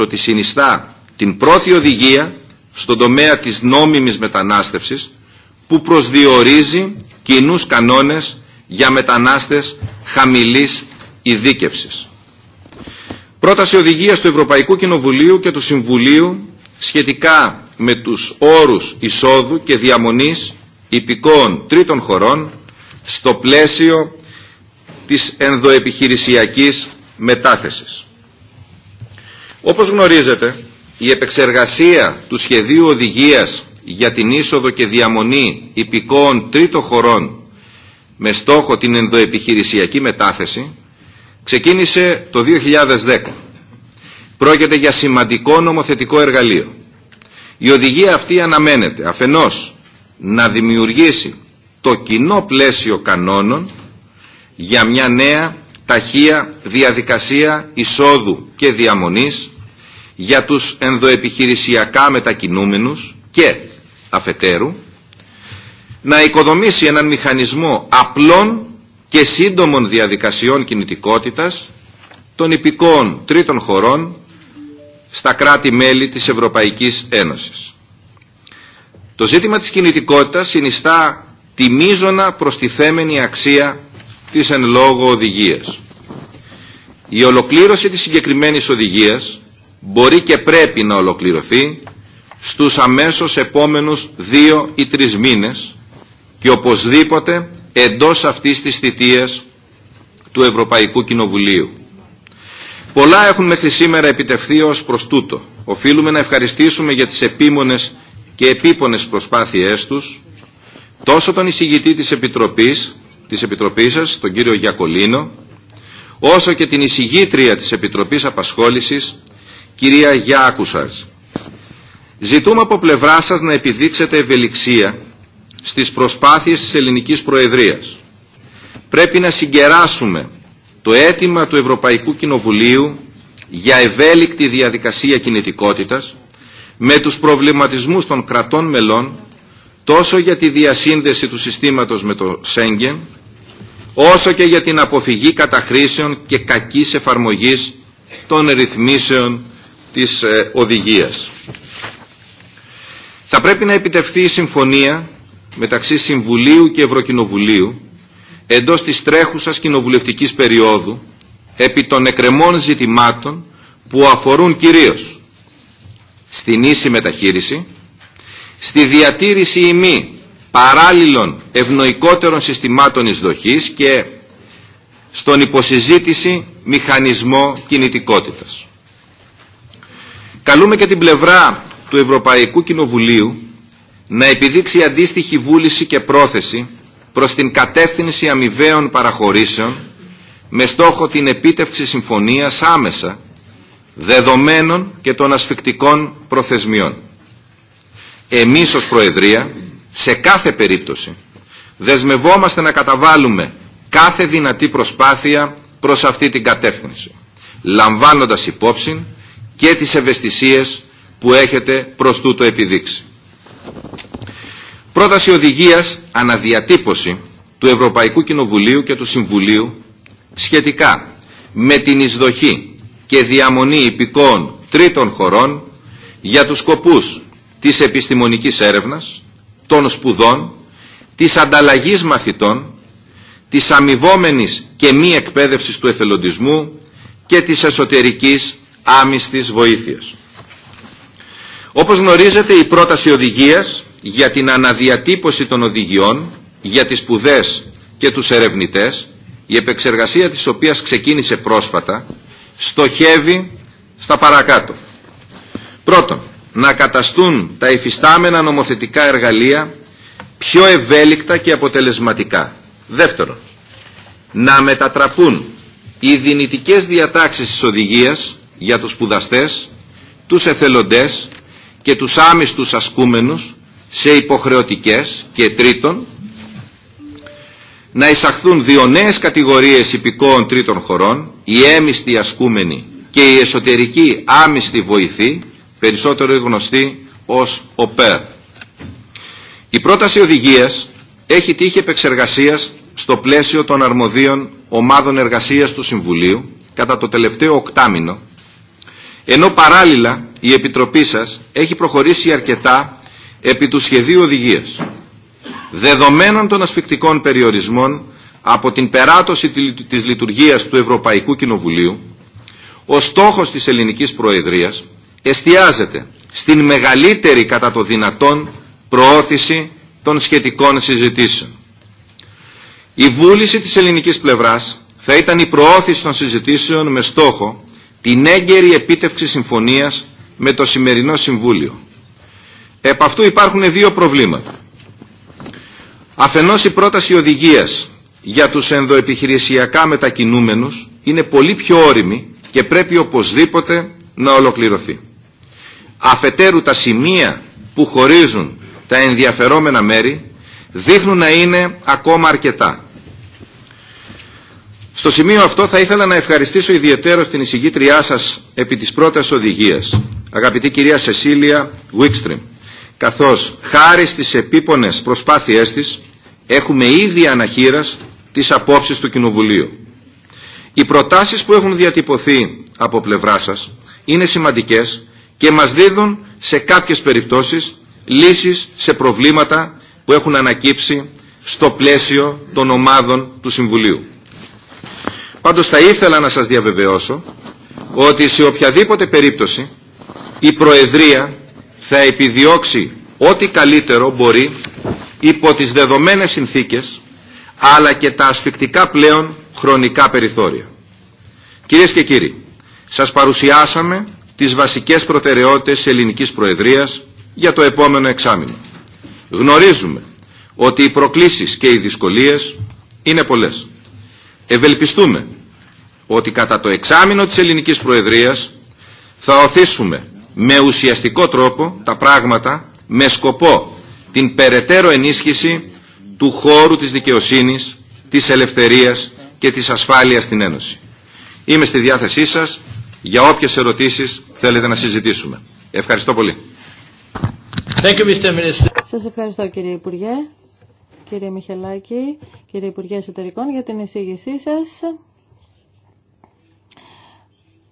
ότι συνιστά την πρώτη οδηγία στον τομέα της νόμιμης μετανάστευσης που προσδιορίζει κοινού κανόνες για μετανάστες χαμηλής ειδίκευσης. Πρόταση οδηγίας του Ευρωπαϊκού Κοινοβουλίου και του Συμβουλίου σχετικά με τους όρους εισόδου και διαμονής υπηκόων τρίτων χωρών στο πλαίσιο της ενδοεπιχειρησιακής μετάθεσης. Όπως γνωρίζετε, η επεξεργασία του σχεδίου οδηγίας για την είσοδο και διαμονή υπηκόων τρίτων χωρών με στόχο την ενδοεπιχειρησιακή μετάθεση ξεκίνησε το 2010. Πρόκειται για σημαντικό νομοθετικό εργαλείο. Η οδηγία αυτή αναμένεται αφενός να δημιουργήσει το κοινό πλαίσιο κανόνων για μια νέα ταχεία διαδικασία εισόδου και διαμονής για τους ενδοεπιχειρησιακά μετακινούμενους και αφετέρου να οικοδομήσει έναν μηχανισμό απλών και σύντομων διαδικασιών κινητικότητας των υπηκόων τρίτων χωρών στα κράτη-μέλη της Ευρωπαϊκής Ένωσης. Το ζήτημα της κινητικότητας συνιστά τη μείζωνα προστιθέμενη αξία της εν λόγω οδηγίας. Η ολοκλήρωση της συγκεκριμένης οδηγίας μπορεί και πρέπει να ολοκληρωθεί στους αμέσως επόμενους δύο ή τρεις μήνες και οπωσδήποτε εντός αυτής της θητείας του Ευρωπαϊκού Κοινοβουλίου. Πολλά έχουν μέχρι σήμερα επιτευχθεί ως προς τούτο. Οφείλουμε να ευχαριστήσουμε για τις επίμονες και επίπονες προσπάθειές τους τόσο τον εισηγητή της Επιτροπής, της Επιτροπής τον κύριο Γιακολίνο, όσο και την εισηγήτρια της Επιτροπής Απασχόλησης, Κυρία Γιάκουσας, ζητούμε από πλευρά σας να επιδείξετε ευελιξία στις προσπάθειες της ελληνικής προεδρίας. Πρέπει να συγκεράσουμε το αίτημα του Ευρωπαϊκού Κοινοβουλίου για ευέλικτη διαδικασία κινητικότητας με τους προβληματισμούς των κρατών μελών τόσο για τη διασύνδεση του συστήματος με το Σέγγεν όσο και για την αποφυγή καταχρήσεων και κακής εφαρμογής των ρυθμίσεων της ε, οδηγίας. Θα πρέπει να επιτευχθεί η συμφωνία μεταξύ Συμβουλίου και Ευρωκοινοβουλίου εντός της τρέχουσας κοινοβουλευτικής περίοδου επί των εκκρεμών ζητημάτων που αφορούν κυρίως στην ίση μεταχείριση, στη διατήρηση ημί παράλληλων ευνοϊκότερων συστημάτων εισδοχής και στον υποσυζήτηση μηχανισμό κινητικότητας. Καλούμε και την πλευρά του Ευρωπαϊκού Κοινοβουλίου να επιδείξει αντίστοιχη βούληση και πρόθεση προς την κατεύθυνση αμοιβαίων παραχωρήσεων με στόχο την επίτευξη συμφωνίας άμεσα δεδομένων και των ασφικτικών προθεσμιών. Εμείς ως Προεδρία σε κάθε περίπτωση δεσμευόμαστε να καταβάλουμε κάθε δυνατή προσπάθεια προς αυτή την κατεύθυνση λαμβάνοντας υπόψη και τις ευαισθησίες που έχετε προς τούτο επιδείξει. Πρόταση οδηγίας αναδιατύπωση του Ευρωπαϊκού Κοινοβουλίου και του Συμβουλίου σχετικά με την εισδοχή και διαμονή υπηκόων τρίτων χωρών για τους σκοπούς της επιστημονικής έρευνας, των σπουδών, της ανταλλαγής μαθητών, της αμοιβόμενη και μη εκπαίδευσης του εθελοντισμού και της εσωτερικής άμυστης βοήθειας. Όπως γνωρίζετε η πρόταση οδηγίας για την αναδιατύπωση των οδηγιών για τις σπουδέ και τους ερευνητές, η επεξεργασία της οποίας ξεκίνησε πρόσφατα, στοχεύει στα παρακάτω. Πρώτον, να καταστούν τα εφιστάμενα νομοθετικά εργαλεία πιο ευέλικτα και αποτελεσματικά. Δεύτερον, να μετατραπούν οι δυνητικές διατάξεις της οδηγίας για τους σπουδαστές, τους εθελοντές και τους άμυστους ασκούμενους σε υποχρεωτικές και τρίτον να εισαχθούν δύο νέες κατηγορίες υπηκόων τρίτων χωρών, οι έμιστοι ασκούμενοι και οι εσωτερική άμυστοι βοηθή περισσότερο γνωστή ως ΟΠΕΡ. Η πρόταση οδηγίας έχει τύχει επεξεργασίας στο πλαίσιο των αρμοδίων ομάδων εργασίας του Συμβουλίου κατά το τελευταίο οκτάμινο ενώ παράλληλα η Επιτροπή σας έχει προχωρήσει αρκετά επί του σχεδίου οδηγίας. Δεδομένων των ασφικτικών περιορισμών από την περάτωση της λειτουργίας του Ευρωπαϊκού Κοινοβουλίου, ο στόχος της ελληνικής προεδρίας εστιάζεται στην μεγαλύτερη κατά το δυνατόν προώθηση των σχετικών συζητήσεων. Η βούληση της ελληνικής πλευράς θα ήταν η προώθηση των συζητήσεων με στόχο την έγκαιρη επίτευξη συμφωνίας με το σημερινό Συμβούλιο. Επ' αυτού υπάρχουν δύο προβλήματα. Αφενός η πρόταση οδηγίας για τους ενδοεπιχειρησιακά μετακινούμενους είναι πολύ πιο όρημη και πρέπει οπωσδήποτε να ολοκληρωθεί. Αφετέρου τα σημεία που χωρίζουν τα ενδιαφερόμενα μέρη δείχνουν να είναι ακόμα αρκετά στο σημείο αυτό θα ήθελα να ευχαριστήσω ιδιαίτερο την εισηγήτριά σας επί της πρώτας οδηγίας, αγαπητή κυρία Σεσίλια Βίξτριμ, καθώς χάρη στις επίπονες προσπάθειές της έχουμε ήδη αναχείρας τις απόψεις του Κοινοβουλίου. Οι προτάσεις που έχουν διατυπωθεί από πλευρά σας είναι σημαντικές και μας δίδουν σε κάποιες περιπτώσεις λύσεις σε προβλήματα που έχουν ανακύψει στο πλαίσιο των ομάδων του Συμβουλίου. Πάντως θα ήθελα να σας διαβεβαιώσω ότι σε οποιαδήποτε περίπτωση η Προεδρία θα επιδιώξει ό,τι καλύτερο μπορεί υπό τις δεδομένες συνθήκες αλλά και τα ασφικτικά πλέον χρονικά περιθώρια. Κυρίες και κύριοι, σας παρουσιάσαμε τις βασικές προτεραιότητες της ελληνικής προεδρίας για το επόμενο εξάμεινο. Γνωρίζουμε ότι οι προκλήσεις και οι δυσκολίες είναι πολλές. Ευελπιστούμε ότι κατά το εξάμεινο της ελληνικής προεδρίας θα οθήσουμε με ουσιαστικό τρόπο τα πράγματα με σκοπό την περαιτέρω ενίσχυση του χώρου της δικαιοσύνης, της ελευθερίας και της ασφάλειας στην Ένωση. Είμαι στη διάθεσή σας για όποιες ερωτήσεις θέλετε να συζητήσουμε. Ευχαριστώ πολύ. ευχαριστώ κύριε κύριε Μιχελάκη, κύριε Υπουργέ Εσωτερικών, για την εισήγησή σας.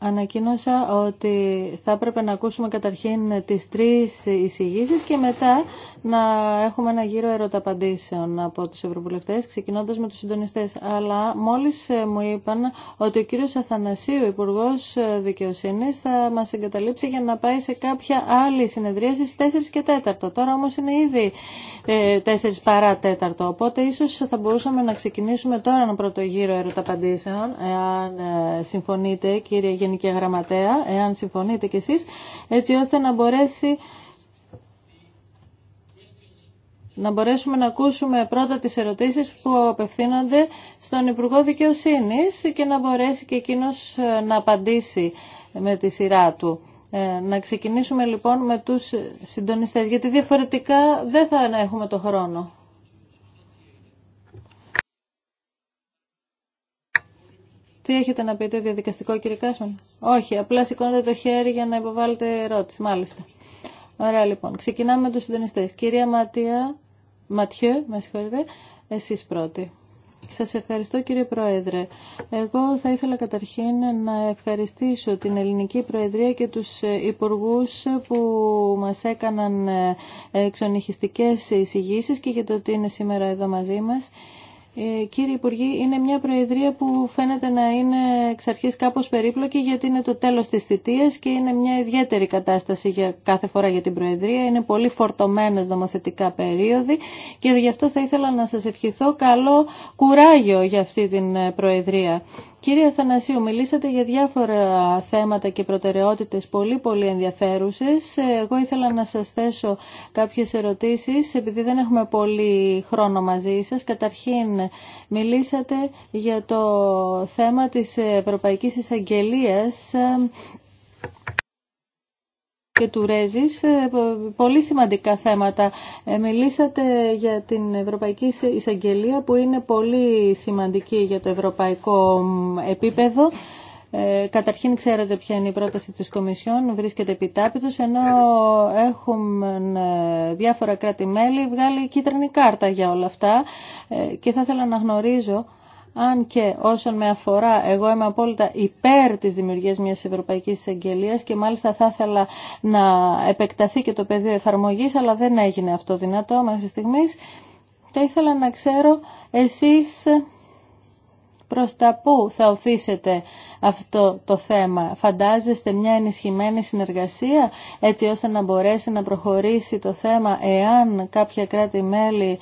Ανακοίνωσα ότι θα έπρεπε να ακούσουμε καταρχήν τις τρεις εισηγήσει και μετά να έχουμε ένα γύρο ερωταπαντήσεων από τους ευρωβουλευτές, ξεκινώντας με τους συντονιστές. Αλλά μόλις μου είπαν ότι ο κύριος Αθανασίου, υπουργό Δικαιοσύνης, θα μας εγκαταλείψει για να πάει σε κάποια άλλη συνεδρία στις 4 και 4. Τώρα όμως είναι ήδη 4 ε, παρά τέταρτο. Οπότε ίσως θα μπορούσαμε να ξεκινήσουμε τώρα ένα πρώτο γύρο ερωταπαντήσεων, εάν ε, συμφωνείτε κύριε Γενική Γραμματέα, εάν συμφωνείτε κι εσείς, έτσι ώστε να μπορέσει να μπορέσουμε να ακούσουμε πρώτα τις ερωτήσεις που απευθύνονται στον Υπουργό Δικαιοσύνης και να μπορέσει και εκείνος ε, να απαντήσει με τη σειρά του. Ε, να ξεκινήσουμε λοιπόν με τους συντονιστές, γιατί διαφορετικά δεν θα έχουμε το χρόνο. Τι έχετε να πείτε, διαδικαστικό κύριε Κάσον? Όχι, απλά σηκώνετε το χέρι για να υποβάλλετε ερώτηση, μάλιστα. Ωραία λοιπόν, ξεκινάμε με τους συντονιστές. Κυρία Ματία, Ματιέ, με συγχωρείτε, εσείς πρώτοι. Σας ευχαριστώ κύριε Πρόεδρε. Εγώ θα ήθελα καταρχήν να ευχαριστήσω την Ελληνική Προεδρία και τους υπουργούς που μας έκαναν ε, εξονυχιστικές εισηγήσεις και για το ότι είναι σήμερα εδώ μαζί μας. Ε, κύριε Υπουργή, είναι μια προεδρία που φαίνεται να είναι εξ αρχής κάπως περίπλοκη γιατί είναι το τέλος της θητείας και είναι μια ιδιαίτερη κατάσταση για κάθε φορά για την προεδρία. Είναι πολύ φορτωμένες νομοθετικά περίοδοι και γι' αυτό θα ήθελα να σας ευχηθώ καλό κουράγιο για αυτή την ε, προεδρία. Κύριε Αθανασίου, μιλήσατε για διάφορα θέματα και προτεραιότητες πολύ πολύ ενδιαφέρουσες. Εγώ ήθελα να σας θέσω κάποιες ερωτήσεις, επειδή δεν έχουμε πολύ χρόνο μαζί σας. Καταρχήν, μιλήσατε για το θέμα της Ευρωπαϊκής Εισαγγελίας και του Ρέζης, ε, πολύ σημαντικά θέματα. Ε, μιλήσατε για την Ευρωπαϊκή Εισαγγελία που είναι πολύ σημαντική για το ευρωπαϊκό επίπεδο. Ε, καταρχήν ξέρετε ποια είναι η πρόταση της Κομισιόν, βρίσκεται επιτάπητος, ενώ έχουν ε, διάφορα κράτη-μέλη βγάλει κίτρινη κάρτα για όλα αυτά και θα ήθελα να γνωρίζω αν και όσον με αφορά εγώ είμαι απόλυτα υπέρ της δημιουργίας μιας Ευρωπαϊκής Εισαγγελίας και μάλιστα θα ήθελα να επεκταθεί και το πεδίο εφαρμογής αλλά δεν έγινε αυτό δυνατό μέχρι στιγμής. Θα ήθελα να ξέρω εσείς Προς τα πού θα οθήσετε αυτό το θέμα. Φαντάζεστε μια ενισχυμένη συνεργασία έτσι ώστε να μπορέσει να προχωρήσει το θέμα εάν κάποια κράτη-μέλη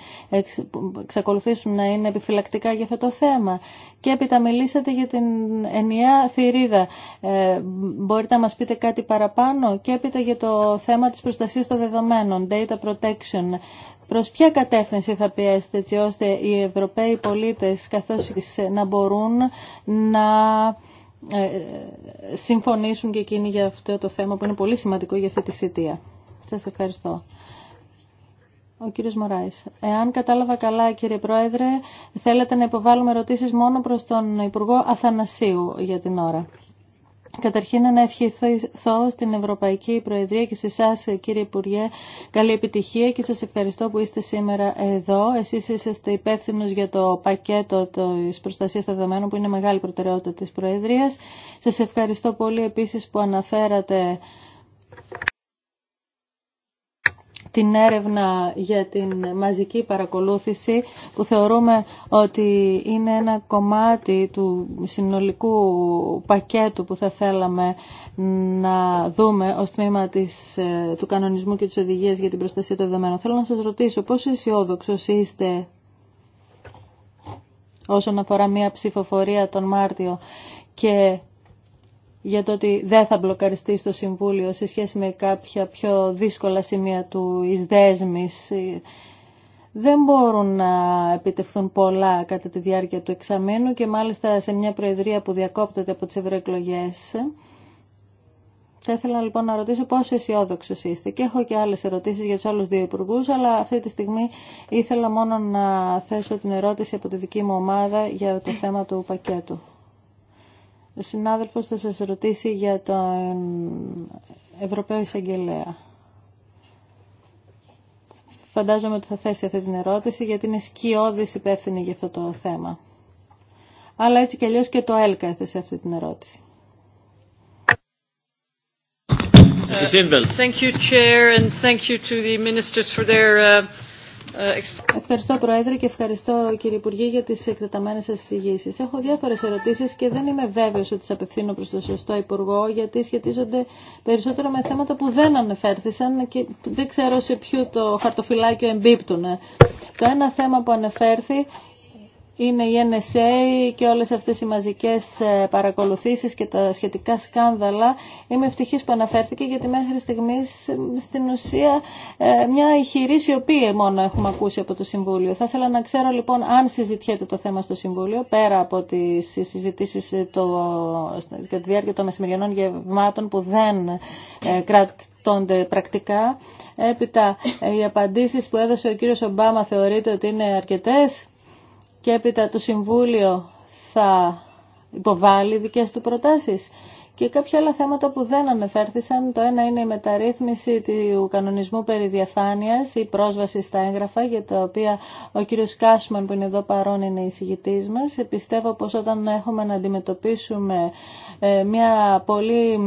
εξακολουθήσουν να είναι επιφυλακτικά για αυτό το θέμα. Και έπειτα μιλήσατε για την ενιαία θηρίδα. Ε, μπορείτε να μας πείτε κάτι παραπάνω και έπειτα για το θέμα της προστασίας των δεδομένων, data protection. Προς ποια κατεύθυνση θα πιέσετε έτσι ώστε οι Ευρωπαίοι πολίτες καθώς να μπορούν να ε, συμφωνήσουν και εκείνοι για αυτό το θέμα που είναι πολύ σημαντικό για αυτή τη θητεία. Σας ευχαριστώ. Ο κύριος Μωράης. Εάν κατάλαβα καλά κύριε Πρόεδρε, θέλετε να υποβάλουμε ερωτήσεις μόνο προς τον Υπουργό Αθανασίου για την ώρα. Καταρχήν να ευχηθώ στην Ευρωπαϊκή Προεδρία και σε εσά κύριε Υπουργέ καλή επιτυχία και σας ευχαριστώ που είστε σήμερα εδώ. Εσείς είστε υπεύθυνο για το πακέτο της προστασίας των δεδομένων που είναι μεγάλη προτεραιότητα της Προεδρίας. Σας ευχαριστώ πολύ επίσης που αναφέρατε την έρευνα για την μαζική παρακολούθηση που θεωρούμε ότι είναι ένα κομμάτι του συνολικού πακέτου που θα θέλαμε να δούμε ως τμήμα ε, του κανονισμού και της οδηγίας για την προστασία των δεδομένων. Θέλω να σας ρωτήσω πόσο αισιόδοξο είστε όσον αφορά μια ψηφοφορία τον Μάρτιο και για το ότι δεν θα μπλοκαριστεί στο Συμβούλιο σε σχέση με κάποια πιο δύσκολα σημεία του εις δέσμης. Δεν μπορούν να επιτευχθούν πολλά κατά τη διάρκεια του εξαμήνου και μάλιστα σε μια προεδρία που διακόπτεται από τις ευρωεκλογέ. Θα ήθελα λοιπόν να ρωτήσω πόσο αισιόδοξο είστε. Και έχω και άλλες ερωτήσεις για τους άλλους δύο υπουργού, αλλά αυτή τη στιγμή ήθελα μόνο να θέσω την ερώτηση από τη δική μου ομάδα για το θέμα του πακέτου συνάδελφος θα σας ρωτήσει για τον Ευρωπαίο Εισαγγελέα. Φαντάζομαι ότι θα θέσει αυτή την ερώτηση γιατί είναι σκιώδης υπεύθυνη για αυτό το θέμα. Αλλά έτσι και αλλιώς και το ΕΛΚΑ έθεσε αυτή την ερώτηση. Thank you, Chair, and thank you to the ministers for their uh, Ευχαριστώ Πρόεδρε και ευχαριστώ κύριε Υπουργέ για τις εκτεταμένες σας εισηγήσεις. Έχω διάφορες ερωτήσεις και δεν είμαι βέβαιος ότι τις απευθύνω προς το σωστό Υπουργό γιατί σχετίζονται περισσότερο με θέματα που δεν ανεφέρθησαν και δεν ξέρω σε ποιο το χαρτοφυλάκιο εμπίπτουν. Το ένα θέμα που ανεφέρθη είναι η NSA και όλες αυτές οι μαζικές ε, παρακολουθήσεις και τα σχετικά σκάνδαλα. Είμαι ευτυχής που αναφέρθηκε γιατί μέχρι στιγμής ε, στην ουσία ε, μια ηχηρή σιωπή μόνο έχουμε ακούσει από το Συμβούλιο. Θα ήθελα να ξέρω λοιπόν αν συζητιέται το θέμα στο Συμβούλιο πέρα από τις συζητήσεις το, κατά τη διάρκεια των μεσημεριανών γευμάτων που δεν κρατώνται πρακτικά. Έπειτα, οι απαντήσεις που έδωσε ο κύριος Ομπάμα θεωρείται ότι είναι αρκετές και έπειτα το Συμβούλιο θα υποβάλει δικές του προτάσεις. Και κάποια άλλα θέματα που δεν ανεφέρθησαν, το ένα είναι η μεταρρύθμιση του κανονισμού περί διαφάνειας, η πρόσβαση στα έγγραφα, για τα οποία ο κύριος Κάσμαν που είναι εδώ παρόν είναι συγητής μας. Πιστεύω πως όταν έχουμε να αντιμετωπίσουμε ε, μια πολύ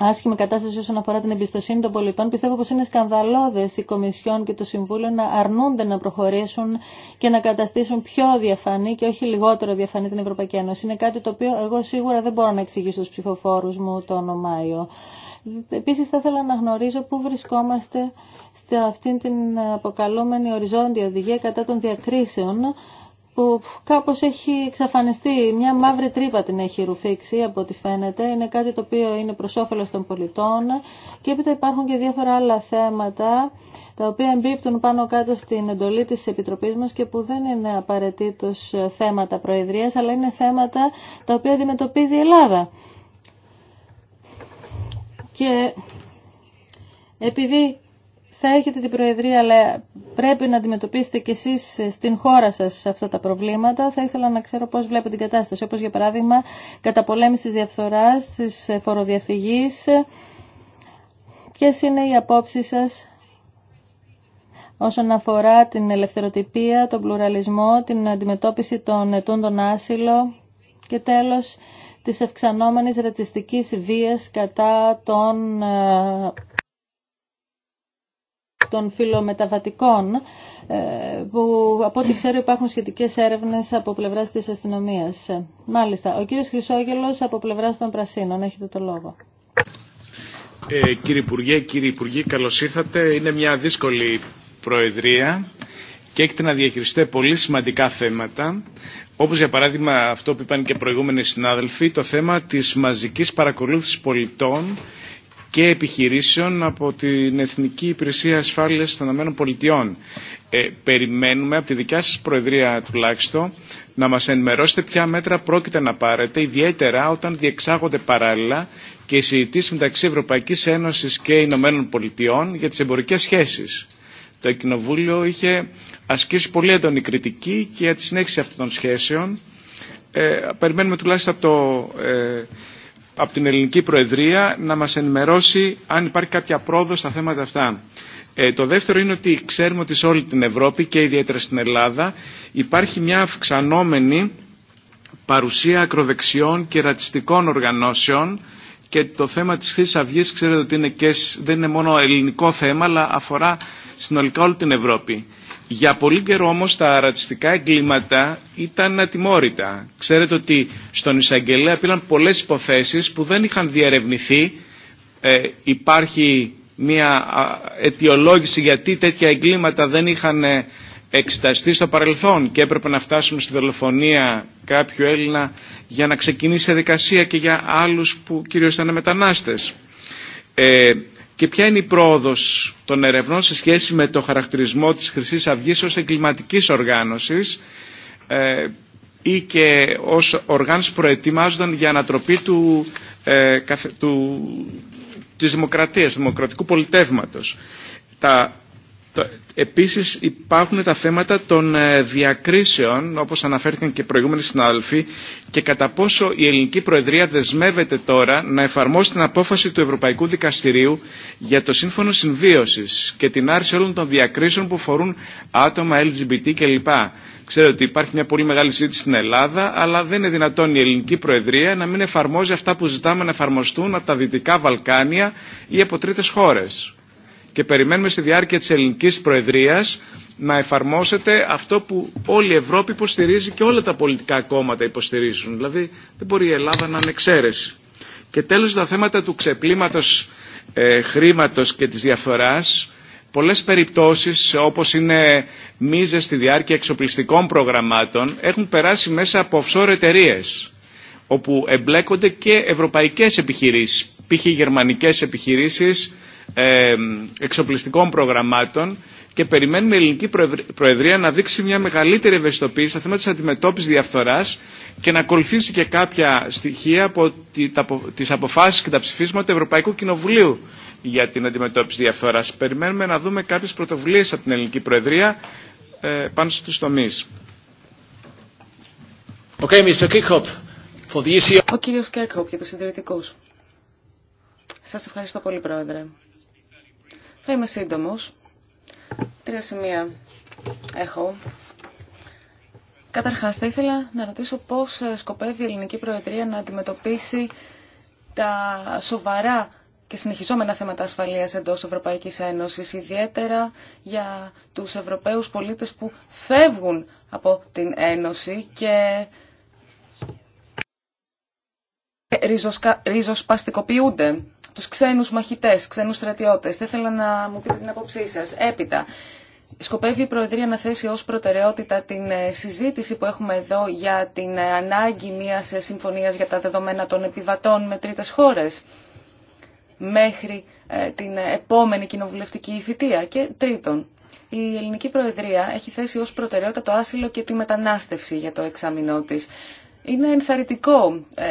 άσχημη κατάσταση όσον αφορά την εμπιστοσύνη των πολιτών. Πιστεύω πως είναι σκανδαλώδες οι Κομισιόν και το Συμβούλιο να αρνούνται να προχωρήσουν και να καταστήσουν πιο διαφανή και όχι λιγότερο διαφανή την Ευρωπαϊκή Ένωση. Είναι κάτι το οποίο εγώ σίγουρα δεν μπορώ να εξηγήσω στους ψηφοφόρους μου τον Μάιο. Επίσης θα ήθελα να γνωρίζω πού βρισκόμαστε σε αυτήν την αποκαλούμενη οριζόντια οδηγία κατά των διακρίσεων που κάπως έχει εξαφανιστεί, μια μαύρη τρύπα την έχει ρουφήξει από ό,τι φαίνεται. Είναι κάτι το οποίο είναι προς όφελος των πολιτών και έπειτα υπάρχουν και διάφορα άλλα θέματα τα οποία εμπίπτουν πάνω κάτω στην εντολή της Επιτροπής μας και που δεν είναι απαραίτητο θέματα προεδρίας, αλλά είναι θέματα τα οποία αντιμετωπίζει η Ελλάδα. Και επειδή θα έχετε την Προεδρία, αλλά πρέπει να αντιμετωπίσετε κι εσείς στην χώρα σας αυτά τα προβλήματα. Θα ήθελα να ξέρω πώς βλέπετε την κατάσταση, όπως για παράδειγμα καταπολέμηση της διαφθοράς, της φοροδιαφυγής. ποιε είναι οι απόψεις σας όσον αφορά την ελευθεροτυπία, τον πλουραλισμό, την αντιμετώπιση των ετούντων άσυλο και τέλος της αυξανόμενη ρατσιστικής βίας κατά των ε, των φιλομεταβατικών ε, που από ό,τι ξέρω υπάρχουν σχετικές έρευνες από πλευράς της αστυνομίας. Μάλιστα, ο κύριος Χρυσόγελος από πλευράς των Πρασίνων. Έχετε το λόγο. Ε, κύριε Υπουργέ, κύριε Υπουργή, καλώς ήρθατε. Είναι μια δύσκολη προεδρία και έχετε να διαχειριστεί πολύ σημαντικά θέματα, όπως για παράδειγμα αυτό που είπαν και προηγούμενοι συνάδελφοι, το θέμα της μαζικής παρακολούθησης πολιτών και επιχειρήσεων από την Εθνική Υπηρεσία Ασφάλειας των ΗΠΑ. Ε, περιμένουμε από τη δικιά σας Προεδρία τουλάχιστον να μας ενημερώσετε ποια μέτρα πρόκειται να πάρετε, ιδιαίτερα όταν διεξάγονται παράλληλα και οι συζητήσει μεταξύ Ευρωπαϊκής Ένωσης και Ηνωμένων Πολιτειών για τις εμπορικές σχέσεις. Το Κοινοβούλιο είχε ασκήσει πολύ έντονη κριτική και για τη συνέχιση αυτών των σχέσεων. Ε, περιμένουμε τουλάχιστον από το ε, από την ελληνική προεδρία να μας ενημερώσει αν υπάρχει κάποια πρόοδο στα θέματα αυτά. Ε, το δεύτερο είναι ότι ξέρουμε ότι σε όλη την Ευρώπη και ιδιαίτερα στην Ελλάδα υπάρχει μια αυξανόμενη παρουσία ακροδεξιών και ρατσιστικών οργανώσεων και το θέμα της Χρυσή Αυγή ξέρετε ότι είναι και, δεν είναι μόνο ελληνικό θέμα αλλά αφορά συνολικά όλη την Ευρώπη. Για πολύ καιρό όμως τα ρατσιστικά εγκλήματα ήταν ατιμόρυτα. Ξέρετε ότι στον Ισαγγελέα πήραν πολλές υποθέσεις που δεν είχαν διαρευνηθεί. Ε, υπάρχει μια αιτιολόγηση γιατί τέτοια εγκλήματα δεν είχαν ε, εξεταστεί στο παρελθόν και έπρεπε να φτάσουμε στη δολοφονία κάποιου Έλληνα για να ξεκινήσει η δικασία και για άλλους που κυρίως ήταν μετανάστες. Ε, και ποια είναι η πρόοδος των ερευνών σε σχέση με το χαρακτηρισμό της χρυσή αυγή ως εγκληματικής οργάνωσης ε, ή και ως οργάνωση προετοιμάζονταν για ανατροπή του, ε, του, της δημοκρατίας, δημοκρατικού πολιτεύματος. Τα Επίσης υπάρχουν τα θέματα των ε, διακρίσεων, όπως αναφέρθηκαν και προηγούμενοι συνάδελφοι, και κατά πόσο η ελληνική προεδρία δεσμεύεται τώρα να εφαρμόσει την απόφαση του Ευρωπαϊκού Δικαστηρίου για το σύμφωνο συμβίωσης και την άρση όλων των διακρίσεων που φορούν άτομα LGBT κλπ. Ξέρω ότι υπάρχει μια πολύ μεγάλη ζήτηση στην Ελλάδα, αλλά δεν είναι δυνατόν η ελληνική Προεδρία να μην εφαρμόζει αυτά που ζητάμε να εφαρμοστούν από τα Δυτικά Βαλκάνια ή από τρίτε χώρες και περιμένουμε στη διάρκεια της ελληνικής προεδρίας να εφαρμόσετε αυτό που όλη η Ευρώπη υποστηρίζει και όλα τα πολιτικά κόμματα υποστηρίζουν. Δηλαδή δεν μπορεί η Ελλάδα να είναι εξαίρεση. Και τέλος τα θέματα του ξεπλήματος ε, χρήματος και της διαφοράς. πολλές περιπτώσεις όπως είναι μίζες στη διάρκεια εξοπλιστικών προγραμμάτων έχουν περάσει μέσα από offshore εταιρείε όπου εμπλέκονται και ευρωπαϊκές επιχειρήσεις π.χ. γερμανικές επιχειρήσεις εξοπλιστικών προγραμμάτων και περιμένουμε η Ελληνική Προεδρία να δείξει μια μεγαλύτερη ευαισθητοποίηση στα θέματα της αντιμετώπισης διαφθοράς και να ακολουθήσει και κάποια στοιχεία από τις αποφάσεις και τα ψηφίσματα του Ευρωπαϊκού Κοινοβουλίου για την αντιμετώπιση διαφθοράς. Περιμένουμε να δούμε κάποιες πρωτοβουλίες από την Ελληνική Προεδρία ε, πάνω στους τομείς. Okay, Mr. for the... Ο κύριος Κέρκοπ για τους συντηρητικούς. Σας ευχαριστώ πολύ, Πρόεδρε. Θα είμαι σύντομο, Τρία σημεία έχω. Καταρχάς, θα ήθελα να ρωτήσω πώς ε, σκοπεύει η Ελληνική Προεδρία να αντιμετωπίσει τα σοβαρά και συνεχιζόμενα θέματα ασφαλείας εντός Ευρωπαϊκής Ένωσης, ιδιαίτερα για τους Ευρωπαίους πολίτες που φεύγουν από την Ένωση και ριζοσπαστικοποιούνται τους ξένους μαχητές, ξένους στρατιώτες. Δεν ήθελα να μου πείτε την απόψή σας. Έπειτα, σκοπεύει η Προεδρία να θέσει ως προτεραιότητα την ε, συζήτηση που έχουμε εδώ για την ε, ανάγκη μιας ε, συμφωνίας για τα δεδομένα των επιβατών με τρίτες χώρες μέχρι την επόμενη κοινοβουλευτική θητεία. Και τρίτον, η ελληνική προεδρία έχει θέσει ως προτεραιότητα το άσυλο και τη μετανάστευση για το εξάμεινό της. Είναι ενθαρρυντικό, ε,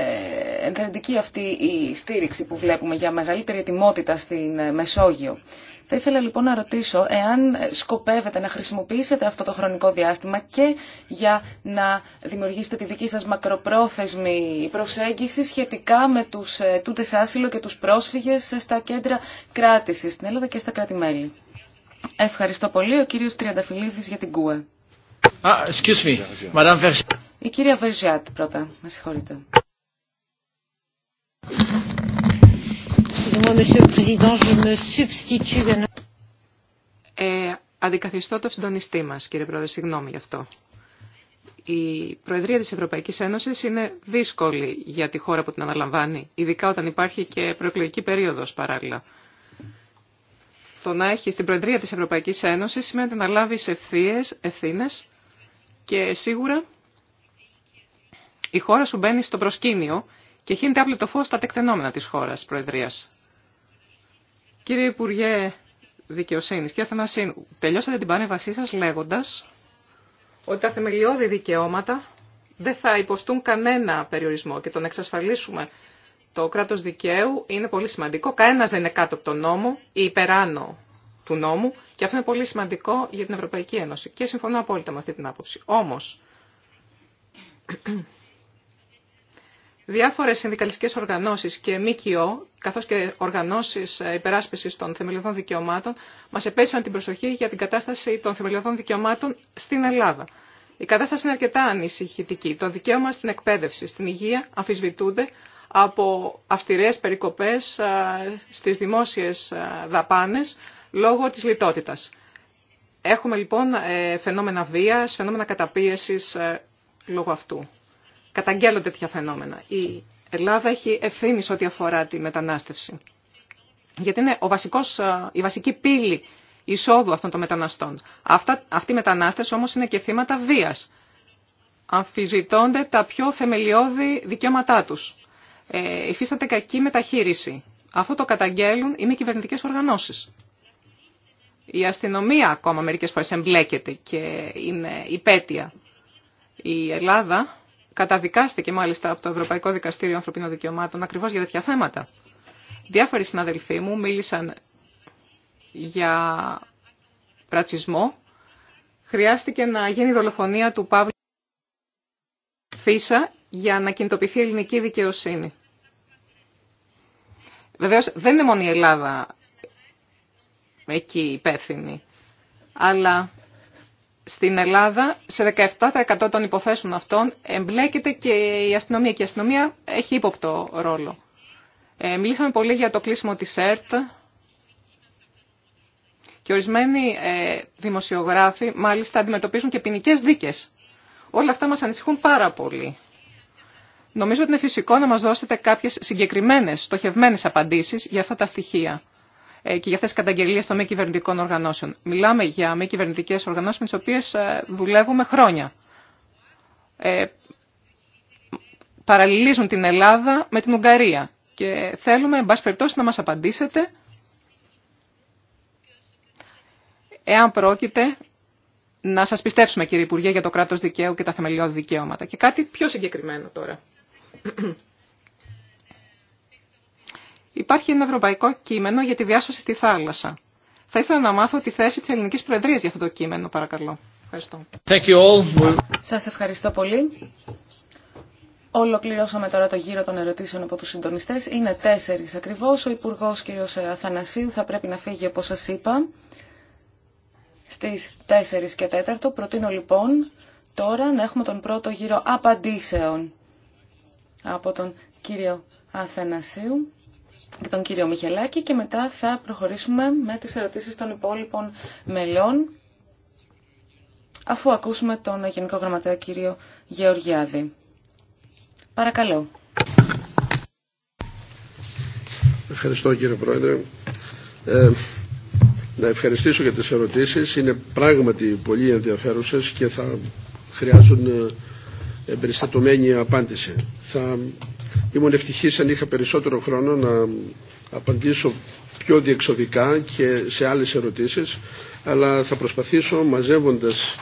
ενθαρρυντική αυτή η στήριξη που βλέπουμε για μεγαλύτερη ετοιμότητα στην ε, Μεσόγειο. Θα ήθελα λοιπόν να ρωτήσω εάν ε, σκοπεύετε να χρησιμοποιήσετε αυτό το χρονικό διάστημα και για να δημιουργήσετε τη δική σας μακροπρόθεσμη προσέγγιση σχετικά με τους τούτες άσυλο και τους πρόσφυγες στα κέντρα κράτησης στην Ελλάδα και στα κράτη-μέλη. Ευχαριστώ πολύ ο κύριος Τριανταφυλίδης για την ΚΟΕ excuse Η κυρία Βερζιάτ πρώτα, με συγχωρείτε. Ε, αντικαθιστώ το συντονιστή μας, κύριε Πρόεδρε, συγγνώμη γι' αυτό. Η Προεδρία της Ευρωπαϊκής Ένωσης είναι δύσκολη για τη χώρα που την αναλαμβάνει, ειδικά όταν υπάρχει και προεκλογική περίοδος παράλληλα. Το να έχει την Προεδρία της Ευρωπαϊκής Ένωσης σημαίνει ότι να λάβει ευθύνε ευθύνες και σίγουρα η χώρα σου μπαίνει στο προσκήνιο και χύνεται το φως στα τεκτενόμενα της χώρας Προεδρίας. Κύριε Υπουργέ Δικαιοσύνης, κύριε Θεμασίν, τελειώσατε την πανέβασή σας λέγοντας ότι τα θεμελιώδη δικαιώματα δεν θα υποστούν κανένα περιορισμό και τον εξασφαλίσουμε το κράτος δικαίου είναι πολύ σημαντικό. Κανένας δεν είναι κάτω από τον νόμο ή υπεράνω του νόμου και αυτό είναι πολύ σημαντικό για την Ευρωπαϊκή Ένωση. Και συμφωνώ απόλυτα με αυτή την άποψη. Όμω. Διάφορε συνδικαλιστικέ οργανώσει και ΜΚΟ, καθώ και οργανώσει ε, υπεράσπιση των θεμελιωδών δικαιωμάτων, μα επέσαν την προσοχή για την κατάσταση των θεμελιωδών δικαιωμάτων στην Ελλάδα. Η κατάσταση είναι αρκετά ανησυχητική. Το δικαίωμα στην εκπαίδευση, στην υγεία αμφισβητούνται από αυστηρές περικοπές ε, στις δημόσιες ε, δαπάνες, λόγω της λιτότητας. Έχουμε λοιπόν ε, φαινόμενα βίας, φαινόμενα καταπίεσης ε, λόγω αυτού. Καταγγέλλονται τέτοια φαινόμενα. Η Ελλάδα έχει ευθύνη σε ό,τι αφορά τη μετανάστευση. Γιατί είναι ο βασικός, ε, η βασική πύλη εισόδου αυτών των μεταναστών. Αυτά, αυτοί οι μετανάστες όμως είναι και θύματα βίας. Αμφιζητώνται τα πιο θεμελιώδη δικαιώματά τους. Ε, υφίσταται κακή μεταχείριση. Αυτό το καταγγέλουν οι μη κυβερνητικές οργανώσεις. Η αστυνομία ακόμα μερικές φορές εμπλέκεται και είναι υπέτεια. Η Ελλάδα καταδικάστηκε μάλιστα από το Ευρωπαϊκό Δικαστήριο Ανθρωπίνων Δικαιωμάτων ακριβώς για τέτοια θέματα. Διάφοροι συναδελφοί μου μίλησαν για ρατσισμό. Χρειάστηκε να γίνει η δολοφονία του Παύλου Φίσα για να κινητοποιηθεί η ελληνική δικαιοσύνη. Βεβαίω δεν είναι μόνο η Ελλάδα εκεί υπεύθυνοι. Αλλά στην Ελλάδα σε 17% των υποθέσεων αυτών εμπλέκεται και η αστυνομία και η αστυνομία έχει ύποπτο ρόλο. Ε, μιλήσαμε πολύ για το κλείσιμο της ΕΡΤ και ορισμένοι ε, δημοσιογράφοι μάλιστα αντιμετωπίζουν και ποινικέ δίκες. Όλα αυτά μας ανησυχούν πάρα πολύ. Νομίζω ότι είναι φυσικό να μας δώσετε κάποιες συγκεκριμένες, στοχευμένες απαντήσεις για αυτά τα στοιχεία. Ε, και για αυτέ τι καταγγελίες των μη κυβερνητικών οργανώσεων. Μιλάμε για μη κυβερνητικέ οργανώσει με τι οποίες ε, δουλεύουμε χρόνια. Ε, παραλληλίζουν την Ελλάδα με την Ουγγαρία και θέλουμε, εν πάση περιπτώσει, να μας απαντήσετε εάν πρόκειται να σας πιστέψουμε, κύριε Υπουργέ, για το κράτος δικαίου και τα θεμελιώδη δικαιώματα. Και κάτι πιο συγκεκριμένο τώρα. Υπάρχει ένα ευρωπαϊκό κείμενο για τη διάσωση στη θάλασσα. Θα ήθελα να μάθω τη θέση της ελληνικής προεδρίας για αυτό το κείμενο, παρακαλώ. Ευχαριστώ. Thank you all. Σας ευχαριστώ πολύ. Ολοκληρώσαμε τώρα το γύρο των ερωτήσεων από τους συντονιστές. Είναι τέσσερις ακριβώς. Ο Υπουργός κ. Αθανασίου θα πρέπει να φύγει, όπως σας είπα, στις 4 και τέταρτο. Προτείνω λοιπόν τώρα να έχουμε τον πρώτο γύρο απαντήσεων από τον κύριο Αθανασίου και τον κύριο Μιχελάκη και μετά θα προχωρήσουμε με τις ερωτήσεις των υπόλοιπων μελών αφού ακούσουμε τον Γενικό Γραμματέα κύριο Γεωργιάδη. Παρακαλώ. Ευχαριστώ κύριε Πρόεδρε. Ε, να ευχαριστήσω για τις ερωτήσεις. Είναι πράγματι πολύ ενδιαφέρουσες και θα χρειάζονται Εμπεριστατωμένη απάντηση. Θα ήμουν ευτυχής αν είχα περισσότερο χρόνο να απαντήσω πιο διεξοδικά και σε άλλες ερωτήσεις, αλλά θα προσπαθήσω μαζεύοντας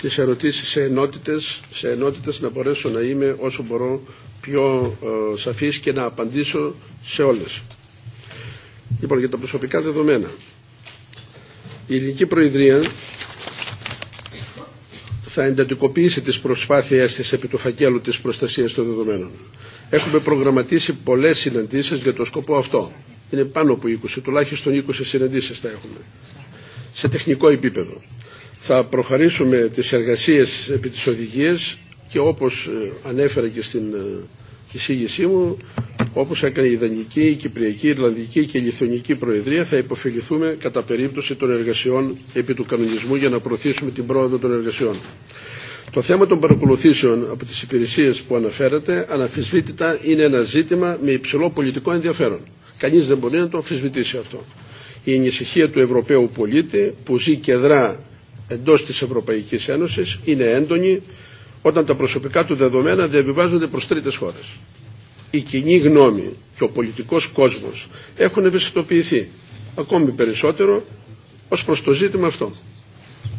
τις ερωτήσεις σε ενότητες, σε ενότητες να μπορέσω να είμαι όσο μπορώ πιο ε, σαφής και να απαντήσω σε όλες. Λοιπόν, για τα προσωπικά δεδομένα. Η Ελληνική Προεδρία θα εντατικοποιήσει τις προσπάθειες της επί του φακέλου της προστασίας των δεδομένων. Έχουμε προγραμματίσει πολλές συναντήσεις για το σκοπό αυτό. Είναι πάνω από 20, τουλάχιστον 20 συναντήσεις θα έχουμε. Σε τεχνικό επίπεδο. Θα προχωρήσουμε τις εργασίες επί της οδηγίας και όπως ε, ανέφερα και στην ε, εισήγησή μου, όπως έκανε η Ιδανική, η Κυπριακή, η Ιρλανδική και η Λιθωνική Προεδρία, θα υποφεληθούμε κατά περίπτωση των εργασιών επί του κανονισμού για να προωθήσουμε την πρόοδο των εργασιών. Το θέμα των παρακολουθήσεων από τις υπηρεσίες που αναφέρατε αναφυσβήτητα είναι ένα ζήτημα με υψηλό πολιτικό ενδιαφέρον. Κανείς δεν μπορεί να το αμφισβητήσει αυτό. Η ανησυχία του Ευρωπαίου πολίτη που ζει και δρά εντός της Ευρωπαϊκής Ένωσης είναι έντονη όταν τα προσωπικά του δεδομένα διαβιβάζονται προς τρίτες χώρες. Η κοινή γνώμη και ο πολιτικός κόσμος έχουν ευαισθητοποιηθεί ακόμη περισσότερο ως προς το ζήτημα αυτό.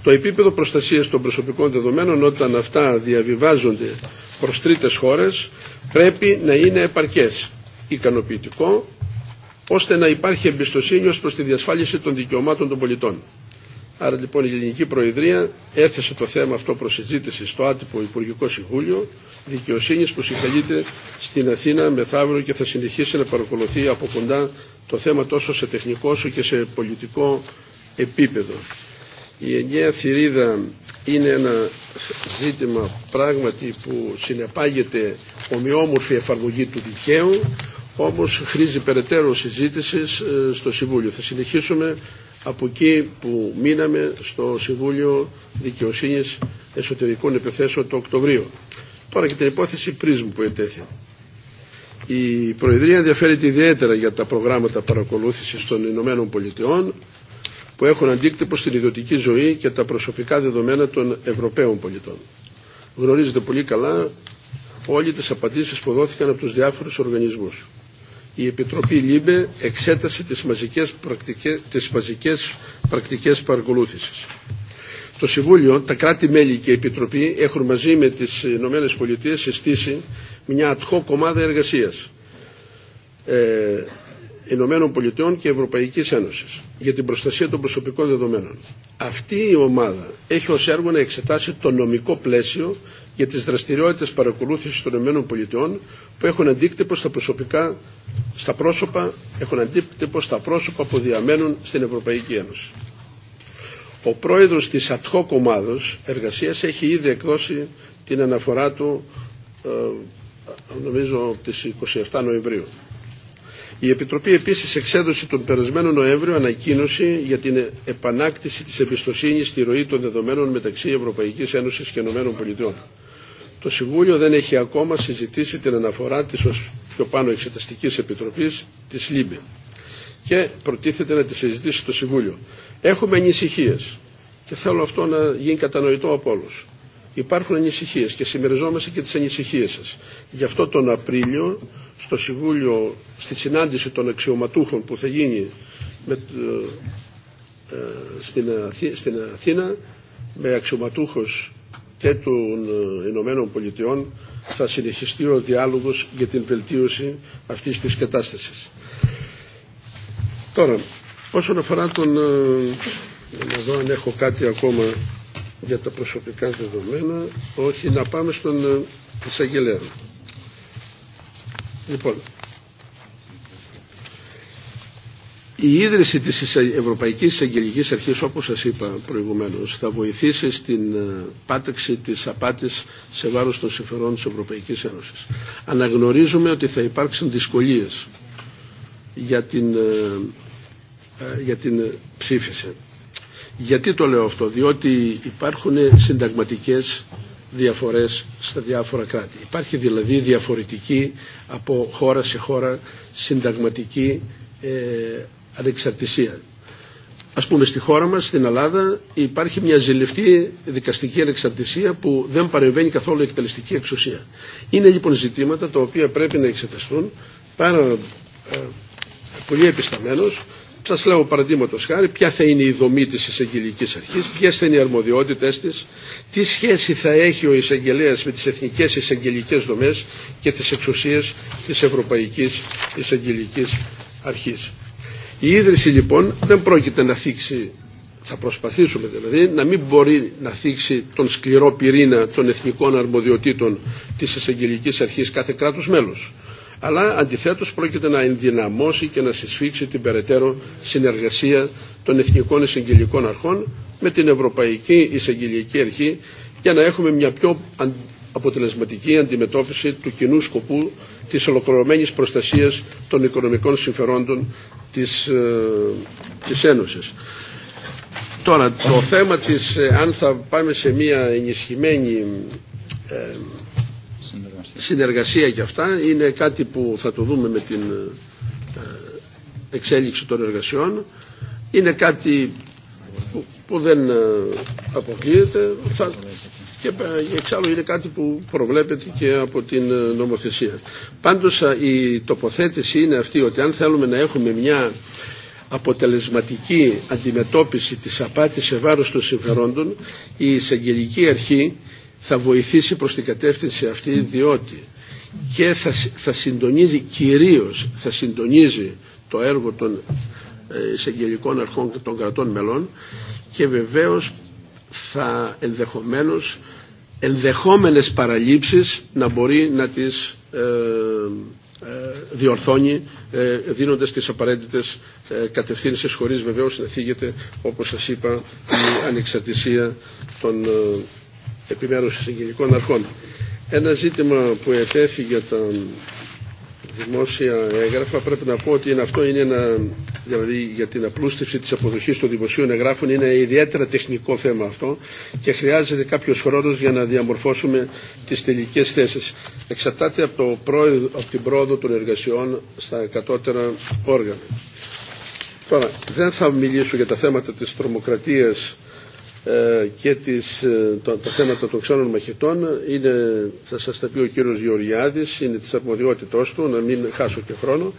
Το επίπεδο προστασίας των προσωπικών δεδομένων όταν αυτά διαβιβάζονται προς τρίτες χώρες πρέπει να είναι επαρκές, ικανοποιητικό, ώστε να υπάρχει εμπιστοσύνη ως προς τη διασφάλιση των δικαιωμάτων των πολιτών. Άρα λοιπόν η Ελληνική Προεδρία έθεσε το θέμα αυτό προς συζήτηση στο άτυπο Υπουργικό Συμβούλιο Δικαιοσύνης που συγκαλείται στην Αθήνα μεθαύριο και θα συνεχίσει να παρακολουθεί από κοντά το θέμα τόσο σε τεχνικό όσο και σε πολιτικό επίπεδο. Η ενιαία θηρίδα είναι ένα ζήτημα πράγματι που συνεπάγεται ομοιόμορφη εφαρμογή του δικαίου όμως χρήζει περαιτέρω συζήτηση ε, στο Συμβούλιο. Θα συνεχίσουμε από εκεί που μείναμε στο Συμβούλιο Δικαιοσύνης Εσωτερικών Επιθέσεων το Οκτωβρίο. Τώρα και την υπόθεση πρίσμου που ετέθη. Η Προεδρία ενδιαφέρεται ιδιαίτερα για τα προγράμματα παρακολούθησης των Ηνωμένων Πολιτειών που έχουν αντίκτυπο στην ιδιωτική ζωή και τα προσωπικά δεδομένα των Ευρωπαίων πολιτών. Γνωρίζετε πολύ καλά όλοι τις απαντήσεις που δόθηκαν από τους διάφορους οργανισμούς η Επιτροπή ΛΥΜΠΕ εξέτασε τις μαζικές πρακτικές, τις πρακτικές παρακολούθησης. Το Συμβούλιο, τα κράτη-μέλη και η Επιτροπή έχουν μαζί με τις Ηνωμένε Πολιτείες συστήσει μια ατχό κομμάδα ομάδα εργασίας ε, Ηνωμένων Πολιτειών και Ευρωπαϊκής Ένωσης για την προστασία των προσωπικών δεδομένων. Αυτή η ομάδα έχει ως έργο να εξετάσει το νομικό πλαίσιο για τις δραστηριότητες παρακολούθησης των ΗΠΑ που έχουν αντίκτυπο στα προσωπικά, στα πρόσωπα, έχουν αντίκτυπο στα πρόσωπα που διαμένουν στην Ευρωπαϊκή Ένωση. Ο πρόεδρος της ΑΤΧΟ κομμάδος εργασίας έχει ήδη εκδώσει την αναφορά του ε, νομίζω νομίζω τις 27 Νοεμβρίου. Η Επιτροπή επίσης εξέδωσε τον περασμένο Νοέμβριο ανακοίνωση για την επανάκτηση της εμπιστοσύνης στη ροή των δεδομένων μεταξύ Ευρωπαϊκής Ένωσης και ΗΠΑ το Συμβούλιο δεν έχει ακόμα συζητήσει την αναφορά της ως πιο πάνω εξεταστικής επιτροπής της ΛΥΜΠΕ και προτίθεται να τη συζητήσει το Συμβούλιο. Έχουμε ανησυχίες και θέλω αυτό να γίνει κατανοητό από όλου. Υπάρχουν ανησυχίε και συμμεριζόμαστε και τι ανησυχίε σα. Γι' αυτό τον Απρίλιο, στο Συμβούλιο, στη συνάντηση των αξιωματούχων που θα γίνει με, ε, ε, στην, στην Αθήνα, με αξιωματούχους και των ε, Ηνωμένων Πολιτειών θα συνεχιστεί ο διάλογος για την βελτίωση αυτής της κατάστασης. Τώρα, όσον αφορά τον... Ε, να δω αν έχω κάτι ακόμα για τα προσωπικά δεδομένα. Όχι, να πάμε στον ε, εισαγγελέα. Λοιπόν, Η ίδρυση της Ευρωπαϊκής Εγγελικής Αρχής, όπως σας είπα προηγουμένως, θα βοηθήσει στην ε, πάταξη της απάτης σε βάρος των συμφερών της Ευρωπαϊκής Ένωσης. Αναγνωρίζουμε ότι θα υπάρξουν δυσκολίες για την, ε, ε, για την ψήφιση. Γιατί το λέω αυτό, διότι υπάρχουν συνταγματικές διαφορές στα διάφορα κράτη. Υπάρχει δηλαδή διαφορετική από χώρα σε χώρα συνταγματική ανεξαρτησία. Ας πούμε στη χώρα μας, στην Ελλάδα, υπάρχει μια ζηλευτή δικαστική ανεξαρτησία που δεν παρεμβαίνει καθόλου η εκτελεστική εξουσία. Είναι λοιπόν ζητήματα τα οποία πρέπει να εξεταστούν πάρα ε, πολύ επισταμένος. σα λέω παραδείγματο χάρη ποια θα είναι η δομή τη εισαγγελική αρχή, ποιε θα είναι οι αρμοδιότητες τη, τι σχέση θα έχει ο εισαγγελέα με τι εθνικέ εισαγγελικέ δομέ και τι εξουσίες τη Ευρωπαϊκή Εισαγγελική αρχή. Η ίδρυση λοιπόν δεν πρόκειται να θίξει, θα προσπαθήσουμε δηλαδή, να μην μπορεί να θίξει τον σκληρό πυρήνα των εθνικών αρμοδιοτήτων της εισαγγελικής αρχής κάθε κράτους μέλους. Αλλά αντιθέτως πρόκειται να ενδυναμώσει και να συσφίξει την περαιτέρω συνεργασία των εθνικών εισαγγελικών αρχών με την Ευρωπαϊκή Εισαγγελική Αρχή για να έχουμε μια πιο αποτελεσματική αντιμετώπιση του κοινού σκοπού της ολοκληρωμένης προστασίας των οικονομικών συμφερόντων της, ε, της Ένωσης. Τώρα, το θέμα της, ε, αν θα πάμε σε μια ενισχυμένη ε, συνεργασία για αυτά, είναι κάτι που θα το δούμε με την εξέλιξη των εργασιών. Είναι κάτι που, δεν αποκλείεται. Θα, και ε, εξάλλου είναι κάτι που προβλέπεται και από την ε, νομοθεσία. Πάντως ε, η τοποθέτηση είναι αυτή ότι αν θέλουμε να έχουμε μια αποτελεσματική αντιμετώπιση της απάτης σε βάρος των συμφερόντων η εισαγγελική αρχή θα βοηθήσει προς την κατεύθυνση αυτή διότι και θα, θα συντονίζει κυρίως θα συντονίζει το έργο των εισαγγελικών αρχών και των κρατών μελών και βεβαίως θα ενδεχομένως ενδεχόμενες παραλήψεις να μπορεί να τις ε, ε, διορθώνει ε, δίνοντας τις απαραίτητες κατευθύνσεις χωρίς βεβαίως να θίγεται όπως σας είπα η ανεξαρτησία των επιμέρους εισαγγελικών αρχών. Ένα ζήτημα που ετέθη για τα δημόσια έγγραφα πρέπει να πω ότι είναι αυτό είναι ένα, δηλαδή για την απλούστευση της αποδοχής των δημοσίων εγγράφων είναι ένα ιδιαίτερα τεχνικό θέμα αυτό και χρειάζεται κάποιος χρόνος για να διαμορφώσουμε τις τελικές θέσεις. Εξαρτάται από, το πρόεδρο, από την πρόοδο των εργασιών στα κατώτερα όργανα. Τώρα, δεν θα μιλήσω για τα θέματα της τρομοκρατίας ε, και τις, ε, το, το θέμα των ξένων μαχητών είναι, θα σας τα πει ο κύριος Γεωργιάδης, είναι της αρμοδιότητός του, να μην χάσω και χρόνο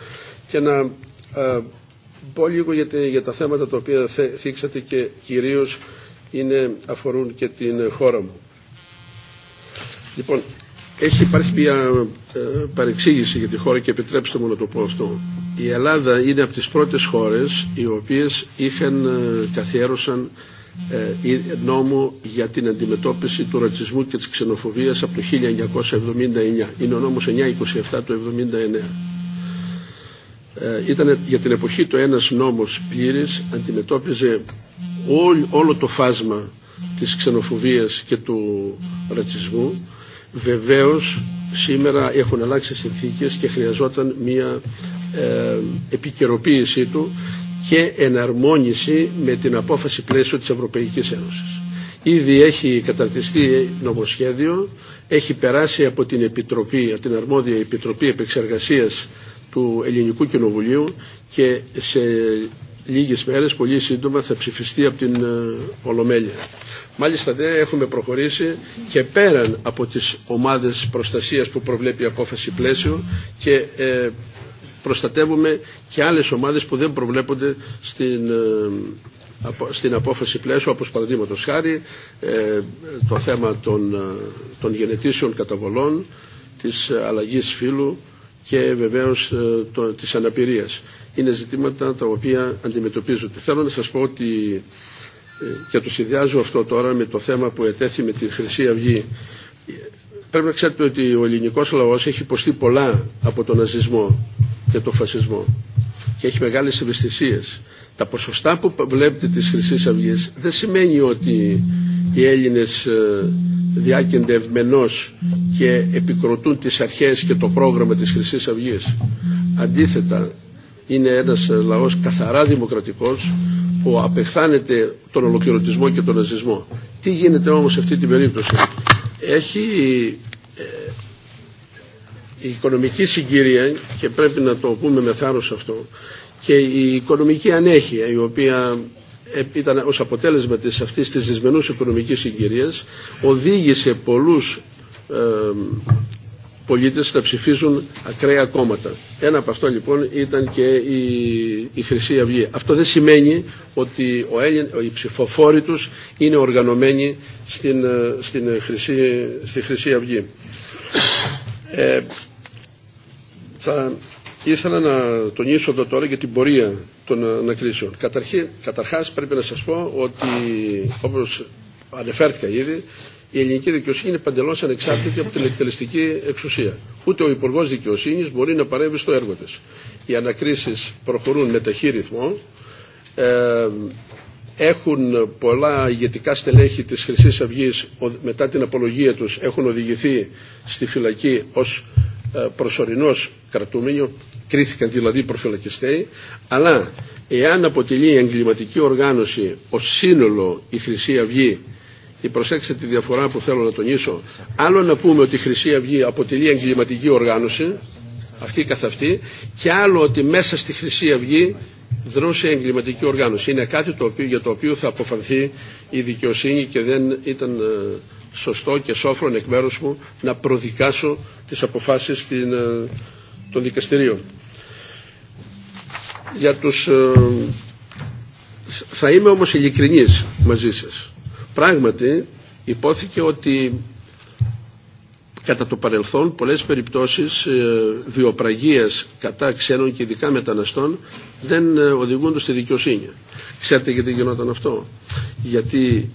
και να ε, πω λίγο για, για τα θέματα τα οποία θίξατε και κυρίως είναι, αφορούν και την χώρα μου. Λοιπόν, έχει υπάρχει μια ε, παρεξήγηση για τη χώρα και επιτρέψτε μου να το πω αυτό. Η Ελλάδα είναι από τις πρώτες χώρες οι οποίες είχαν, ε, καθιέρωσαν ε, νόμο για την αντιμετώπιση του ρατσισμού και της ξενοφοβίας από το 1979. Είναι ο νόμος 927 του 1979. Ε, ήταν για την εποχή το ένας νόμος πλήρης αντιμετώπιζε όλο, όλο το φάσμα της ξενοφοβίας και του ρατσισμού βεβαίως σήμερα έχουν αλλάξει συνθήκες και χρειαζόταν μια ε, επικαιροποίησή του και εναρμόνιση με την απόφαση πλαίσιο της Ευρωπαϊκής Ένωσης. Ήδη έχει καταρτιστεί νομοσχέδιο, έχει περάσει από την, Επιτροπή, από την αρμόδια Επιτροπή Επεξεργασίας του Ελληνικού Κοινοβουλίου και σε λίγες μέρες, πολύ σύντομα, θα ψηφιστεί από την ε, Ολομέλεια. Μάλιστα έχουμε προχωρήσει και πέραν από τις ομάδες προστασίας που προβλέπει η απόφαση πλαίσιο και ε, προστατεύουμε και άλλες ομάδες που δεν προβλέπονται στην, ε, στην απόφαση πλαίσιο, όπως παραδείγματο χάρη ε, το θέμα των, ε, των γενετήσεων καταβολών, της αλλαγής φύλου και βεβαίως το, της αναπηρίας. Είναι ζητήματα τα οποία αντιμετωπίζονται. Θέλω να σας πω ότι και το συνδυάζω αυτό τώρα με το θέμα που ετέθη με τη Χρυσή Αυγή Πρέπει να ξέρετε ότι ο ελληνικός λαός έχει υποστεί πολλά από τον ναζισμό και τον φασισμό και έχει μεγάλες ευαισθησίες. Τα ποσοστά που βλέπετε της χρυσή αυγή δεν σημαίνει ότι οι Έλληνες ε, διάκενται και επικροτούν τις αρχές και το πρόγραμμα της χρυσή αυγή. Αντίθετα, είναι ένας ε, λαός καθαρά δημοκρατικός που απεχθάνεται τον ολοκληρωτισμό και τον ναζισμό. Τι γίνεται όμως σε αυτή την περίπτωση. Έχει ε, η οικονομική συγκυρία και πρέπει να το πούμε με θάρρος αυτό και η οικονομική ανέχεια η οποία ήταν ως αποτέλεσμα της αυτής της δυσμενούς οικονομικής συγκυρίας οδήγησε πολλούς ε, πολίτες θα ψηφίζουν ακραία κόμματα. Ένα από αυτό λοιπόν ήταν και η, η Χρυσή Αυγή. Αυτό δεν σημαίνει ότι ο Έλλην, οι ψηφοφόροι τους είναι οργανωμένοι στην, ε, στην ε, στη Χρυσή Αυγή. Ε, θα ήθελα να τονίσω εδώ τώρα για την πορεία των ανακρίσεων. Ε, Καταρχή, καταρχάς πρέπει να σας πω ότι όπως ανεφέρθηκα ήδη η ελληνική δικαιοσύνη είναι παντελώ ανεξάρτητη από την εκτελεστική εξουσία. Ούτε ο Υπουργό Δικαιοσύνη μπορεί να παρέμβει στο έργο τη. Οι ανακρίσει προχωρούν με ταχύ ρυθμό. Ε, έχουν πολλά ηγετικά στελέχη της χρυσή αυγή μετά την απολογία τους έχουν οδηγηθεί στη φυλακή ως ε, προσωρινός κρατούμενο, κρίθηκαν δηλαδή προφυλακιστέοι, αλλά εάν αποτελεί εγκληματική οργάνωση ως σύνολο η Χρυσή Αυγή η προσέξτε τη διαφορά που θέλω να τονίσω, άλλο να πούμε ότι η Χρυσή Αυγή αποτελεί εγκληματική οργάνωση, αυτή καθ' αυτή, και άλλο ότι μέσα στη Χρυσή Αυγή δρούσε εγκληματική οργάνωση. Είναι κάτι το οποίο, για το οποίο θα αποφανθεί η δικαιοσύνη και δεν ήταν ε, σωστό και σόφρον εκ μέρους μου να προδικάσω τις αποφάσεις ε, των δικαστηρίων. Για τους, ε, θα είμαι όμως ειλικρινής μαζί σας. Πράγματι υπόθηκε ότι κατά το παρελθόν πολλές περιπτώσεις ε, βιοπραγίας κατά ξένων και ειδικά μεταναστών δεν ε, οδηγούνται στη δικαιοσύνη. Ξέρετε γιατί γινόταν αυτό. Γιατί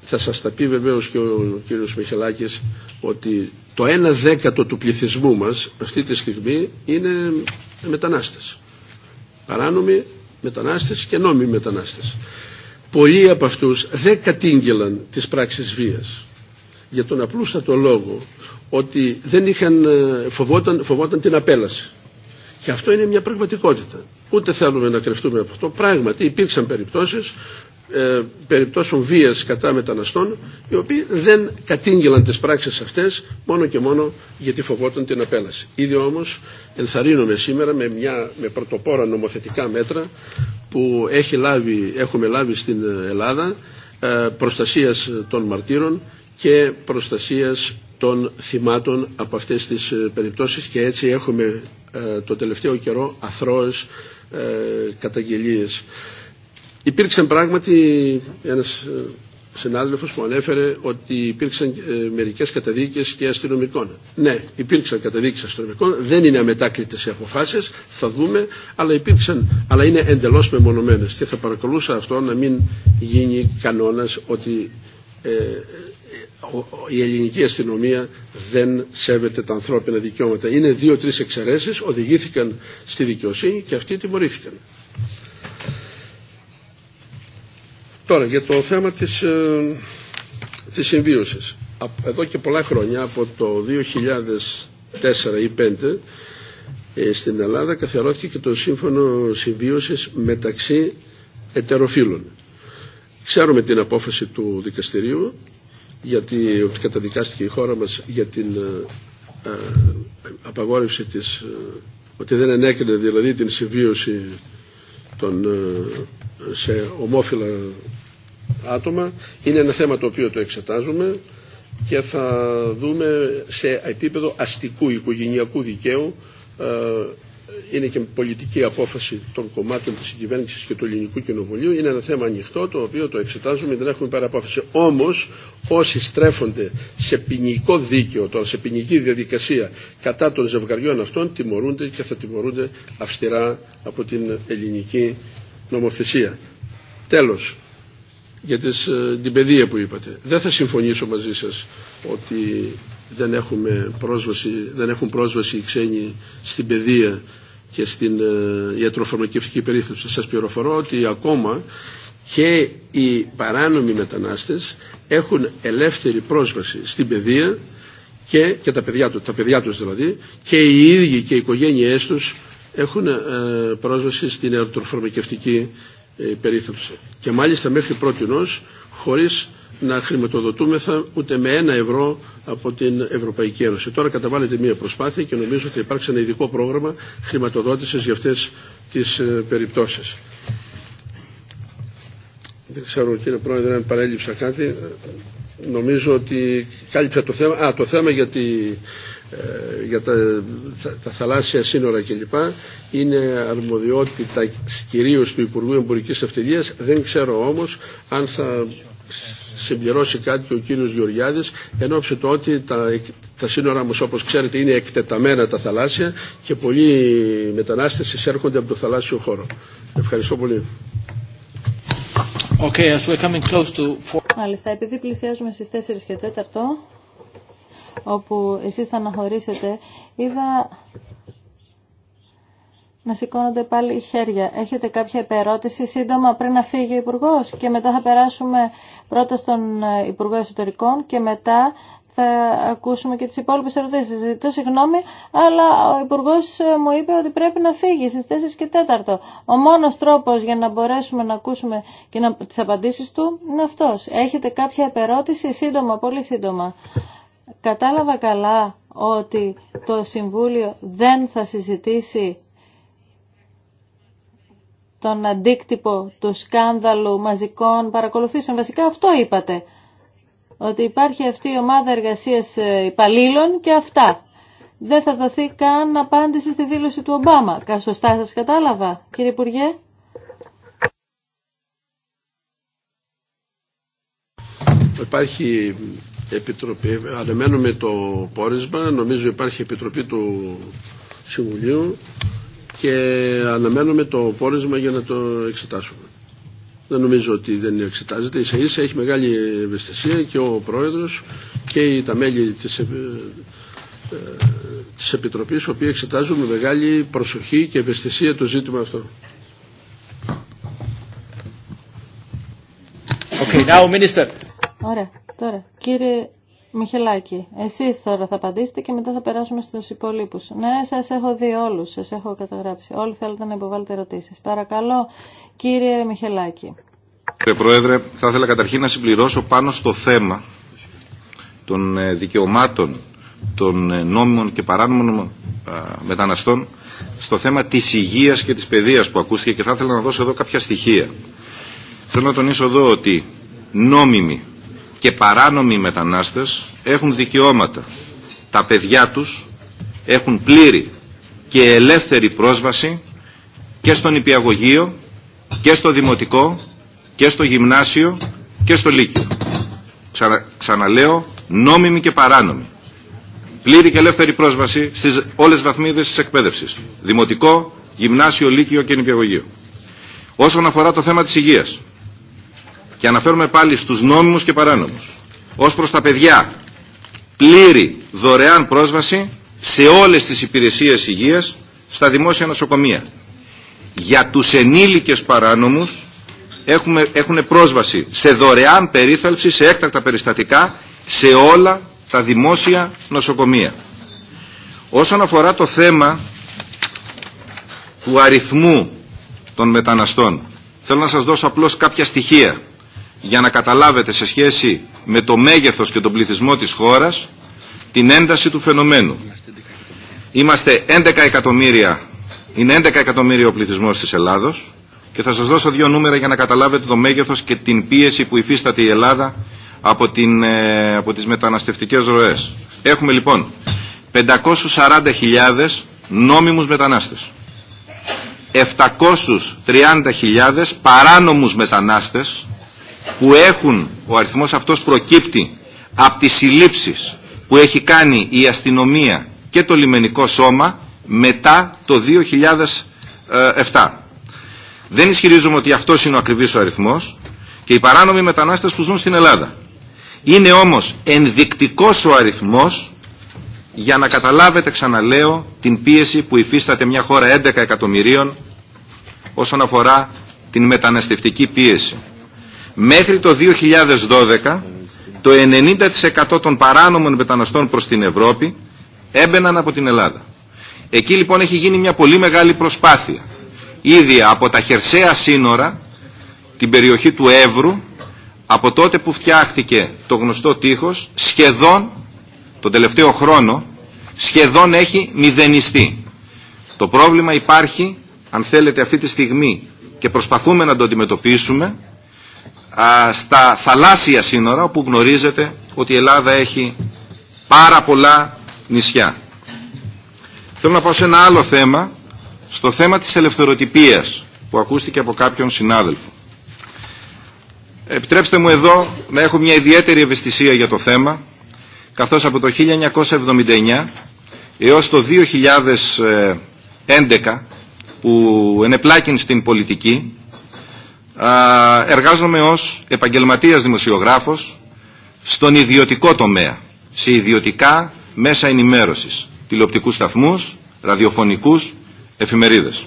θα σας τα πει βεβαίως και ο κύριος Μιχελάκης ότι το ένα δέκατο του πληθυσμού μας αυτή τη στιγμή είναι μετανάστες. Παράνομοι μετανάστες και νόμιμοι μετανάστες πολλοί από αυτούς δεν κατήγγελαν τις πράξεις βίας. Για τον απλούστατο λόγο ότι δεν είχαν, ε, φοβόταν, φοβόταν την απέλαση. Και αυτό είναι μια πραγματικότητα. Ούτε θέλουμε να κρυφτούμε από αυτό. Πράγματι υπήρξαν περιπτώσεις, ε, περιπτώσεων βίας κατά μεταναστών, οι οποίοι δεν κατήγγελαν τις πράξεις αυτές μόνο και μόνο γιατί φοβόταν την απέλαση. Ήδη όμως ενθαρρύνομαι σήμερα με, μια, με πρωτοπόρα νομοθετικά μέτρα που έχει έχουμε λάβει στην Ελλάδα ε, προστασίας των μαρτύρων και προστασίας των θυμάτων από αυτές τις ε, περιπτώσεις και έτσι έχουμε ε, το τελευταίο καιρό αθρώες καταγγελίες. Υπήρξαν πράγματι ένας συνάδελφος που ανέφερε ότι υπήρξαν ε, μερικές καταδίκες και αστυνομικών. Ναι, υπήρξαν καταδίκες αστυνομικών, δεν είναι αμετάκλητες οι αποφάσεις, θα δούμε, αλλά, υπήρξαν, αλλά είναι εντελώς μεμονωμένες και θα παρακολούσα αυτό να μην γίνει κανόνας ότι ε, η ελληνική αστυνομία δεν σέβεται τα ανθρώπινα δικαιώματα. Είναι δύο-τρεις εξαιρέσεις, οδηγήθηκαν στη δικαιοσύνη και αυτοί τιμωρήθηκαν. Τώρα για το θέμα της, ε, της συμβίωσης. Εδώ και πολλά χρόνια από το 2004 ή 2005 ε, στην Ελλάδα καθιερώθηκε και το σύμφωνο συμβίωσης μεταξύ ετεροφύλων. Ξέρουμε την απόφαση του δικαστηρίου γιατί καταδικάστηκε η χώρα μας για την ε, ε, απαγόρευση της ότι δεν ενέκρινε δηλαδή την συμβίωση των σε ομόφυλα άτομα. Είναι ένα θέμα το οποίο το εξετάζουμε και θα δούμε σε επίπεδο αστικού οικογενειακού δικαίου ε, είναι και πολιτική απόφαση των κομμάτων της κυβέρνηση και του ελληνικού κοινοβουλίου. Είναι ένα θέμα ανοιχτό το οποίο το εξετάζουμε, δεν έχουμε πάρει απόφαση. Όμως όσοι στρέφονται σε ποινικό δίκαιο, τώρα σε ποινική διαδικασία κατά των ζευγαριών αυτών τιμωρούνται και θα τιμωρούνται αυστηρά από την ελληνική νομοθεσία. Τέλος, για τις, ε, την παιδεία που είπατε. Δεν θα συμφωνήσω μαζί σας ότι δεν, έχουμε πρόσβαση, δεν έχουν πρόσβαση οι ξένοι στην παιδεία και στην ε, ιατροφαρμακευτική περίθαλψη. Σας πληροφορώ ότι ακόμα και οι παράνομοι μετανάστες έχουν ελεύθερη πρόσβαση στην παιδεία και, και τα παιδιά του, τα παιδιά τους δηλαδή, και οι ίδιοι και οι οικογένειές τους έχουν ε, πρόσβαση στην αεροτροφορμακευτική ε, περίθαλψη. Και μάλιστα μέχρι πρώτη χωρίς να χρηματοδοτούμεθα ούτε με ένα ευρώ από την Ευρωπαϊκή Ένωση. Τώρα καταβάλλεται μια προσπάθεια και νομίζω θα υπάρξει ένα ειδικό πρόγραμμα χρηματοδότησης για αυτές τις ε, περιπτώσεις. Δεν ξέρω κύριε Πρόεδρε αν παρέλειψα κάτι. Νομίζω ότι κάλυψα το θέμα. Α, το θέμα για τη ε, για τα, τα θαλάσσια σύνορα κλπ. Είναι αρμοδιότητα κυρίως του Υπουργού Εμπορικής Αυτιλίας. Δεν ξέρω όμως αν θα συμπληρώσει κάτι ο κύριος Γεωργιάδης ενώ του ότι τα, τα σύνορα μας όπως ξέρετε είναι εκτεταμένα τα θαλάσσια και πολλοί μετανάστες εισέρχονται από το θαλάσσιο χώρο. Ευχαριστώ πολύ. Okay, as we're coming close to... Μάλιστα, επειδή πλησιάζουμε στις 4 και 4 όπου εσείς θα αναχωρήσετε, είδα να σηκώνονται πάλι χέρια. Έχετε κάποια επερώτηση σύντομα πριν να φύγει ο Υπουργό και μετά θα περάσουμε πρώτα στον ε, Υπουργό Εσωτερικών και μετά θα ακούσουμε και τις υπόλοιπες ερωτήσεις. Ζητώ συγγνώμη, αλλά ο υπουργό ε, μου είπε ότι πρέπει να φύγει στις 4 και 4. Ο μόνος τρόπος για να μπορέσουμε να ακούσουμε και να... τις απαντήσεις του είναι αυτός. Έχετε κάποια επερώτηση σύντομα, πολύ σύντομα κατάλαβα καλά ότι το Συμβούλιο δεν θα συζητήσει τον αντίκτυπο του σκάνδαλου μαζικών παρακολουθήσεων. Βασικά αυτό είπατε, ότι υπάρχει αυτή η ομάδα εργασίας ε, υπαλλήλων και αυτά. Δεν θα δοθεί καν απάντηση στη δήλωση του Ομπάμα. Σωστά σας κατάλαβα, κύριε Υπουργέ. Υπάρχει επιτροπή, αναμένουμε το πόρισμα, νομίζω υπάρχει επιτροπή του Συμβουλίου και αναμένουμε το πόρισμα για να το εξετάσουμε. Δεν νομίζω ότι δεν εξετάζεται. Ίσα ίσα έχει μεγάλη ευαισθησία και ο Πρόεδρος και τα μέλη της, ε, ε, της Επιτροπής, οποίοι εξετάζουν με μεγάλη προσοχή και ευαισθησία το ζήτημα αυτό. Okay, Τώρα, κύριε Μιχελάκη, εσείς τώρα θα απαντήσετε και μετά θα περάσουμε στου υπολείπου. Ναι, σα έχω δει όλου. Σα έχω καταγράψει. Όλοι θέλετε να υποβάλλετε ερωτήσει. Παρακαλώ, κύριε Μιχελάκη. Κύριε Πρόεδρε, θα ήθελα καταρχήν να συμπληρώσω πάνω στο θέμα των ε, δικαιωμάτων των ε, νόμιμων και παράνομων ε, μεταναστών στο θέμα της υγείας και της παιδείας που ακούστηκε και θα ήθελα να δώσω εδώ κάποια στοιχεία. Θέλω να τονίσω εδώ ότι νόμιμοι και παράνομοι μετανάστες έχουν δικαιώματα. Τα παιδιά τους έχουν πλήρη και ελεύθερη πρόσβαση και στον υπηαγωγείο και στο δημοτικό και στο γυμνάσιο και στο λύκειο. ξαναλέω, νόμιμη και παράνομη. Πλήρη και ελεύθερη πρόσβαση στις όλες βαθμίδες της εκπαίδευσης. Δημοτικό, γυμνάσιο, λύκειο και νηπιαγωγείο. Όσον αφορά το θέμα της υγείας, και αναφέρομαι πάλι στους νόμιμους και παράνομους, ως προς τα παιδιά πλήρη δωρεάν πρόσβαση σε όλες τις υπηρεσίες υγείας στα δημόσια νοσοκομεία. Για τους ενήλικες παράνομους έχουμε, έχουν πρόσβαση σε δωρεάν περίθαλψη, σε έκτακτα περιστατικά, σε όλα τα δημόσια νοσοκομεία. Όσον αφορά το θέμα του αριθμού των μεταναστών, θέλω να σας δώσω απλώς κάποια στοιχεία για να καταλάβετε σε σχέση με το μέγεθος και τον πληθυσμό της χώρας την ένταση του φαινομένου. Είμαστε 11 εκατομμύρια, είναι 11 εκατομμύρια ο πληθυσμός της Ελλάδος και θα σας δώσω δύο νούμερα για να καταλάβετε το μέγεθος και την πίεση που υφίσταται η Ελλάδα από, την, ε, από τις μεταναστευτικές ροές. Έχουμε λοιπόν 540.000 νόμιμους μετανάστες. 730.000 παράνομους μετανάστες που έχουν, ο αριθμός αυτός προκύπτει από τις συλλήψεις που έχει κάνει η αστυνομία και το λιμενικό σώμα μετά το 2007. Δεν ισχυρίζομαι ότι αυτός είναι ο ακριβής ο αριθμός και οι παράνομοι μετανάστες που ζουν στην Ελλάδα. Είναι όμως ενδεικτικός ο αριθμός για να καταλάβετε ξαναλέω την πίεση που υφίσταται μια χώρα 11 εκατομμυρίων όσον αφορά την μεταναστευτική πίεση. Μέχρι το 2012 το 90% των παράνομων μεταναστών προς την Ευρώπη έμπαιναν από την Ελλάδα. Εκεί λοιπόν έχει γίνει μια πολύ μεγάλη προσπάθεια. Ήδη από τα χερσαία σύνορα, την περιοχή του Εύρου, από τότε που φτιάχτηκε το γνωστό τείχος, σχεδόν, τον τελευταίο χρόνο, σχεδόν έχει μηδενιστεί. Το πρόβλημα υπάρχει, αν θέλετε αυτή τη στιγμή, και προσπαθούμε να το αντιμετωπίσουμε, στα θαλάσσια σύνορα όπου γνωρίζετε ότι η Ελλάδα έχει πάρα πολλά νησιά. Θέλω να πάω σε ένα άλλο θέμα, στο θέμα της ελευθεροτυπίας που ακούστηκε από κάποιον συνάδελφο. Επιτρέψτε μου εδώ να έχω μια ιδιαίτερη ευαισθησία για το θέμα, καθώς από το 1979 έως το 2011 που ενεπλάκην στην πολιτική εργάζομαι ως επαγγελματίας δημοσιογράφος στον ιδιωτικό τομέα, σε ιδιωτικά μέσα ενημέρωσης, τηλεοπτικούς σταθμούς, ραδιοφωνικούς, εφημερίδες.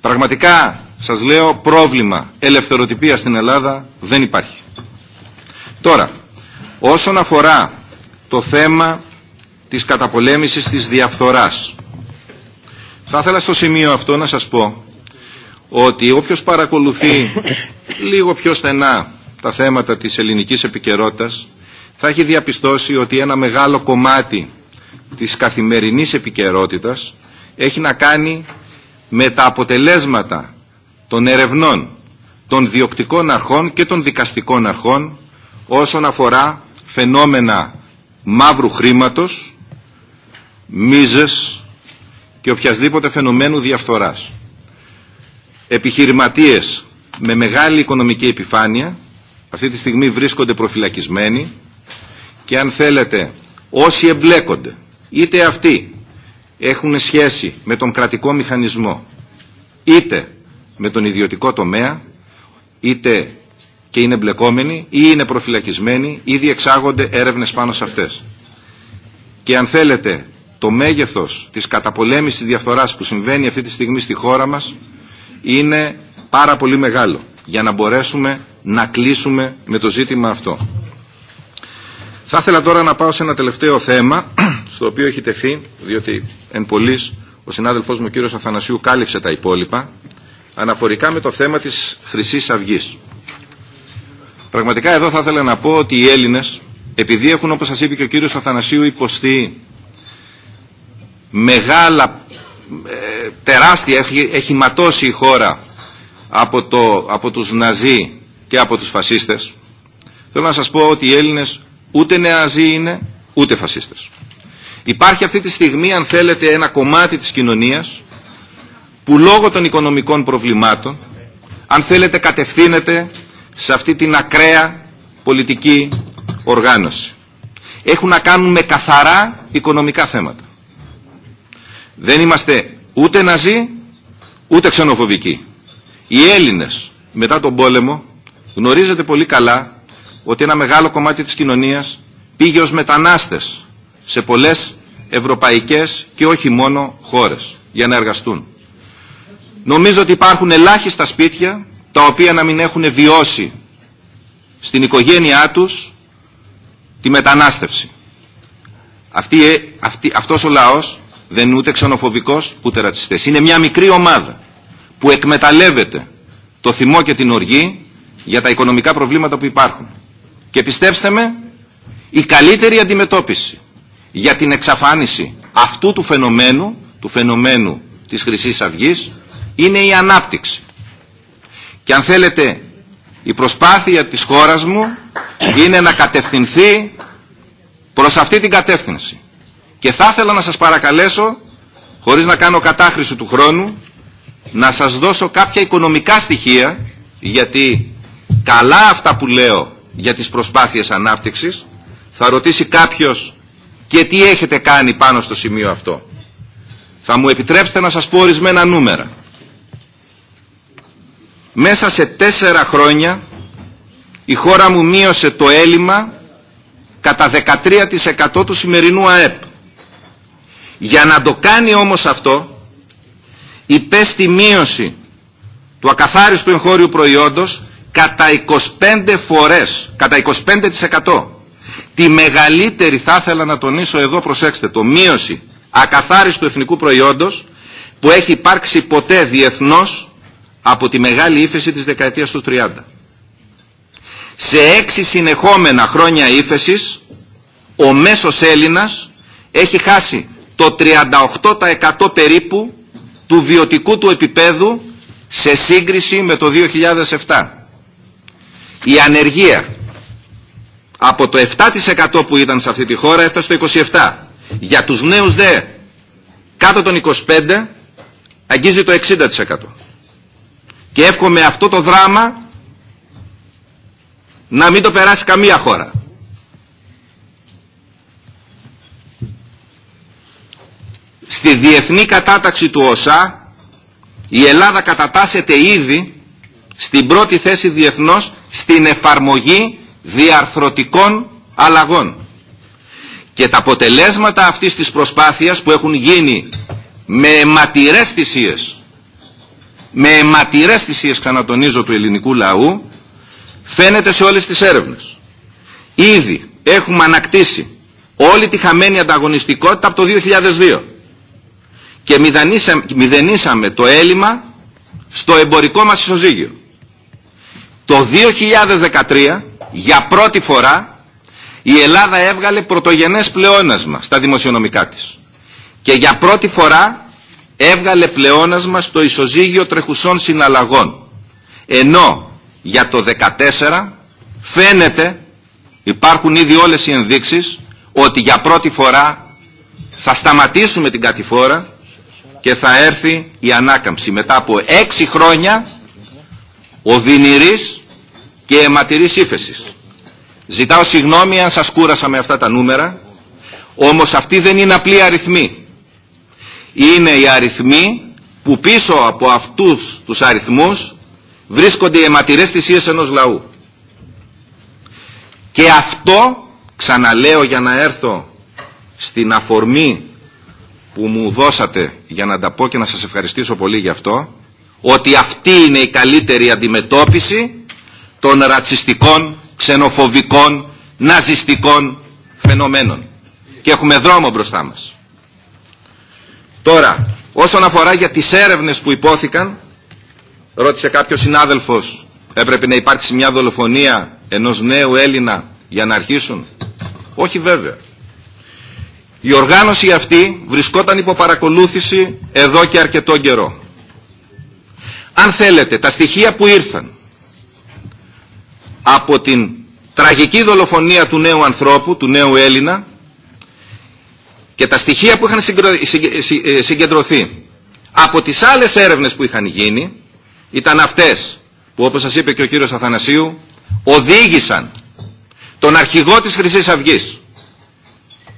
Πραγματικά, σας λέω, πρόβλημα ελευθεροτυπία στην Ελλάδα δεν υπάρχει. Τώρα, όσον αφορά το θέμα της καταπολέμησης της διαφθοράς, θα ήθελα στο σημείο αυτό να σας πω ότι όποιος παρακολουθεί λίγο πιο στενά τα θέματα της ελληνικής επικαιρότητα θα έχει διαπιστώσει ότι ένα μεγάλο κομμάτι της καθημερινής επικαιρότητα έχει να κάνει με τα αποτελέσματα των ερευνών των διοκτικών αρχών και των δικαστικών αρχών όσον αφορά φαινόμενα μαύρου χρήματος, μίζες και οποιασδήποτε φαινομένου διαφθοράς επιχειρηματίες με μεγάλη οικονομική επιφάνεια αυτή τη στιγμή βρίσκονται προφυλακισμένοι και αν θέλετε όσοι εμπλέκονται είτε αυτοί έχουν σχέση με τον κρατικό μηχανισμό είτε με τον ιδιωτικό τομέα είτε και είναι εμπλεκόμενοι ή είναι προφυλακισμένοι ή διεξάγονται έρευνες πάνω σε αυτές. Και αν θέλετε το μέγεθος της καταπολέμησης διαφθοράς που συμβαίνει αυτή τη στιγμή στη χώρα μας είναι πάρα πολύ μεγάλο για να μπορέσουμε να κλείσουμε με το ζήτημα αυτό. Θα ήθελα τώρα να πάω σε ένα τελευταίο θέμα στο οποίο έχει τεθεί, διότι εν πολλής ο συνάδελφός μου ο κύριος Αθανασίου κάλυψε τα υπόλοιπα αναφορικά με το θέμα της χρυσή αυγή. Πραγματικά εδώ θα ήθελα να πω ότι οι Έλληνες επειδή έχουν όπως σας είπε και ο κύριος Αθανασίου υποστεί μεγάλα ε, τεράστια, έχει, ματώσει η χώρα από, το, από τους Ναζί και από τους φασίστες, θέλω να σας πω ότι οι Έλληνες ούτε Ναζί είναι, ούτε φασίστες. Υπάρχει αυτή τη στιγμή, αν θέλετε, ένα κομμάτι της κοινωνίας που λόγω των οικονομικών προβλημάτων, αν θέλετε, κατευθύνεται σε αυτή την ακραία πολιτική οργάνωση. Έχουν να κάνουν με καθαρά οικονομικά θέματα. Δεν είμαστε ούτε ναζί, ούτε ξενοφοβικοί. Οι Έλληνες μετά τον πόλεμο γνωρίζετε πολύ καλά ότι ένα μεγάλο κομμάτι της κοινωνίας πήγε ως μετανάστες σε πολλές ευρωπαϊκές και όχι μόνο χώρες για να εργαστούν. Νομίζω ότι υπάρχουν ελάχιστα σπίτια τα οποία να μην έχουν βιώσει στην οικογένειά τους τη μετανάστευση. Αυτή, ε, αυτός ο λαός δεν είναι ούτε ξενοφοβικός ούτε ρατσιστές. Είναι μια μικρή ομάδα που εκμεταλλεύεται το θυμό και την οργή για τα οικονομικά προβλήματα που υπάρχουν. Και πιστέψτε με, η καλύτερη αντιμετώπιση για την εξαφάνιση αυτού του φαινομένου, του φαινομένου της χρυσή αυγή είναι η ανάπτυξη. Και αν θέλετε, η προσπάθεια της χώρας μου είναι να κατευθυνθεί προς αυτή την κατεύθυνση. Και θα ήθελα να σας παρακαλέσω, χωρίς να κάνω κατάχρηση του χρόνου, να σας δώσω κάποια οικονομικά στοιχεία, γιατί καλά αυτά που λέω για τις προσπάθειες ανάπτυξης, θα ρωτήσει κάποιος και τι έχετε κάνει πάνω στο σημείο αυτό. Θα μου επιτρέψετε να σας πω ορισμένα νούμερα. Μέσα σε τέσσερα χρόνια η χώρα μου μείωσε το έλλειμμα κατά 13% του σημερινού ΑΕΠ. Για να το κάνει όμως αυτό, υπέστη μείωση του ακαθάριστου εγχώριου προϊόντος κατά 25 φορές, κατά 25%. Τη μεγαλύτερη θα ήθελα να τονίσω εδώ, προσέξτε το, μείωση ακαθάριστου εθνικού προϊόντος που έχει υπάρξει ποτέ διεθνώς από τη μεγάλη ύφεση της δεκαετίας του 30. Σε έξι συνεχόμενα χρόνια ύφεσης, ο μέσος Έλληνας έχει χάσει το 38% περίπου του βιωτικού του επίπεδου σε σύγκριση με το 2007. Η ανεργία από το 7% που ήταν σε αυτή τη χώρα έφτασε στο 27%. Για τους νέους δε κάτω των 25 αγγίζει το 60%. Και εύχομαι αυτό το δράμα να μην το περάσει καμία χώρα. Στη διεθνή κατάταξη του ΩΣΑ, η Ελλάδα κατατάσσεται ήδη στην πρώτη θέση διεθνώς στην εφαρμογή διαρθρωτικών αλλαγών. Και τα αποτελέσματα αυτής της προσπάθειας που έχουν γίνει με αιματηρές θυσίες, με αιματηρές θυσίες ξανατονίζω του ελληνικού λαού, φαίνεται σε όλες τις έρευνες. Ήδη έχουμε ανακτήσει όλη τη χαμένη ανταγωνιστικότητα από το 2002 και μηδενίσαμε το έλλειμμα στο εμπορικό μας ισοζύγιο. Το 2013 για πρώτη φορά η Ελλάδα έβγαλε πρωτογενές πλεόνασμα στα δημοσιονομικά της. Και για πρώτη φορά έβγαλε πλεόνασμα στο ισοζύγιο τρεχουσών συναλλαγών. Ενώ για το 2014 φαίνεται, υπάρχουν ήδη όλες οι ενδείξεις, ότι για πρώτη φορά θα σταματήσουμε την κατηφόρα και θα έρθει η ανάκαμψη μετά από έξι χρόνια οδυνηρής και αιματηρής ύφεση. Ζητάω συγγνώμη αν σας κούρασα με αυτά τα νούμερα, όμως αυτή δεν είναι απλή αριθμή. Είναι οι αριθμοί που πίσω από αυτούς τους αριθμούς βρίσκονται οι αιματηρές θυσίες ενός λαού. Και αυτό, ξαναλέω για να έρθω στην αφορμή που μου δώσατε για να τα πω και να σας ευχαριστήσω πολύ γι' αυτό ότι αυτή είναι η καλύτερη αντιμετώπιση των ρατσιστικών, ξενοφοβικών, ναζιστικών φαινομένων. Και έχουμε δρόμο μπροστά μας. Τώρα, όσον αφορά για τις έρευνες που υπόθηκαν, ρώτησε κάποιο συνάδελφος, έπρεπε να υπάρξει μια δολοφονία ενός νέου Έλληνα για να αρχίσουν. Όχι βέβαια. Η οργάνωση αυτή βρισκόταν υπό παρακολούθηση εδώ και αρκετό καιρό. Αν θέλετε, τα στοιχεία που ήρθαν από την τραγική δολοφονία του νέου ανθρώπου, του νέου Έλληνα και τα στοιχεία που είχαν ε, συγκεντρωθεί από τις άλλες έρευνες που είχαν γίνει ήταν αυτές που όπως σας είπε και ο κύριος Αθανασίου οδήγησαν τον αρχηγό της χρυσή Αυγής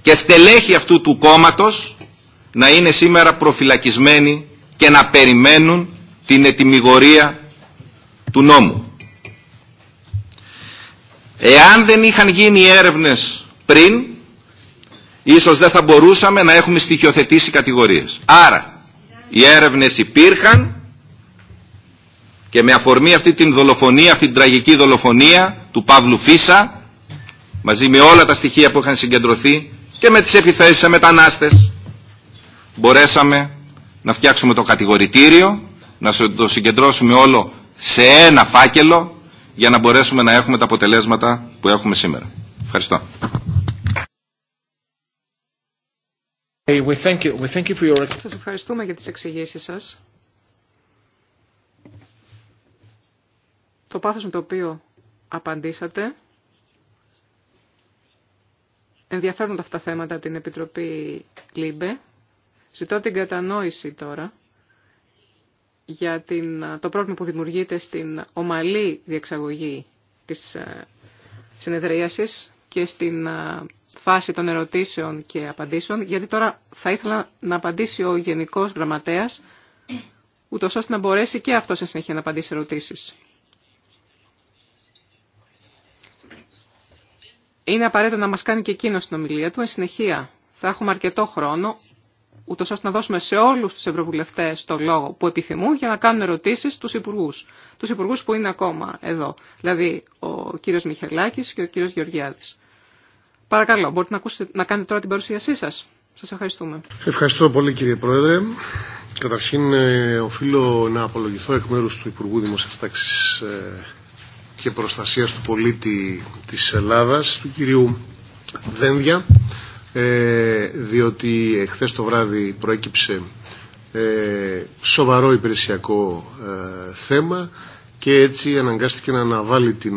και στελέχη αυτού του κόμματος να είναι σήμερα προφυλακισμένοι και να περιμένουν την ετιμιγορία του νόμου. Εάν δεν είχαν γίνει έρευνες πριν, ίσως δεν θα μπορούσαμε να έχουμε στοιχειοθετήσει κατηγορίες. Άρα, οι έρευνες υπήρχαν και με αφορμή αυτή την δολοφονία, αυτή την τραγική δολοφονία του Παύλου Φίσα, μαζί με όλα τα στοιχεία που είχαν συγκεντρωθεί, και με τις επιθέσεις σε μετανάστες μπορέσαμε να φτιάξουμε το κατηγορητήριο, να το συγκεντρώσουμε όλο σε ένα φάκελο για να μπορέσουμε να έχουμε τα αποτελέσματα που έχουμε σήμερα. Ευχαριστώ. We thank you. We thank you for your... Σας ευχαριστούμε για τις εξηγήσεις σας. Το πάθος με το οποίο απαντήσατε ενδιαφέρουν αυτά τα θέματα την Επιτροπή ΛΥΜΠΕ. Ζητώ την κατανόηση τώρα για την, το πρόβλημα που δημιουργείται στην ομαλή διεξαγωγή της ε, συνεδρίασης και στην ε, φάση των ερωτήσεων και απαντήσεων, γιατί τώρα θα ήθελα να απαντήσει ο Γενικός Γραμματέας, ούτως ώστε να μπορέσει και αυτό σε συνέχεια να απαντήσει ερωτήσεις. είναι απαραίτητο να μα κάνει και εκείνο την ομιλία του. Εν συνεχεία θα έχουμε αρκετό χρόνο, ούτω ώστε να δώσουμε σε όλου του ευρωβουλευτέ το λόγο που επιθυμούν για να κάνουν ερωτήσει στους υπουργού, του υπουργού που είναι ακόμα εδώ, δηλαδή ο κύριος Μιχελάκη και ο κύριος Γεωργιάδης. Παρακαλώ, μπορείτε να, ακούσετε, να κάνετε τώρα την παρουσίασή σα. Σα ευχαριστούμε. Ευχαριστώ πολύ κύριε Πρόεδρε. Καταρχήν ε, οφείλω να απολογηθώ εκ μέρου του Υπουργού Δημοσιαστάξης ε, και Προστασίας του Πολίτη της Ελλάδας, του κυρίου Δένδια, ε, διότι εχθές το βράδυ προέκυψε ε, σοβαρό υπηρεσιακό ε, θέμα και έτσι αναγκάστηκε να αναβάλει την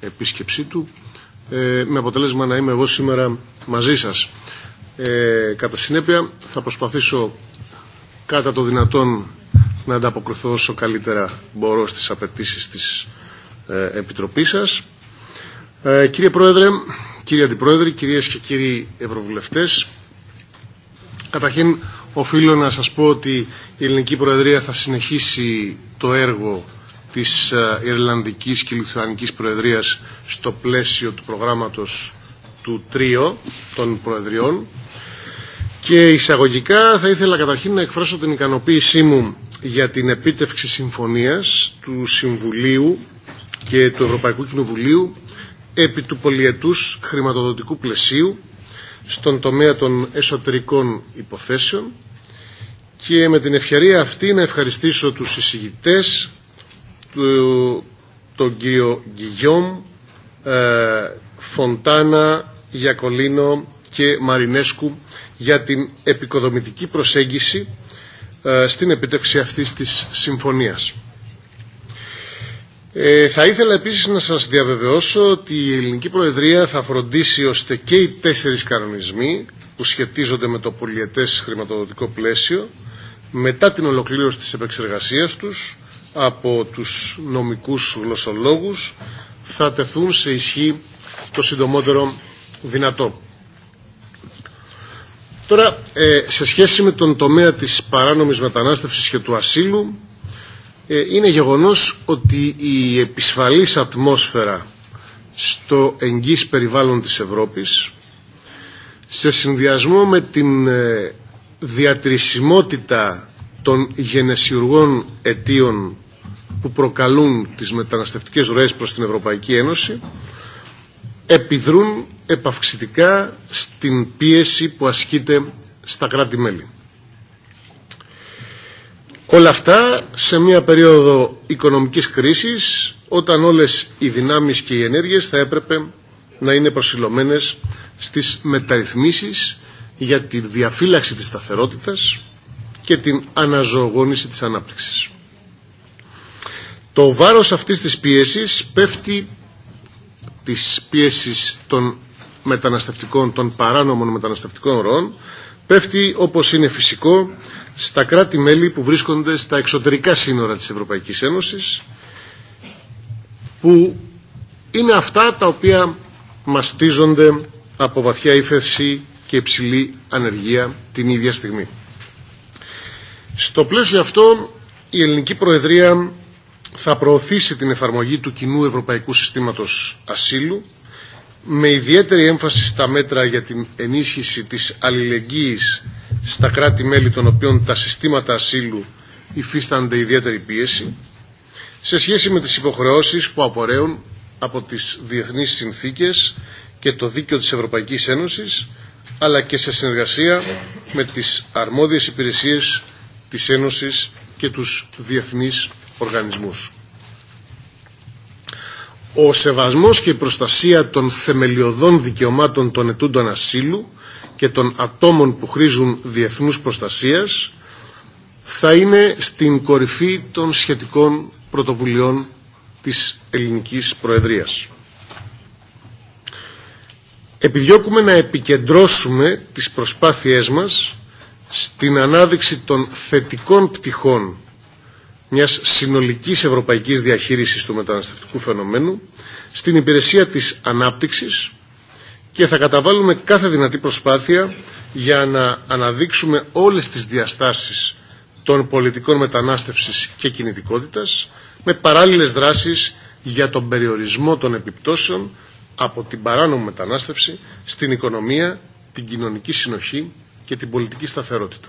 επίσκεψή του με αποτέλεσμα να είμαι εγώ σήμερα μαζί σας. Κατά συνέπεια θα προσπαθήσω κατά το δυνατόν να ανταποκριθώ όσο καλύτερα μπορώ στις απαιτήσεις της ε, Επιτροπή σας. Ε, κύριε Πρόεδρε, κύριε Αντιπρόεδρε, κυρίες και κύριοι Ευρωβουλευτές, καταρχήν οφείλω να σας πω ότι η Ελληνική Προεδρία θα συνεχίσει το έργο της ε, Ιρλανδικής και Λιθουανικής Προεδρίας στο πλαίσιο του προγράμματος του τρίο των Προεδριών και εισαγωγικά θα ήθελα καταρχήν να εκφράσω την ικανοποίησή μου για την επίτευξη συμφωνίας του Συμβουλίου και του Ευρωπαϊκού Κοινοβουλίου επί του πολυετούς χρηματοδοτικού πλαισίου στον τομέα των εσωτερικών υποθέσεων και με την ευκαιρία αυτή να ευχαριστήσω τους εισηγητές του, τον κύριο Γκυγιόμ, ε, Φοντάνα, Γιακολίνο και Μαρινέσκου για την επικοδομητική προσέγγιση ε, στην επίτευξη αυτής της συμφωνίας. Ε, θα ήθελα επίσης να σας διαβεβαιώσω ότι η Ελληνική Προεδρία θα φροντίσει ώστε και οι τέσσερις κανονισμοί που σχετίζονται με το πολιετές χρηματοδοτικό πλαίσιο μετά την ολοκλήρωση της επεξεργασίας τους από τους νομικούς γλωσσολόγους θα τεθούν σε ισχύ το συντομότερο δυνατό. Τώρα, ε, σε σχέση με τον τομέα της παράνομης μετανάστευσης και του ασύλου, ε, είναι γεγονός ότι η επισφαλής ατμόσφαιρα στο εγγύς περιβάλλον της Ευρώπης σε συνδυασμό με την ε, διατηρησιμότητα των γενεσιουργών αιτίων που προκαλούν τις μεταναστευτικές ροές προς την Ευρωπαϊκή Ένωση επιδρούν επαυξητικά στην πίεση που ασκείται στα κράτη-μέλη. Όλα αυτά σε μια περίοδο οικονομικής κρίσης όταν όλες οι δυνάμεις και οι ενέργειες θα έπρεπε να είναι προσιλωμένες στις μεταρρυθμίσεις για τη διαφύλαξη της σταθερότητας και την αναζωογόνηση της ανάπτυξης. Το βάρος αυτής της πίεσης πέφτει της πίεσης των μεταναστευτικών, των παράνομων μεταναστευτικών ροών, πέφτει όπως είναι φυσικό στα κράτη-μέλη που βρίσκονται στα εξωτερικά σύνορα της Ευρωπαϊκής Ένωσης που είναι αυτά τα οποία μαστίζονται από βαθιά ύφεση και υψηλή ανεργία την ίδια στιγμή. Στο πλαίσιο αυτό η Ελληνική Προεδρία θα προωθήσει την εφαρμογή του κοινού Ευρωπαϊκού Συστήματος Ασύλου με ιδιαίτερη έμφαση στα μέτρα για την ενίσχυση της αλληλεγγύης στα κράτη-μέλη των οποίων τα συστήματα ασύλου υφίστανται ιδιαίτερη πίεση σε σχέση με τις υποχρεώσεις που απορρέουν από τις διεθνείς συνθήκες και το δίκαιο της Ευρωπαϊκής Ένωσης αλλά και σε συνεργασία με τις αρμόδιες υπηρεσίες της Ένωσης και τους διεθνείς οργανισμούς. Ο σεβασμός και η προστασία των θεμελιωδών δικαιωμάτων των ετούντων ασύλου και των ατόμων που χρήζουν διεθνούς προστασίας θα είναι στην κορυφή των σχετικών πρωτοβουλειών της ελληνικής προεδρίας. Επιδιώκουμε να επικεντρώσουμε τις προσπάθειές μας στην ανάδειξη των θετικών πτυχών μιας συνολικής ευρωπαϊκής διαχείρισης του μεταναστευτικού φαινομένου στην υπηρεσία της ανάπτυξης και θα καταβάλουμε κάθε δυνατή προσπάθεια για να αναδείξουμε όλες τις διαστάσεις των πολιτικών μετανάστευσης και κινητικότητας με παράλληλες δράσεις για τον περιορισμό των επιπτώσεων από την παράνομη μετανάστευση στην οικονομία, την κοινωνική συνοχή και την πολιτική σταθερότητα.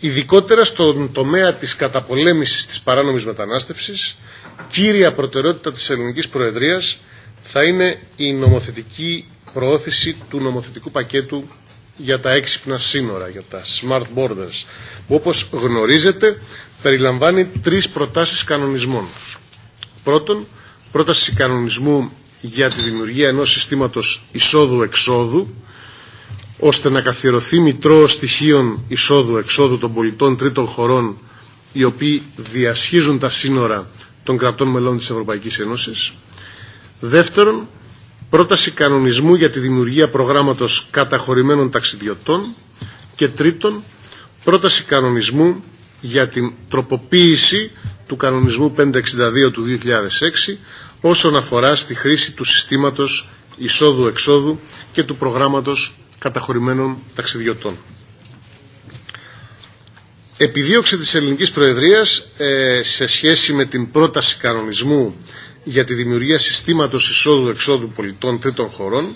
Ειδικότερα στον τομέα της καταπολέμησης της παράνομης μετανάστευσης, κύρια προτεραιότητα της ελληνικής προεδρίας θα είναι η νομοθετική προώθηση του νομοθετικού πακέτου για τα έξυπνα σύνορα, για τα smart borders, που όπως γνωρίζετε περιλαμβάνει τρεις προτάσεις κανονισμών. Πρώτον, πρόταση κανονισμού για τη δημιουργία ενός συστήματος εισόδου-εξόδου, ώστε να καθιερωθεί μητρό στοιχείων εισόδου-εξόδου των πολιτών τρίτων χωρών, οι οποίοι διασχίζουν τα σύνορα των κρατών μελών της Ευρωπαϊκής Ένωσης. Δεύτερον, πρόταση κανονισμού για τη δημιουργία προγράμματος καταχωρημένων ταξιδιωτών. Και τρίτον, πρόταση κανονισμού για την τροποποίηση του κανονισμού 562 του 2006 όσον αφορά στη χρήση του συστήματος εισόδου-εξόδου και του προγράμματος καταχωρημένων ταξιδιωτών. Επιδίωξη της Ελληνικής Προεδρίας ε, σε σχέση με την πρόταση κανονισμού για τη δημιουργία συστήματος εισόδου-εξόδου πολιτών τρίτων χωρών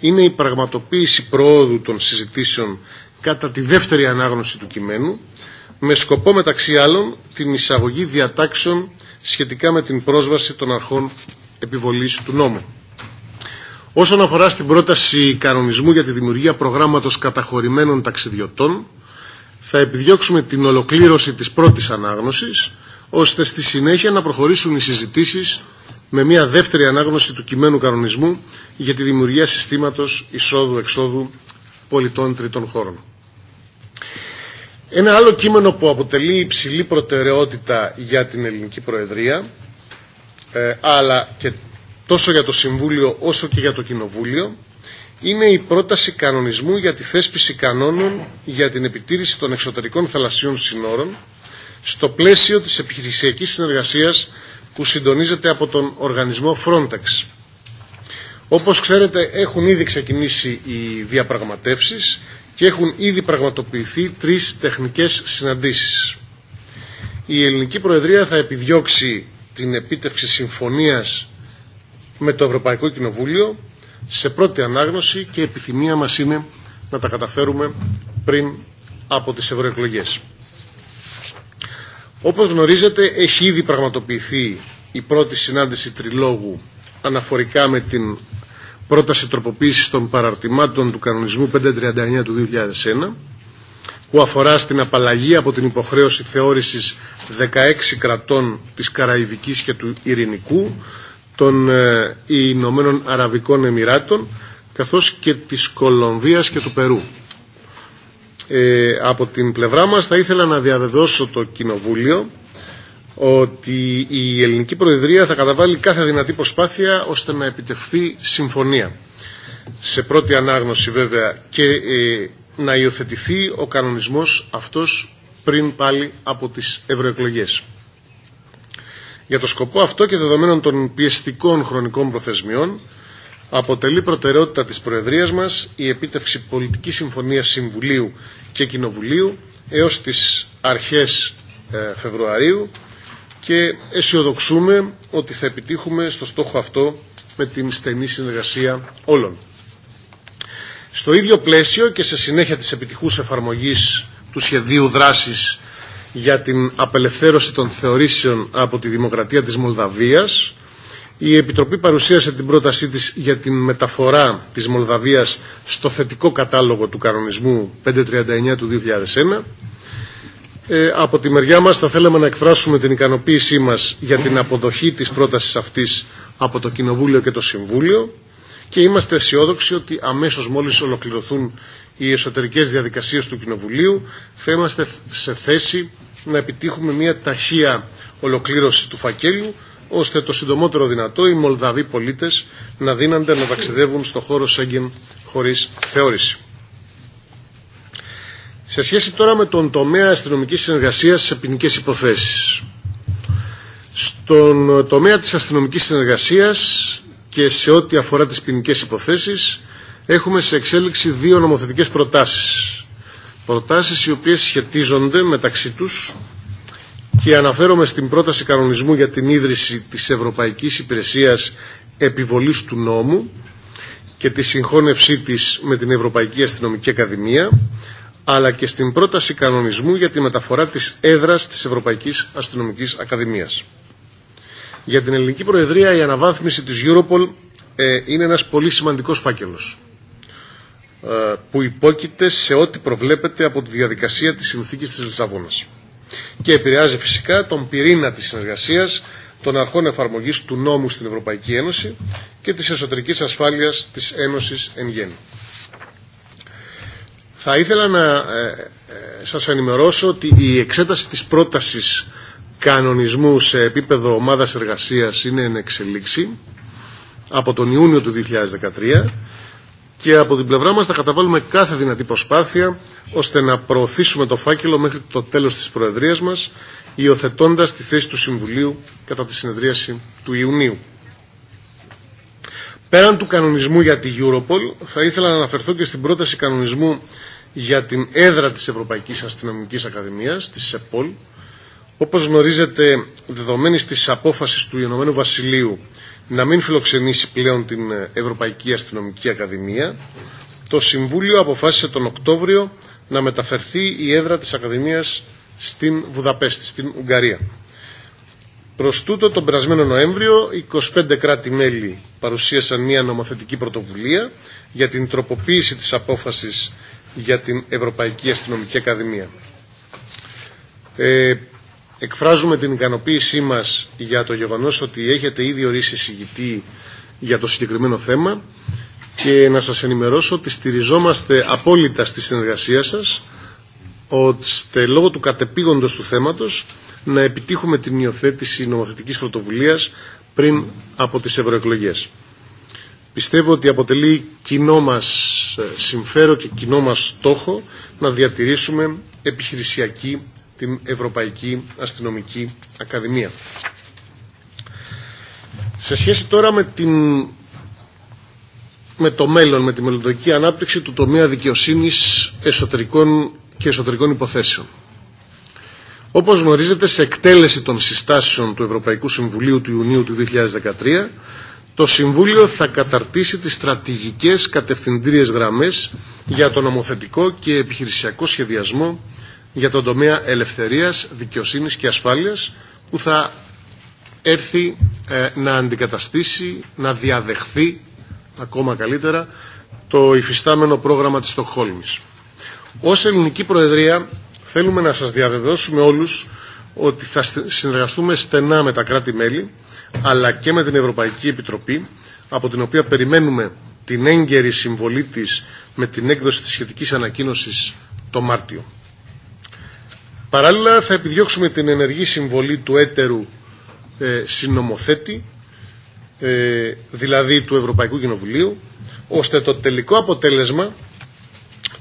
είναι η πραγματοποίηση προόδου των συζητήσεων κατά τη δεύτερη ανάγνωση του κειμένου με σκοπό μεταξύ άλλων την εισαγωγή διατάξεων σχετικά με την πρόσβαση των αρχών επιβολής του νόμου. Όσον αφορά στην πρόταση κανονισμού για τη δημιουργία προγράμματος καταχωρημένων ταξιδιωτών, θα επιδιώξουμε την ολοκλήρωση της πρώτης ανάγνωσης, ώστε στη συνέχεια να προχωρήσουν οι συζητήσεις με μια δεύτερη ανάγνωση του κειμένου κανονισμού για τη δημιουργία συστήματος εισόδου-εξόδου πολιτών τριτών χώρων. Ένα άλλο κείμενο που αποτελεί υψηλή προτεραιότητα για την ελληνική Προεδρία ε, αλλά και τόσο για το Συμβούλιο όσο και για το Κοινοβούλιο είναι η πρόταση κανονισμού για τη θέσπιση κανόνων για την επιτήρηση των εξωτερικών θαλασσίων συνόρων στο πλαίσιο της επιχειρησιακής συνεργασίας που συντονίζεται από τον οργανισμό Frontex. Όπως ξέρετε έχουν ήδη ξεκινήσει οι διαπραγματεύσεις και έχουν ήδη πραγματοποιηθεί τρεις τεχνικές συναντήσεις. Η Ελληνική Προεδρία θα επιδιώξει την επίτευξη συμφωνίας με το Ευρωπαϊκό Κοινοβούλιο σε πρώτη ανάγνωση και επιθυμία μας είναι να τα καταφέρουμε πριν από τις ευρωεκλογές. Όπως γνωρίζετε έχει ήδη πραγματοποιηθεί η πρώτη συνάντηση τριλόγου αναφορικά με την πρόταση τροποποίησης των παραρτημάτων του κανονισμού 539 του 2001 που αφορά στην απαλλαγή από την υποχρέωση θεώρησης 16 κρατών της Καραϊβικής και του Ειρηνικού των ε, Ηνωμένων Αραβικών Εμμυράτων καθώς και της Κολομβίας και του Περού. Ε, από την πλευρά μας θα ήθελα να διαβεβαιώσω το Κοινοβούλιο ότι η Ελληνική Προεδρία θα καταβάλει κάθε δυνατή προσπάθεια ώστε να επιτευχθεί συμφωνία. Σε πρώτη ανάγνωση βέβαια και ε, να υιοθετηθεί ο κανονισμός αυτός πριν πάλι από τις ευρωεκλογέ. Για το σκοπό αυτό και δεδομένων των πιεστικών χρονικών προθεσμιών αποτελεί προτεραιότητα της Προεδρίας μας η επίτευξη πολιτικής συμφωνίας Συμβουλίου και Κοινοβουλίου έως τις αρχές ε, Φεβρουαρίου και αισιοδοξούμε ότι θα επιτύχουμε στο στόχο αυτό με την στενή συνεργασία όλων. Στο ίδιο πλαίσιο και σε συνέχεια της επιτυχούς εφαρμογής του σχεδίου δράσης για την απελευθέρωση των θεωρήσεων από τη Δημοκρατία της Μολδαβίας η Επιτροπή παρουσίασε την πρότασή της για την μεταφορά της Μολδαβίας στο θετικό κατάλογο του κανονισμού 539 του 2001. Ε, από τη μεριά μας θα θέλαμε να εκφράσουμε την ικανοποίησή μας για την αποδοχή της πρότασης αυτής από το Κοινοβούλιο και το Συμβούλιο και είμαστε αισιόδοξοι ότι αμέσως μόλις ολοκληρωθούν οι εσωτερικές διαδικασίες του Κοινοβουλίου θα είμαστε σε θέση να επιτύχουμε μια ταχεία ολοκλήρωση του φακέλου ώστε το συντομότερο δυνατό οι Μολδαβοί πολίτες να δίνανται να ταξιδεύουν στο χώρο Σέγγεν χωρίς θεώρηση. Σε σχέση τώρα με τον τομέα αστυνομικής συνεργασίας σε ποινικέ υποθέσεις. Στον τομέα της αστυνομικής συνεργασίας και σε ό,τι αφορά τις ποινικέ υποθέσεις έχουμε σε εξέλιξη δύο νομοθετικές προτάσεις. Προτάσεις οι οποίες σχετίζονται μεταξύ τους και αναφέρομαι στην πρόταση κανονισμού για την ίδρυση της Ευρωπαϊκής Υπηρεσίας Επιβολής του Νόμου και τη συγχώνευσή της με την Ευρωπαϊκή Αστυνομική Ακαδημία αλλά και στην πρόταση κανονισμού για τη μεταφορά της έδρας της Ευρωπαϊκής Αστυνομικής Ακαδημίας. Για την Ελληνική Προεδρία η αναβάθμιση της Europol ε, είναι ένας πολύ σημαντικός φάκελος ε, που υπόκειται σε ό,τι προβλέπεται από τη διαδικασία της συνθήκης της Λισαβόνας και επηρεάζει φυσικά τον πυρήνα της συνεργασίας των αρχών εφαρμογής του νόμου στην Ευρωπαϊκή Ένωση και της εσωτερικής ασφάλειας της Ένωσης εν γέννη. Θα ήθελα να ε, ε, σας ενημερώσω ότι η εξέταση της πρότασης κανονισμού σε επίπεδο ομάδας εργασίας είναι εν εξελίξη από τον Ιούνιο του 2013 και από την πλευρά μας θα καταβάλουμε κάθε δυνατή προσπάθεια ώστε να προωθήσουμε το φάκελο μέχρι το τέλος της Προεδρίας μας υιοθετώντα τη θέση του Συμβουλίου κατά τη συνεδρίαση του Ιουνίου. Πέραν του κανονισμού για τη Europol, θα ήθελα να αναφερθώ και στην πρόταση κανονισμού για την έδρα της Ευρωπαϊκής Αστυνομικής Ακαδημίας, της ΕΠΟΛ. Όπως γνωρίζετε, δεδομένης της απόφασης του Ηνωμένου Βασιλείου να μην φιλοξενήσει πλέον την Ευρωπαϊκή Αστυνομική Ακαδημία, το Συμβούλιο αποφάσισε τον Οκτώβριο να μεταφερθεί η έδρα της Ακαδημίας στην Βουδαπέστη, στην Ουγγαρία. Προς τούτο, τον περασμένο Νοέμβριο, 25 κράτη-μέλη παρουσίασαν μια νομοθετική πρωτοβουλία για την τροποποίηση της απόφασης για την Ευρωπαϊκή Αστυνομική Ακαδημία. Ε, εκφράζουμε την ικανοποίησή μας για το γεγονός ότι έχετε ήδη ορίσει συγκητή για το συγκεκριμένο θέμα και να σας ενημερώσω ότι στηριζόμαστε απόλυτα στη συνεργασία σας ώστε λόγω του κατεπήγοντος του θέματος να επιτύχουμε την υιοθέτηση νομοθετικής πρωτοβουλίας πριν από τις ευρωεκλογέ. Πιστεύω ότι αποτελεί κοινό μας ε, συμφέρον και κοινό μας στόχο να διατηρήσουμε επιχειρησιακή την Ευρωπαϊκή Αστυνομική Ακαδημία. Σε σχέση τώρα με, την, με το μέλλον, με τη μελλοντική ανάπτυξη του τομέα δικαιοσύνης εσωτερικών και εσωτερικών υποθέσεων. Όπως γνωρίζετε, σε εκτέλεση των συστάσεων του Ευρωπαϊκού Συμβουλίου του Ιουνίου του 2013, το Συμβούλιο θα καταρτήσει τις στρατηγικές κατευθυντήριες γραμμές για το νομοθετικό και επιχειρησιακό σχεδιασμό για τον τομέα ελευθερίας, δικαιοσύνης και ασφάλειας που θα έρθει ε, να αντικαταστήσει, να διαδεχθεί ακόμα καλύτερα το υφιστάμενο πρόγραμμα της Στοκχόλμης. Ως ελληνική προεδρία θέλουμε να σας διαβεβαιώσουμε όλους ότι θα συνεργαστούμε στενά με τα κράτη-μέλη αλλά και με την Ευρωπαϊκή Επιτροπή από την οποία περιμένουμε την έγκαιρη συμβολή της με την έκδοση της σχετικής ανακοίνωσης το Μάρτιο. Παράλληλα θα επιδιώξουμε την ενεργή συμβολή του έτερου ε, συνομοθέτη, ε, δηλαδή του Ευρωπαϊκού Κοινοβουλίου, ώστε το τελικό αποτέλεσμα,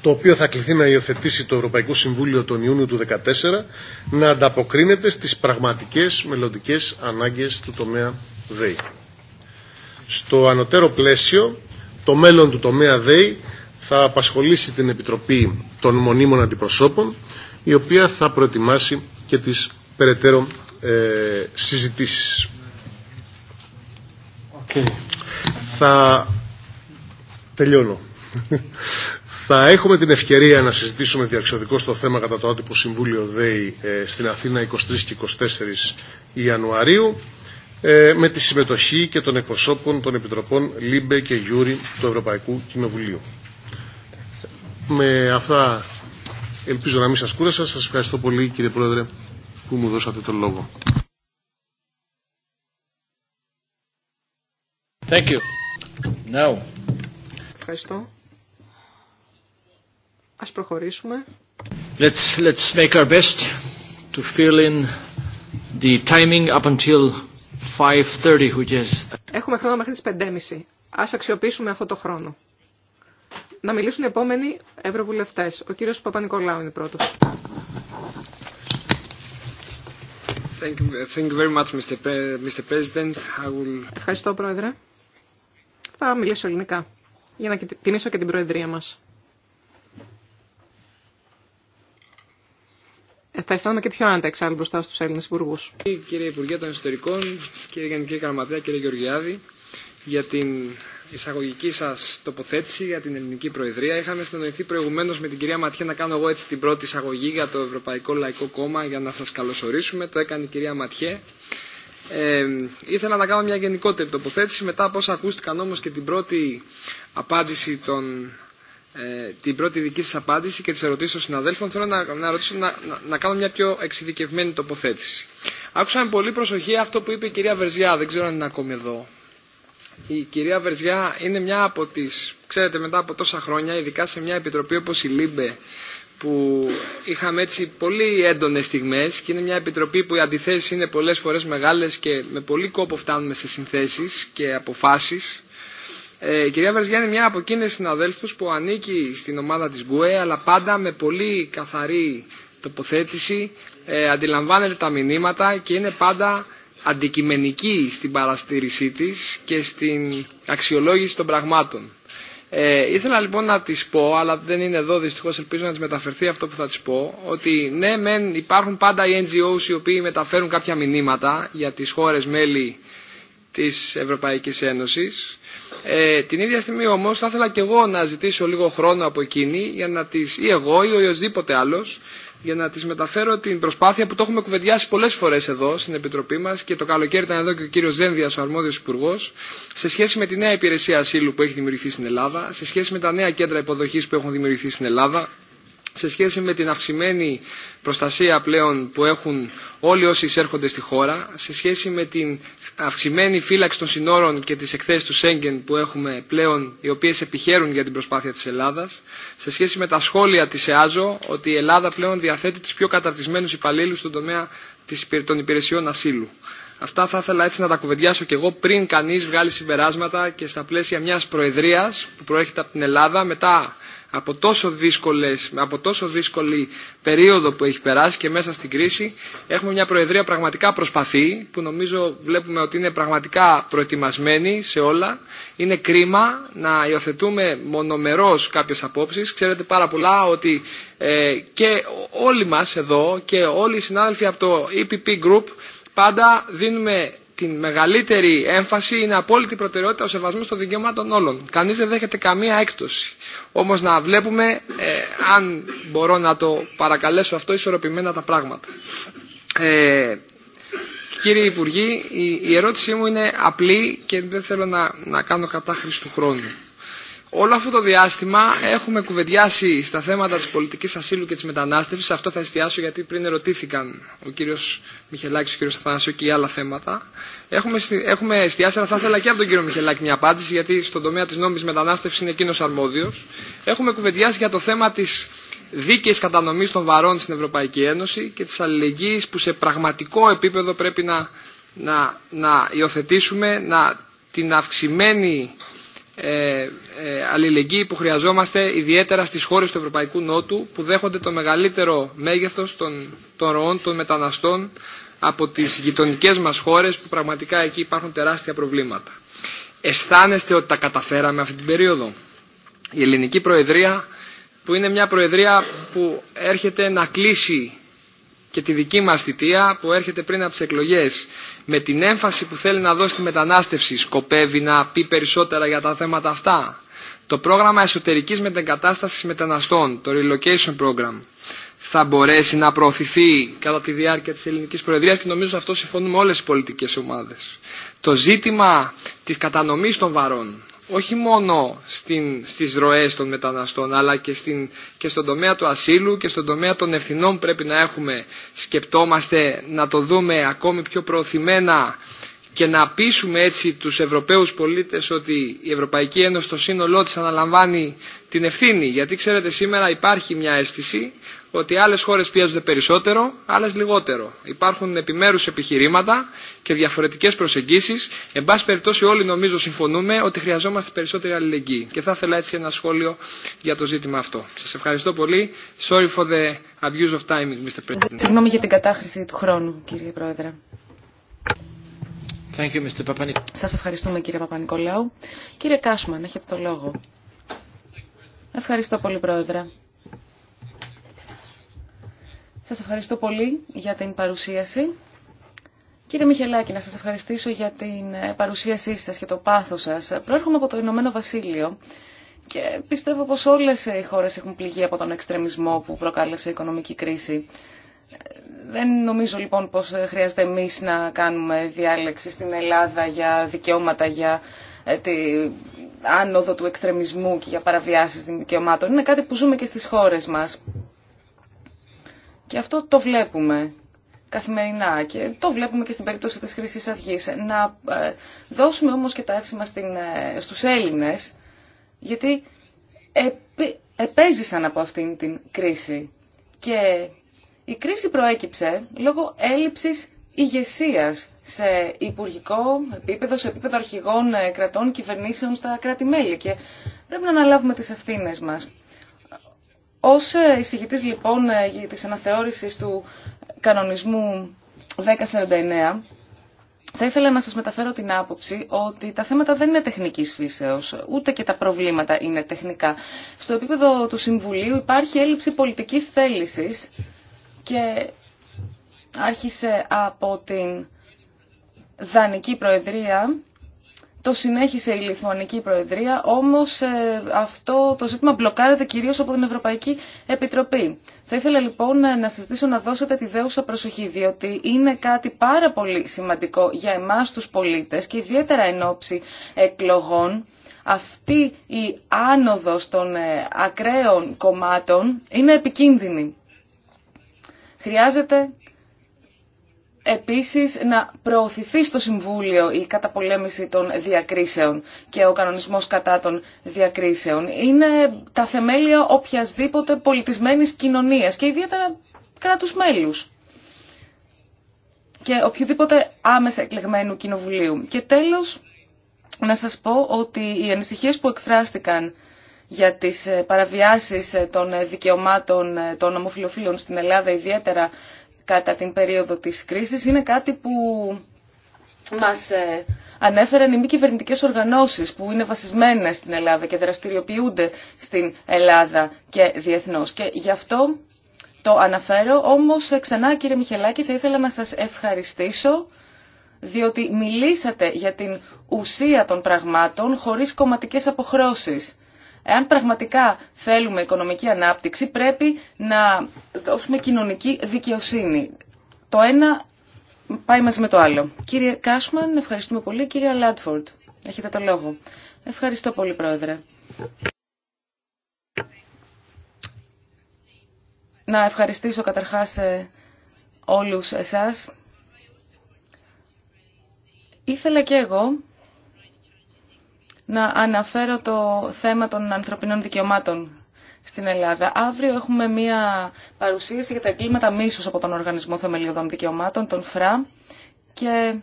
το οποίο θα κληθεί να υιοθετήσει το Ευρωπαϊκό Συμβούλιο τον Ιούνιο του 2014, να ανταποκρίνεται στις πραγματικές μελλοντικέ ανάγκες του τομέα ΔΕΗ. Στο ανωτέρο πλαίσιο, το μέλλον του τομέα ΔΕΗ θα απασχολήσει την Επιτροπή των Μονίμων Αντιπροσώπων, η οποία θα προετοιμάσει και τις περαιτέρω ε, συζητήσεις. Okay. Θα τελειώνω. Θα έχουμε την ευκαιρία να συζητήσουμε διαξοδικό στο θέμα κατά το άτυπο Συμβούλιο ΔΕΗ ε, στην Αθήνα 23 και 24 Ιανουαρίου ε, με τη συμμετοχή και των εκπροσώπων των Επιτροπών ΛΥΜΠΕ και Γιούρι του Ευρωπαϊκού Κοινοβουλίου. Με αυτά Ελπίζω να μην σας κούρασα. Σας ευχαριστώ πολύ κύριε Πρόεδρε που μου δώσατε τον λόγο. Thank you. No. Ευχαριστώ. Ας προχωρήσουμε. Let's, let's make our best to fill in the timing up until 5.30, which is... Έχουμε χρόνο μέχρι τις 5.30. Ας αξιοποιήσουμε αυτό το χρόνο να μιλήσουν οι επόμενοι ευρωβουλευτές. Ο κύριος Παπα-Νικολάου είναι πρώτος. Thank you, thank you very much, Mr. Mr. President. I will... Ευχαριστώ, Πρόεδρε. Θα μιλήσω ελληνικά, για να τιμήσω και την Προεδρία μας. Ε, θα αισθάνομαι και πιο άνετα εξάλλου μπροστά στου Έλληνε υπουργού. Κύριε Υπουργέ των Ιστορικών, κύριε Γενική Γραμματέα, κύριε Γεωργιάδη, για την εισαγωγική σα τοποθέτηση για την ελληνική προεδρία. Είχαμε συνεννοηθεί προηγουμένω με την κυρία Ματιέ να κάνω εγώ έτσι την πρώτη εισαγωγή για το Ευρωπαϊκό Λαϊκό Κόμμα για να σα καλωσορίσουμε. Το έκανε η κυρία Ματιέ. Ε, ήθελα να κάνω μια γενικότερη τοποθέτηση μετά από όσα ακούστηκαν όμω και την πρώτη απάντηση των ε, την πρώτη δική σας απάντηση και τις ερωτήσεις των συναδέλφων θέλω να, να, να, κάνω μια πιο εξειδικευμένη τοποθέτηση. Άκουσα με πολύ προσοχή αυτό που είπε η κυρία Βερζιά, δεν ξέρω αν είναι ακόμη εδώ η κυρία Βερζιά είναι μια από τις, ξέρετε μετά από τόσα χρόνια, ειδικά σε μια επιτροπή όπως η ΛΥΜΠΕ, που είχαμε έτσι πολύ έντονες στιγμές και είναι μια επιτροπή που οι αντιθέσεις είναι πολλές φορές μεγάλες και με πολύ κόπο φτάνουμε σε συνθέσεις και αποφάσεις. Ε, η κυρία Βερζιά είναι μια από εκείνες συναδέλφου που ανήκει στην ομάδα της ΓΚΟΕ αλλά πάντα με πολύ καθαρή τοποθέτηση, ε, αντιλαμβάνεται τα μηνύματα και είναι πάντα αντικειμενική στην παραστήρισή της και στην αξιολόγηση των πραγμάτων. Ε, ήθελα λοιπόν να της πω, αλλά δεν είναι εδώ δυστυχώς ελπίζω να της μεταφερθεί αυτό που θα της πω, ότι ναι μεν υπάρχουν πάντα οι NGOs οι οποίοι μεταφέρουν κάποια μηνύματα για τις χώρες μέλη της Ευρωπαϊκής Ένωσης. Ε, την ίδια στιγμή όμως θα ήθελα και εγώ να ζητήσω λίγο χρόνο από εκείνη για να της, ή εγώ ή οποιοδήποτε άλλος, για να τη μεταφέρω την προσπάθεια που το έχουμε κουβεντιάσει πολλές φορές εδώ στην Επιτροπή μας και το καλοκαίρι ήταν εδώ και ο κύριο Ζένδιας, ο αρμόδιος υπουργό, σε σχέση με τη νέα υπηρεσία ασύλου που έχει δημιουργηθεί στην Ελλάδα, σε σχέση με τα νέα κέντρα υποδοχής που έχουν δημιουργηθεί στην Ελλάδα, σε σχέση με την αυξημένη προστασία πλέον που έχουν όλοι όσοι εισέρχονται στη χώρα, σε σχέση με την αυξημένη φύλαξη των συνόρων και τις εκθέσεις του Σέγγεν που έχουμε πλέον, οι οποίες επιχαίρουν για την προσπάθεια της Ελλάδας, σε σχέση με τα σχόλια της ΕΑΖΟ ότι η Ελλάδα πλέον διαθέτει τους πιο καταρτισμένους υπαλλήλους στον τομέα των υπηρεσιών ασύλου. Αυτά θα ήθελα έτσι να τα κουβεντιάσω και εγώ πριν κανείς βγάλει συμπεράσματα και στα πλαίσια μιας προεδρίας που προέρχεται από την Ελλάδα μετά από τόσο, δύσκολες, από τόσο δύσκολη περίοδο που έχει περάσει και μέσα στην κρίση έχουμε μια Προεδρία πραγματικά προσπαθεί που νομίζω βλέπουμε ότι είναι πραγματικά προετοιμασμένη σε όλα. Είναι κρίμα να υιοθετούμε μονομερώς κάποιες απόψεις. Ξέρετε πάρα πολλά ότι ε, και όλοι μας εδώ και όλοι οι συνάδελφοι από το EPP Group πάντα δίνουμε την μεγαλύτερη έμφαση είναι απόλυτη προτεραιότητα ο σεβασμός των δικαιωμάτων όλων. Κανείς δεν δέχεται καμία έκπτωση. Όμως να βλέπουμε, ε, αν μπορώ να το παρακαλέσω αυτό, ισορροπημένα τα πράγματα. Ε, κύριε Υπουργή, η, ερώτησή μου είναι απλή και δεν θέλω να, να κάνω κατάχρηση του χρόνου. Όλο αυτό το διάστημα έχουμε κουβεντιάσει στα θέματα της πολιτικής ασύλου και της μετανάστευσης. Αυτό θα εστιάσω γιατί πριν ερωτήθηκαν ο κύριος Μιχελάκης, ο κύριος Αθανάσιο και οι άλλα θέματα. Έχουμε, έχουμε εστιάσει, αλλά θα ήθελα και από τον κύριο Μιχελάκη μια απάντηση, γιατί στον τομέα της νόμιμη μετανάστευσης είναι εκείνος αρμόδιος. Έχουμε κουβεντιάσει για το θέμα της δίκαιης κατανομής των βαρών στην Ευρωπαϊκή Ένωση και τη αλληλεγγύη που σε πραγματικό επίπεδο πρέπει να, να, να υιοθετήσουμε, να την αυξημένη ε, ε, αλληλεγγύη που χρειαζόμαστε ιδιαίτερα στις χώρες του Ευρωπαϊκού Νότου που δέχονται το μεγαλύτερο μέγεθος των, των ροών των μεταναστών από τις γειτονικές μας χώρες που πραγματικά εκεί υπάρχουν τεράστια προβλήματα. Αισθάνεστε ότι τα καταφέραμε αυτή την περίοδο. Η ελληνική προεδρία που είναι μια προεδρία που έρχεται να κλείσει και τη δική μας θητεία που έρχεται πριν από τις εκλογές. Με την έμφαση που θέλει να δώσει τη μετανάστευση σκοπεύει να πει περισσότερα για τα θέματα αυτά. Το πρόγραμμα εσωτερικής μετεγκατάστασης μεταναστών, το Relocation Program, θα μπορέσει να προωθηθεί κατά τη διάρκεια της ελληνικής προεδρίας και νομίζω αυτό συμφωνούμε όλες οι πολιτικές ομάδες. Το ζήτημα της κατανομής των βαρών, όχι μόνο στην, στις ροές των μεταναστών αλλά και, στην, και στον τομέα του ασύλου και στον τομέα των ευθυνών πρέπει να έχουμε σκεπτόμαστε να το δούμε ακόμη πιο προωθημένα και να πείσουμε έτσι τους Ευρωπαίους πολίτες ότι η Ευρωπαϊκή Ένωση στο σύνολό της αναλαμβάνει την ευθύνη γιατί ξέρετε σήμερα υπάρχει μια αίσθηση ότι άλλες χώρες πιέζονται περισσότερο, άλλες λιγότερο. Υπάρχουν επιμέρους επιχειρήματα και διαφορετικές προσεγγίσεις. Εν πάση περιπτώσει όλοι νομίζω συμφωνούμε ότι χρειαζόμαστε περισσότερη αλληλεγγύη. Και θα ήθελα έτσι ένα σχόλιο για το ζήτημα αυτό. Σας ευχαριστώ πολύ. Sorry for the abuse of time, Mr. President. Συγγνώμη για την κατάχρηση του χρόνου, κύριε Πρόεδρε. Thank you, Mr. Σας ευχαριστούμε κύριε Παπα-Νικολάου. Κύριε Κάσμαν, έχετε το λόγο. Ευχαριστώ πολύ, Πρόεδρε. Σας ευχαριστώ πολύ για την παρουσίαση. Κύριε Μιχελάκη, να σας ευχαριστήσω για την ε, παρουσίασή σας και το πάθος σας. Προέρχομαι από το Ηνωμένο Βασίλειο και πιστεύω πως όλες οι χώρες έχουν πληγεί από τον εξτρεμισμό που προκάλεσε η οικονομική κρίση. Δεν νομίζω λοιπόν πως χρειάζεται εμεί να κάνουμε διάλεξη στην Ελλάδα για δικαιώματα για ε, την άνοδο του εξτρεμισμού και για παραβιάσεις δικαιωμάτων. Είναι κάτι που ζούμε και στις χώρες μας. Και αυτό το βλέπουμε καθημερινά και το βλέπουμε και στην περίπτωση της χρήση αυγή. Να ε, δώσουμε όμως και τα εύσημα στην, ε, στους Έλληνες, γιατί επέζησαν από αυτήν την κρίση. Και η κρίση προέκυψε λόγω έλλειψης ηγεσία σε υπουργικό επίπεδο, σε επίπεδο αρχηγών ε, κρατών, κυβερνήσεων στα κράτη-μέλη. Και πρέπει να αναλάβουμε τις ευθύνες μας. Ως ε, εισηγητής λοιπόν ε, τη αναθεώρηση του κανονισμού 1049, θα ήθελα να σας μεταφέρω την άποψη ότι τα θέματα δεν είναι τεχνικής φύσεως, ούτε και τα προβλήματα είναι τεχνικά. Στο επίπεδο του Συμβουλίου υπάρχει έλλειψη πολιτικής θέλησης και άρχισε από την Δανική Προεδρία το συνέχισε η Λιθουανική Προεδρία, όμως ε, αυτό το ζήτημα μπλοκάρεται κυρίως από την Ευρωπαϊκή Επιτροπή. Θα ήθελα λοιπόν ε, να σας δείσω να δώσετε τη δέουσα προσοχή, διότι είναι κάτι πάρα πολύ σημαντικό για εμάς τους πολίτες και ιδιαίτερα εν ώψη εκλογών. Αυτή η άνοδος των ε, ακραίων κομμάτων είναι επικίνδυνη. Χρειάζεται επίσης να προωθηθεί στο Συμβούλιο η καταπολέμηση των διακρίσεων και ο κανονισμός κατά των διακρίσεων. Είναι τα θεμέλια οποιασδήποτε πολιτισμένης κοινωνίας και ιδιαίτερα κράτους μέλους και οποιοδήποτε άμεσα εκλεγμένου κοινοβουλίου. Και τέλος, να σας πω ότι οι ανησυχίες που εκφράστηκαν για τις παραβιάσεις των δικαιωμάτων των ομοφιλοφίλων στην Ελλάδα, ιδιαίτερα κατά την περίοδο της κρίσης είναι κάτι που μας ε, ανέφεραν οι μη κυβερνητικέ οργανώσεις που είναι βασισμένες στην Ελλάδα και δραστηριοποιούνται στην Ελλάδα και διεθνώς. Και γι' αυτό το αναφέρω, όμως ε, ξανά κύριε Μιχελάκη θα ήθελα να σας ευχαριστήσω διότι μιλήσατε για την ουσία των πραγμάτων χωρίς κομματικές αποχρώσεις. Εάν πραγματικά θέλουμε οικονομική ανάπτυξη, πρέπει να δώσουμε κοινωνική δικαιοσύνη. Το ένα πάει μαζί με το άλλο. Κύριε Κάσμαν, ευχαριστούμε πολύ. Κύριε Λάντφορντ, έχετε το λόγο. Ευχαριστώ πολύ, Πρόεδρε. Να ευχαριστήσω καταρχάς ε, όλους εσάς. Ήθελα και εγώ να αναφέρω το θέμα των ανθρωπινών δικαιωμάτων στην Ελλάδα. Αύριο έχουμε μία παρουσίαση για τα εγκλήματα μίσους από τον Οργανισμό Θεμελιωδών Δικαιωμάτων, τον ΦΡΑ, και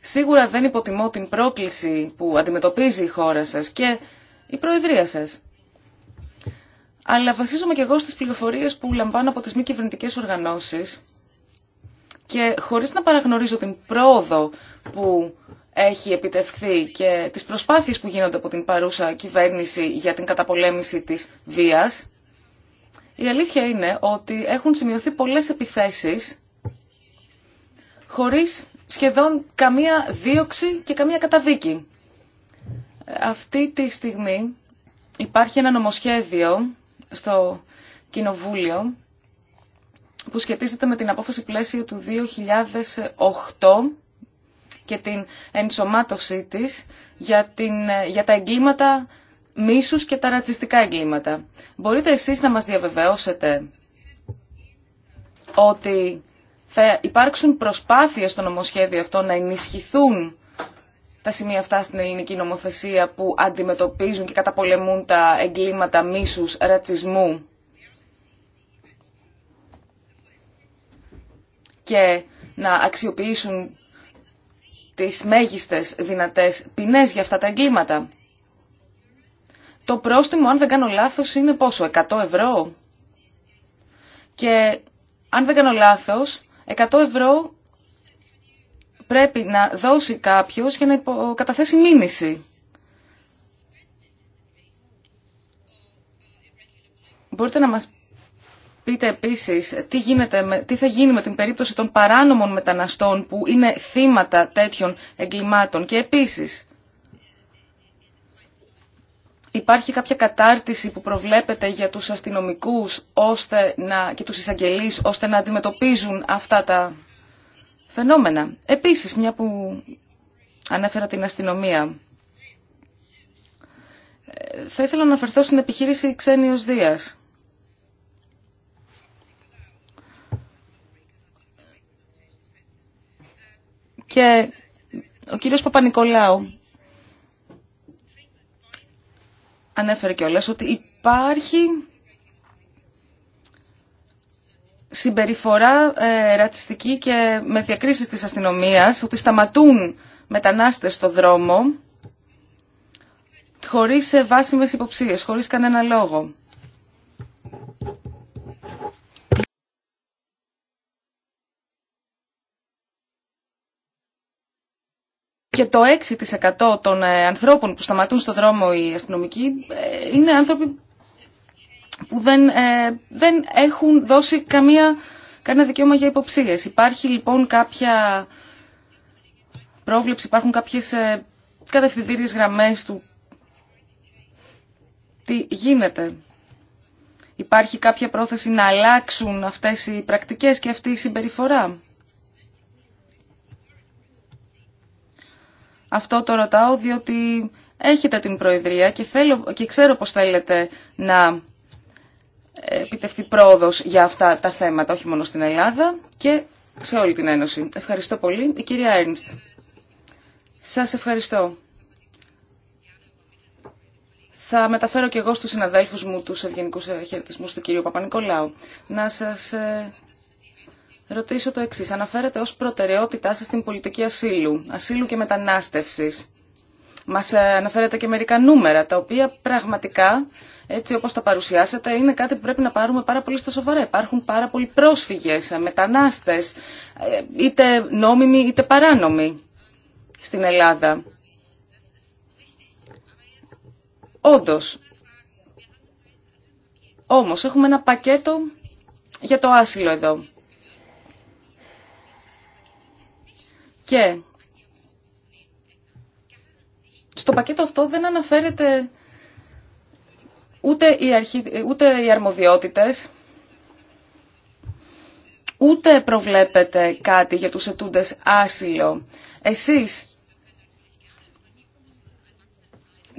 σίγουρα δεν υποτιμώ την πρόκληση που αντιμετωπίζει η χώρα σας και η Προεδρία σας. Αλλά βασίζομαι και εγώ στις πληροφορίες που λαμβάνω από τις μη κυβερνητικέ οργανώσεις και χωρίς να παραγνωρίζω την πρόοδο που έχει επιτευχθεί και τις προσπάθειες που γίνονται από την παρούσα κυβέρνηση για την καταπολέμηση της βίας, η αλήθεια είναι ότι έχουν σημειωθεί πολλές επιθέσεις χωρίς σχεδόν καμία δίωξη και καμία καταδίκη. Αυτή τη στιγμή υπάρχει ένα νομοσχέδιο στο Κοινοβούλιο που σχετίζεται με την απόφαση πλαίσιο του 2008 και την ενσωμάτωσή της για, την, για τα εγκλήματα μίσους και τα ρατσιστικά εγκλήματα. Μπορείτε εσείς να μας διαβεβαιώσετε ότι θα υπάρξουν προσπάθειες στο νομοσχέδιο αυτό να ενισχυθούν τα σημεία αυτά στην ελληνική νομοθεσία που αντιμετωπίζουν και καταπολεμούν τα εγκλήματα μίσους, ρατσισμού και να αξιοποιήσουν τις μέγιστες δυνατές ποινές για αυτά τα εγκλήματα. Το πρόστιμο, αν δεν κάνω λάθος, είναι πόσο, 100 ευρώ. Και αν δεν κάνω λάθος, 100 ευρώ πρέπει να δώσει κάποιος για να καταθέσει μήνυση. Μπορείτε να μας πείτε επίσης τι, τι θα γίνει με την περίπτωση των παράνομων μεταναστών που είναι θύματα τέτοιων εγκλημάτων. Και επίσης υπάρχει κάποια κατάρτιση που προβλέπεται για τους αστυνομικούς ώστε να, και τους εισαγγελείς ώστε να αντιμετωπίζουν αυτά τα φαινόμενα. Επίσης, μια που ανέφερα την αστυνομία, ε, θα ήθελα να αναφερθώ στην επιχείρηση Ξένιος Δίας. Και ο κύριος Παπα-Νικολάου ανέφερε κιόλας ότι υπάρχει συμπεριφορά ε, ρατσιστική και με διακρίσεις της αστυνομίας, ότι σταματούν μετανάστες στο δρόμο χωρίς βάσιμες υποψίες, χωρίς κανένα λόγο. και το 6% των ε, ανθρώπων που σταματούν στο δρόμο οι αστυνομικοί ε, είναι άνθρωποι που δεν, ε, δεν έχουν δώσει καμία, κανένα δικαίωμα για υποψίες. Υπάρχει λοιπόν κάποια πρόβλεψη, υπάρχουν κάποιες ε, κατευθυντήριες γραμμές του τι γίνεται. Υπάρχει κάποια πρόθεση να αλλάξουν αυτές οι πρακτικές και αυτή η συμπεριφορά. Αυτό το ρωτάω διότι έχετε την Προεδρία και, θέλω, και ξέρω πως θέλετε να ε, επιτευχθεί πρόοδος για αυτά τα θέματα, όχι μόνο στην Ελλάδα και σε όλη την Ένωση. Ευχαριστώ πολύ. Η κυρία Έρνστ. Σας ευχαριστώ. Θα μεταφέρω και εγώ στους συναδέλφους μου τους ευγενικούς χαιρετισμούς του κυρίου Παπα-Νικολάου. Να σας ε, ρωτήσω το εξή. Αναφέρετε ω προτεραιότητά σα στην πολιτική ασύλου, ασύλου και μετανάστευσης. Μας ε, αναφέρετε και μερικά νούμερα, τα οποία πραγματικά, έτσι όπως τα παρουσιάσατε, είναι κάτι που πρέπει να πάρουμε πάρα πολύ στα σοβαρά. Υπάρχουν πάρα πολλοί πρόσφυγες, ε, μετανάστες, ε, είτε νόμιμοι είτε παράνομοι στην Ελλάδα. Όντω. όμως έχουμε ένα πακέτο για το άσυλο εδώ. Και στο πακέτο αυτό δεν αναφέρεται ούτε οι, ούτε οι αρμοδιότητες, ούτε προβλέπετε κάτι για τους ετούντες άσυλο. Εσείς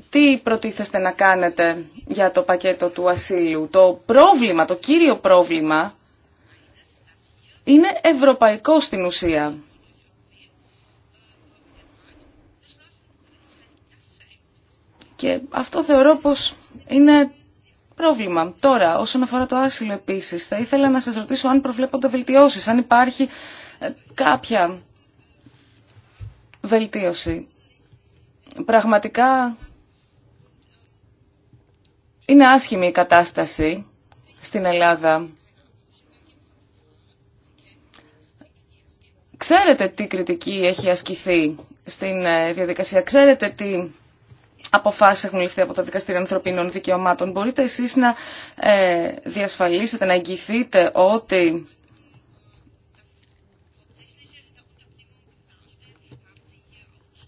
τι προτίθεστε να κάνετε για το πακέτο του ασύλου. Το πρόβλημα, το κύριο πρόβλημα είναι ευρωπαϊκό στην ουσία. Και αυτό θεωρώ πως είναι πρόβλημα. Τώρα, όσον αφορά το άσυλο επίσης, θα ήθελα να σας ρωτήσω αν προβλέπονται βελτιώσεις, αν υπάρχει ε, κάποια βελτίωση. Πραγματικά είναι άσχημη η κατάσταση στην Ελλάδα. Ξέρετε τι κριτική έχει ασκηθεί στην ε, διαδικασία. Ξέρετε τι αποφάσεις έχουν ληφθεί από το Δικαστήριο Ανθρωπίνων Δικαιωμάτων. Μπορείτε εσείς να ε, διασφαλίσετε, να εγγυηθείτε ότι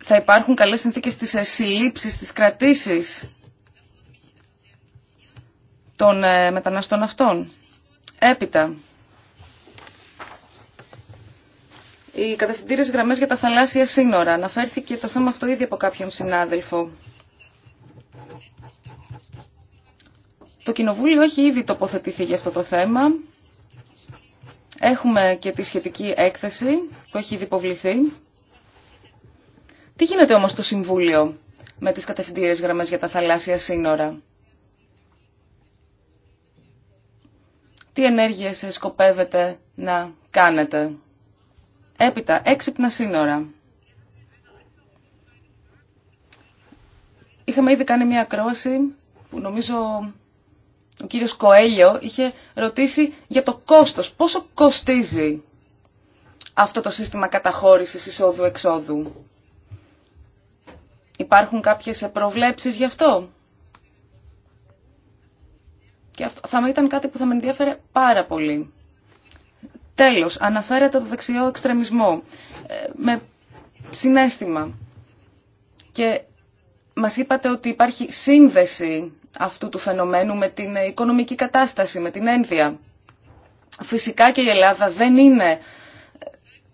θα υπάρχουν καλές συνθήκες στις ε, συλλήψεις, στις κρατήσεις των ε, μεταναστών αυτών. Έπειτα, οι κατευθυντήρες γραμμές για τα θαλάσσια σύνορα. Αναφέρθηκε το θέμα αυτό ήδη από κάποιον συνάδελφο. Το Κοινοβούλιο έχει ήδη τοποθετηθεί για αυτό το θέμα. Έχουμε και τη σχετική έκθεση που έχει ήδη υποβληθεί. Τι γίνεται όμως στο Συμβούλιο με τις κατευθυντήριες γραμμές για τα θαλάσσια σύνορα. Τι ενέργειες σκοπεύετε να κάνετε. Έπειτα, έξυπνα σύνορα. Είχαμε ήδη κάνει μια ακρόαση που νομίζω ο κύριος Κοέλιο είχε ρωτήσει για το κόστος. Πόσο κοστίζει αυτό το σύστημα καταχώρησης εισόδου-εξόδου. Υπάρχουν κάποιες προβλέψεις γι' αυτό. Και αυτό θα ήταν κάτι που θα με ενδιαφέρε πάρα πολύ. Τέλος, αναφέρεται το δεξιό εξτρεμισμό ε, με συνέστημα. Και μας είπατε ότι υπάρχει σύνδεση αυτού του φαινομένου με την οικονομική κατάσταση, με την ένδια. Φυσικά και η Ελλάδα δεν είναι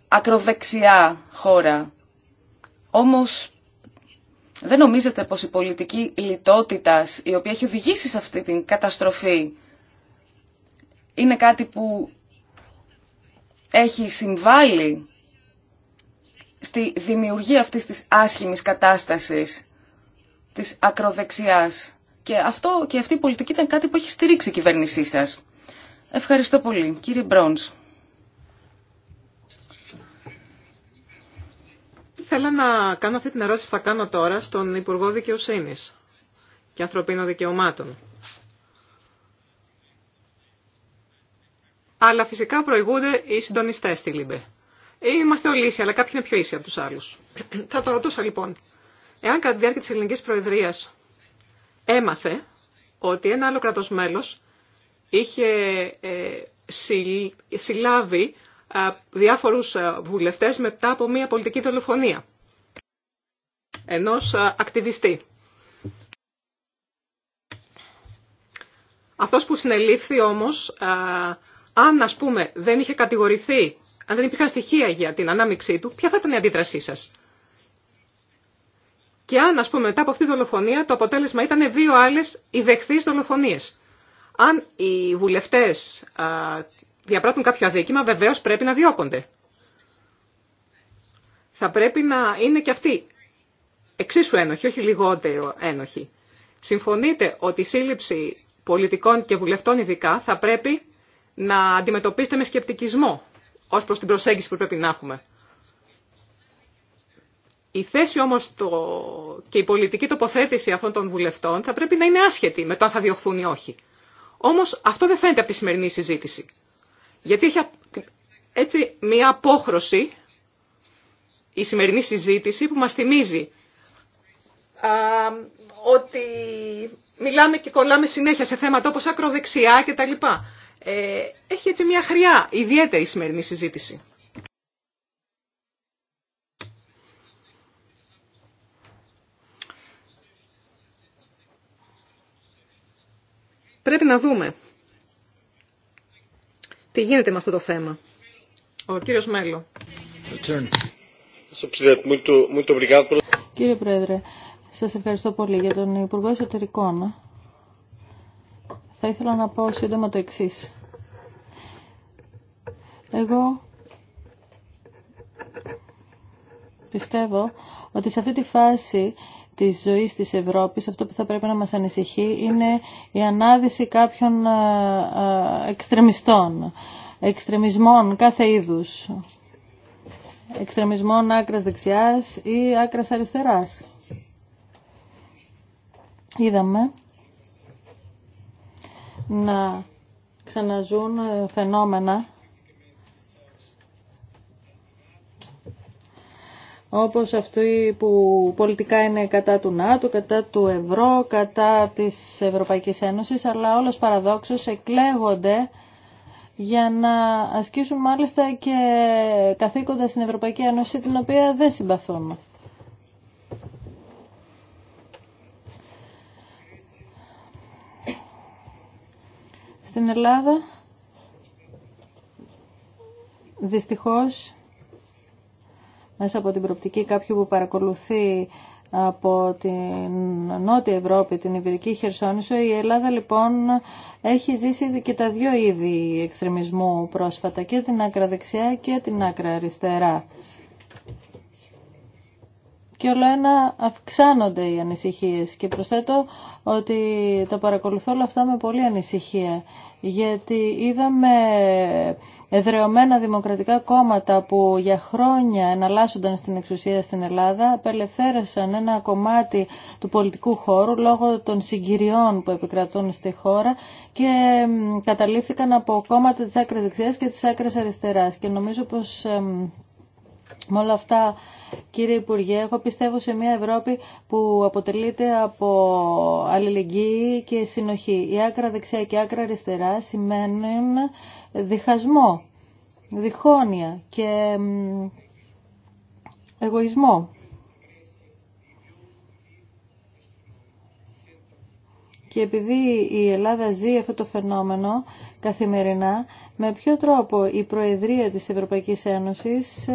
ακροδεξιά χώρα. Όμως δεν νομίζετε πως η πολιτική λιτότητας η οποία έχει οδηγήσει σε αυτή την καταστροφή είναι κάτι που έχει συμβάλει στη δημιουργία αυτής της άσχημης κατάστασης της ακροδεξιάς. Και, αυτό, και αυτή η πολιτική ήταν κάτι που έχει στηρίξει η κυβέρνησή σα. Ευχαριστώ πολύ. Κύριε Μπρόνς. Θέλω να κάνω αυτή την ερώτηση που θα κάνω τώρα στον Υπουργό Δικαιοσύνη και Ανθρωπίνων Δικαιωμάτων. Αλλά φυσικά προηγούνται οι συντονιστέ στη ΛΥΜΠΕ. Είμαστε όλοι ίσοι, αλλά κάποιοι είναι πιο ίσοι από του άλλου. θα το ρωτούσα λοιπόν, εάν κατά τη διάρκεια τη ελληνική προεδρία έμαθε ότι ένα άλλο κρατος μέλος είχε ε, συλλάβει διάφορους βουλευτές μετά από μια πολιτική δολοφονία ενός ακτιβιστή. Αυτός που συνελήφθη όμως, αν ας πούμε δεν είχε κατηγορηθεί, αν δεν υπήρχαν στοιχεία για την ανάμειξή του, ποια θα ήταν η αντίδρασή σας. Και αν, α πούμε, μετά από αυτή τη δολοφονία το αποτέλεσμα ήταν δύο άλλε ιδεχθεί δολοφονίε. Αν οι βουλευτές διαπράττουν κάποιο αδίκημα, βεβαίως πρέπει να διώκονται. Θα πρέπει να είναι και αυτοί εξίσου ένοχοι, όχι λιγότερο ένοχοι. Συμφωνείτε ότι η σύλληψη πολιτικών και βουλευτών ειδικά θα πρέπει να αντιμετωπίσετε με σκεπτικισμό ως προς την προσέγγιση που πρέπει να έχουμε. Η θέση όμως το... και η πολιτική τοποθέτηση αυτών των βουλευτών θα πρέπει να είναι άσχετη με το αν θα διωχθούν ή όχι. Όμως αυτό δεν φαίνεται από τη σημερινή συζήτηση. Γιατί έχει έτσι μια απόχρωση η σημερινή συζήτηση που μας θυμίζει α, ότι μιλάμε και κολλάμε συνέχεια σε θέματα όπως ακροδεξιά κτλ. Ε, έχει έτσι μια χρειά ιδιαίτερη η σημερινή συζήτηση. Πρέπει να δούμε τι γίνεται με αυτό το θέμα. Ο κύριος Μέλλο. Κύριε Πρόεδρε, σας ευχαριστώ πολύ για τον Υπουργό Εσωτερικών. Θα ήθελα να πω σύντομα το εξή. Εγώ πιστεύω ότι σε αυτή τη φάση της ζωής της Ευρώπης, αυτό που θα πρέπει να μας ανησυχεί είναι η ανάδυση κάποιων ε, ε, εξτρεμιστών, εξτρεμισμών κάθε είδους, εξτρεμισμών άκρας δεξιάς ή άκρας αριστεράς. Είδαμε να ξαναζούν ε, φαινόμενα όπως αυτοί που πολιτικά είναι κατά του ΝΑΤΟ, κατά του ευρώ, κατά της Ευρωπαϊκής Ένωσης, αλλά όλος παραδόξως εκλέγονται για να ασκήσουν μάλιστα και καθήκοντα στην Ευρωπαϊκή Ένωση, την οποία δεν συμπαθούμε. Στην Ελλάδα, δυστυχώς, μέσα από την προπτική κάποιου που παρακολουθεί από την Νότια Ευρώπη, την Ιβυρική Χερσόνησο. Η Ελλάδα λοιπόν έχει ζήσει και τα δύο είδη εξτρεμισμού πρόσφατα, και την άκρα δεξιά και την άκρα αριστερά. Και όλο ένα αυξάνονται οι ανησυχίες και προσθέτω ότι το παρακολουθώ όλα αυτά με πολύ ανησυχία γιατί είδαμε εδρεωμένα δημοκρατικά κόμματα που για χρόνια εναλλάσσονταν στην εξουσία στην Ελλάδα, απελευθέρωσαν ένα κομμάτι του πολιτικού χώρου λόγω των συγκυριών που επικρατούν στη χώρα και καταλήφθηκαν από κόμματα της άκρης δεξιάς και της άκρης αριστεράς. Και νομίζω πως με όλα αυτά, κύριε Υπουργέ, εγώ πιστεύω σε μια Ευρώπη που αποτελείται από αλληλεγγύη και συνοχή. Η άκρα δεξιά και η άκρα αριστερά σημαίνουν διχασμό, διχόνοια και εγωισμό. Και επειδή η Ελλάδα ζει αυτό το φαινόμενο, καθημερινά με ποιο τρόπο η Προεδρία της Ευρωπαϊκής Ένωσης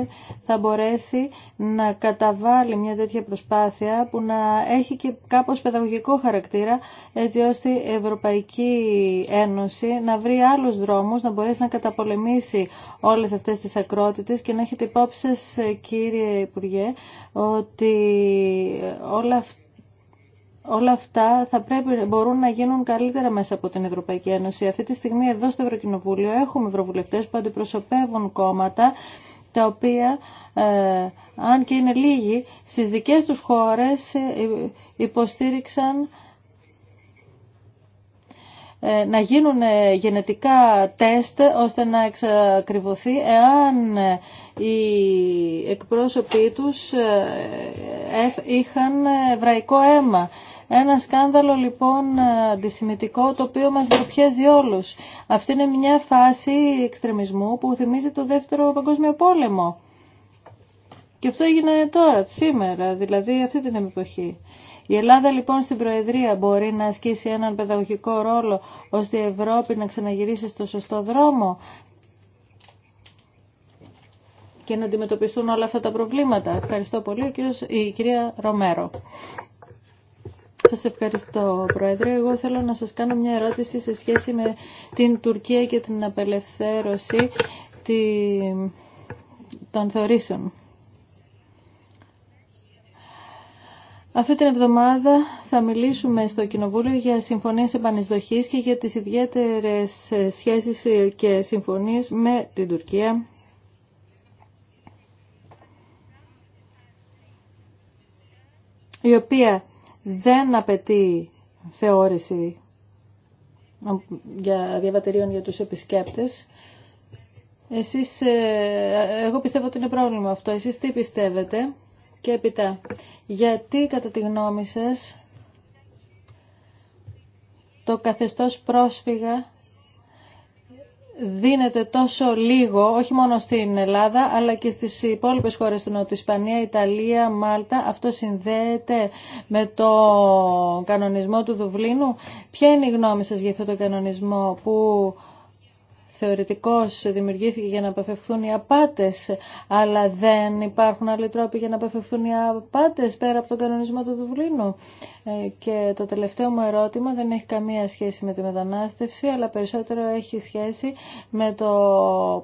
θα μπορέσει να καταβάλει μια τέτοια προσπάθεια που να έχει και κάπως παιδαγωγικό χαρακτήρα έτσι ώστε η Ευρωπαϊκή Ένωση να βρει άλλους δρόμους, να μπορέσει να καταπολεμήσει όλες αυτές τις ακρότητες και να έχετε υπόψη σας κύριε Υπουργέ ότι όλα αυτά όλα αυτά θα πρέπει, μπορούν να γίνουν καλύτερα μέσα από την Ευρωπαϊκή Ένωση. Αυτή τη στιγμή εδώ στο Ευρωκοινοβούλιο έχουμε ευρωβουλευτές που αντιπροσωπεύουν κόμματα τα οποία, ε, αν και είναι λίγοι, στις δικές τους χώρες ε, υποστήριξαν ε, να γίνουν γενετικά τεστ ώστε να εξακριβωθεί εάν οι εκπρόσωποι τους είχαν εβραϊκό αίμα. Ένα σκάνδαλο λοιπόν αντισημιτικό το οποίο μας ντροπιάζει όλους. Αυτή είναι μια φάση εξτρεμισμού που θυμίζει το δεύτερο παγκόσμιο πόλεμο. Και αυτό έγινε τώρα, σήμερα, δηλαδή αυτή την εποχή. Η Ελλάδα λοιπόν στην Προεδρία μπορεί να ασκήσει έναν παιδαγωγικό ρόλο ώστε η Ευρώπη να ξαναγυρίσει στο σωστό δρόμο και να αντιμετωπιστούν όλα αυτά τα προβλήματα. Ευχαριστώ πολύ, η κυρία Ρομέρο. Σα ευχαριστώ, Πρόεδρε. Εγώ θέλω να σας κάνω μια ερώτηση σε σχέση με την Τουρκία και την απελευθέρωση των θεωρήσεων. Αυτή την εβδομάδα θα μιλήσουμε στο Κοινοβούλιο για συμφωνίες επανεισδοχής και για τις ιδιαίτερες σχέσεις και συμφωνίες με την Τουρκία. η οποία δεν απαιτεί θεώρηση για διαβατηρίων για τους επισκέπτες. Εσείς, ε, εγώ πιστεύω ότι είναι πρόβλημα αυτό. Εσείς τι πιστεύετε και έπειτα, Γιατί κατά τη γνώμη σας το καθεστώς πρόσφυγα δίνεται τόσο λίγο, όχι μόνο στην Ελλάδα, αλλά και στις υπόλοιπες χώρες του Νότου, Ισπανία, Ιταλία, Μάλτα. Αυτό συνδέεται με το κανονισμό του Δουβλίνου. Ποια είναι η γνώμη σας για αυτό το κανονισμό που θεωρητικός δημιουργήθηκε για να αποφευθούν οι απάτες, αλλά δεν υπάρχουν άλλοι τρόποι για να απεφευθούν οι απάτες πέρα από τον κανονισμό του Δουβλίνου. Ε, και το τελευταίο μου ερώτημα δεν έχει καμία σχέση με τη μετανάστευση, αλλά περισσότερο έχει σχέση με το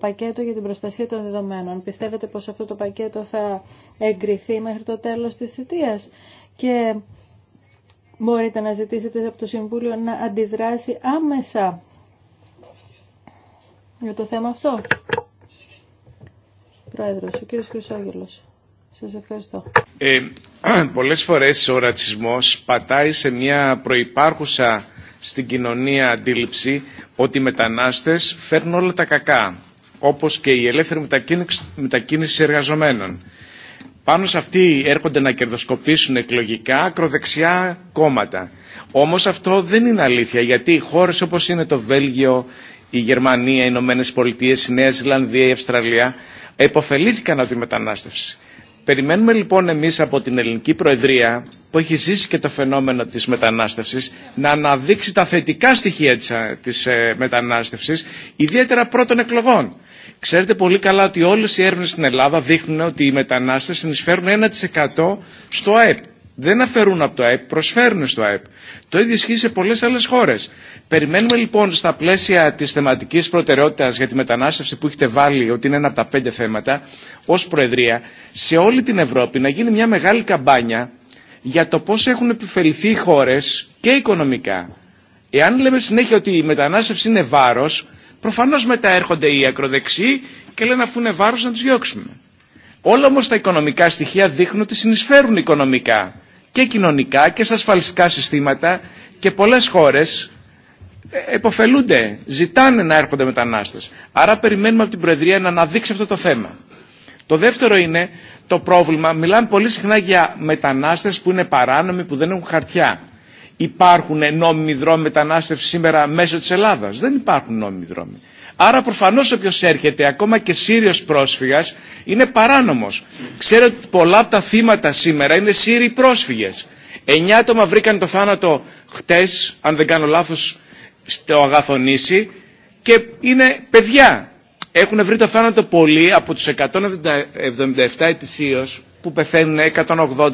πακέτο για την προστασία των δεδομένων. Πιστεύετε πως αυτό το πακέτο θα εγκριθεί μέχρι το τέλος της θητείας και μπορείτε να ζητήσετε από το Συμβούλιο να αντιδράσει άμεσα για το θέμα αυτό. Πρόεδρος, ο κύριος Χρυσόγελος. Σας ευχαριστώ. Ε, πολλές φορές ο ρατσισμός πατάει σε μια προϋπάρχουσα στην κοινωνία αντίληψη ότι οι μετανάστες φέρνουν όλα τα κακά, όπως και η ελεύθερη μετακίνηση, μετακίνηση εργαζομένων. Πάνω σε αυτοί έρχονται να κερδοσκοπήσουν εκλογικά ακροδεξιά κόμματα. Όμως αυτό δεν είναι αλήθεια, γιατί οι χώρες όπως είναι το Βέλγιο, η Γερμανία, οι Ηνωμένε Πολιτείε, η Νέα Ζηλανδία, η Αυστραλία, υποφελήθηκαν από τη μετανάστευση. Περιμένουμε λοιπόν εμεί από την ελληνική προεδρία που έχει ζήσει και το φαινόμενο τη μετανάστευση να αναδείξει τα θετικά στοιχεία τη μετανάστευση, μετανάστευσης, ιδιαίτερα πρώτων εκλογών. Ξέρετε πολύ καλά ότι όλε οι έρευνε στην Ελλάδα δείχνουν ότι οι μετανάστες συνεισφέρουν 1% στο ΑΕΠ. Δεν αφαιρούν από το ΑΕΠ, προσφέρουν στο ΑΕΠ. Το ίδιο ισχύει σε πολλέ άλλε χώρε. Περιμένουμε λοιπόν στα πλαίσια τη θεματική προτεραιότητα για τη μετανάστευση που έχετε βάλει ότι είναι ένα από τα πέντε θέματα ω Προεδρία σε όλη την Ευρώπη να γίνει μια μεγάλη καμπάνια για το πώ έχουν επιφεληθεί οι χώρε και οικονομικά. Εάν λέμε συνέχεια ότι η μετανάστευση είναι βάρο, προφανώ μετά έρχονται οι ακροδεξιοί και λένε αφού είναι βάρο να του διώξουμε. Όλα όμω τα οικονομικά στοιχεία δείχνουν ότι συνεισφέρουν οικονομικά και κοινωνικά και στα ασφαλιστικά συστήματα και πολλέ χώρε ε, εποφελούνται, ζητάνε να έρχονται μετανάστες. Άρα περιμένουμε από την Προεδρία να αναδείξει αυτό το θέμα. Το δεύτερο είναι το πρόβλημα, μιλάμε πολύ συχνά για μετανάστες που είναι παράνομοι, που δεν έχουν χαρτιά. Υπάρχουν νόμιμοι δρόμοι μετανάστευση σήμερα μέσω της Ελλάδας. Δεν υπάρχουν νόμιμοι δρόμοι. Άρα προφανώς όποιος έρχεται, ακόμα και Σύριος πρόσφυγας, είναι παράνομος. Ξέρετε ότι πολλά από τα θύματα σήμερα είναι Σύριοι πρόσφυγες. Εννιά άτομα βρήκαν το θάνατο χτες, αν δεν κάνω λάθος, στο Αγαθονήσι και είναι παιδιά. Έχουν βρει το θάνατο πολλοί από τους 177 ετησίως που πεθαίνουν 180-200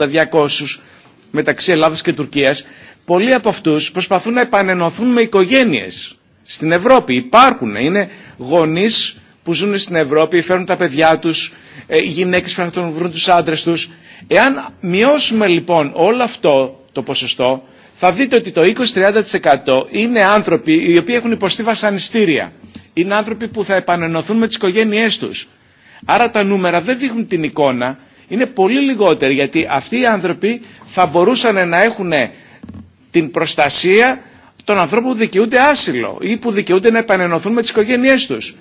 μεταξύ Ελλάδας και Τουρκίας. Πολλοί από αυτούς προσπαθούν να επανενωθούν με οικογένειες στην Ευρώπη. Υπάρχουν, είναι γονείς που ζουν στην Ευρώπη, φέρνουν τα παιδιά τους, ε, οι γυναίκες να βρουν τους άντρες τους. Εάν μειώσουμε λοιπόν όλο αυτό το ποσοστό, θα δείτε ότι το 20-30% είναι άνθρωποι οι οποίοι έχουν υποστεί βασανιστήρια. Είναι άνθρωποι που θα επανενωθούν με τις οικογένειές τους. Άρα τα νούμερα δεν δείχνουν την εικόνα, είναι πολύ λιγότεροι γιατί αυτοί οι άνθρωποι θα μπορούσαν να έχουν την προστασία των ανθρώπων που δικαιούνται άσυλο ή που δικαιούνται να επανενωθούν με τις οικογένειές τους.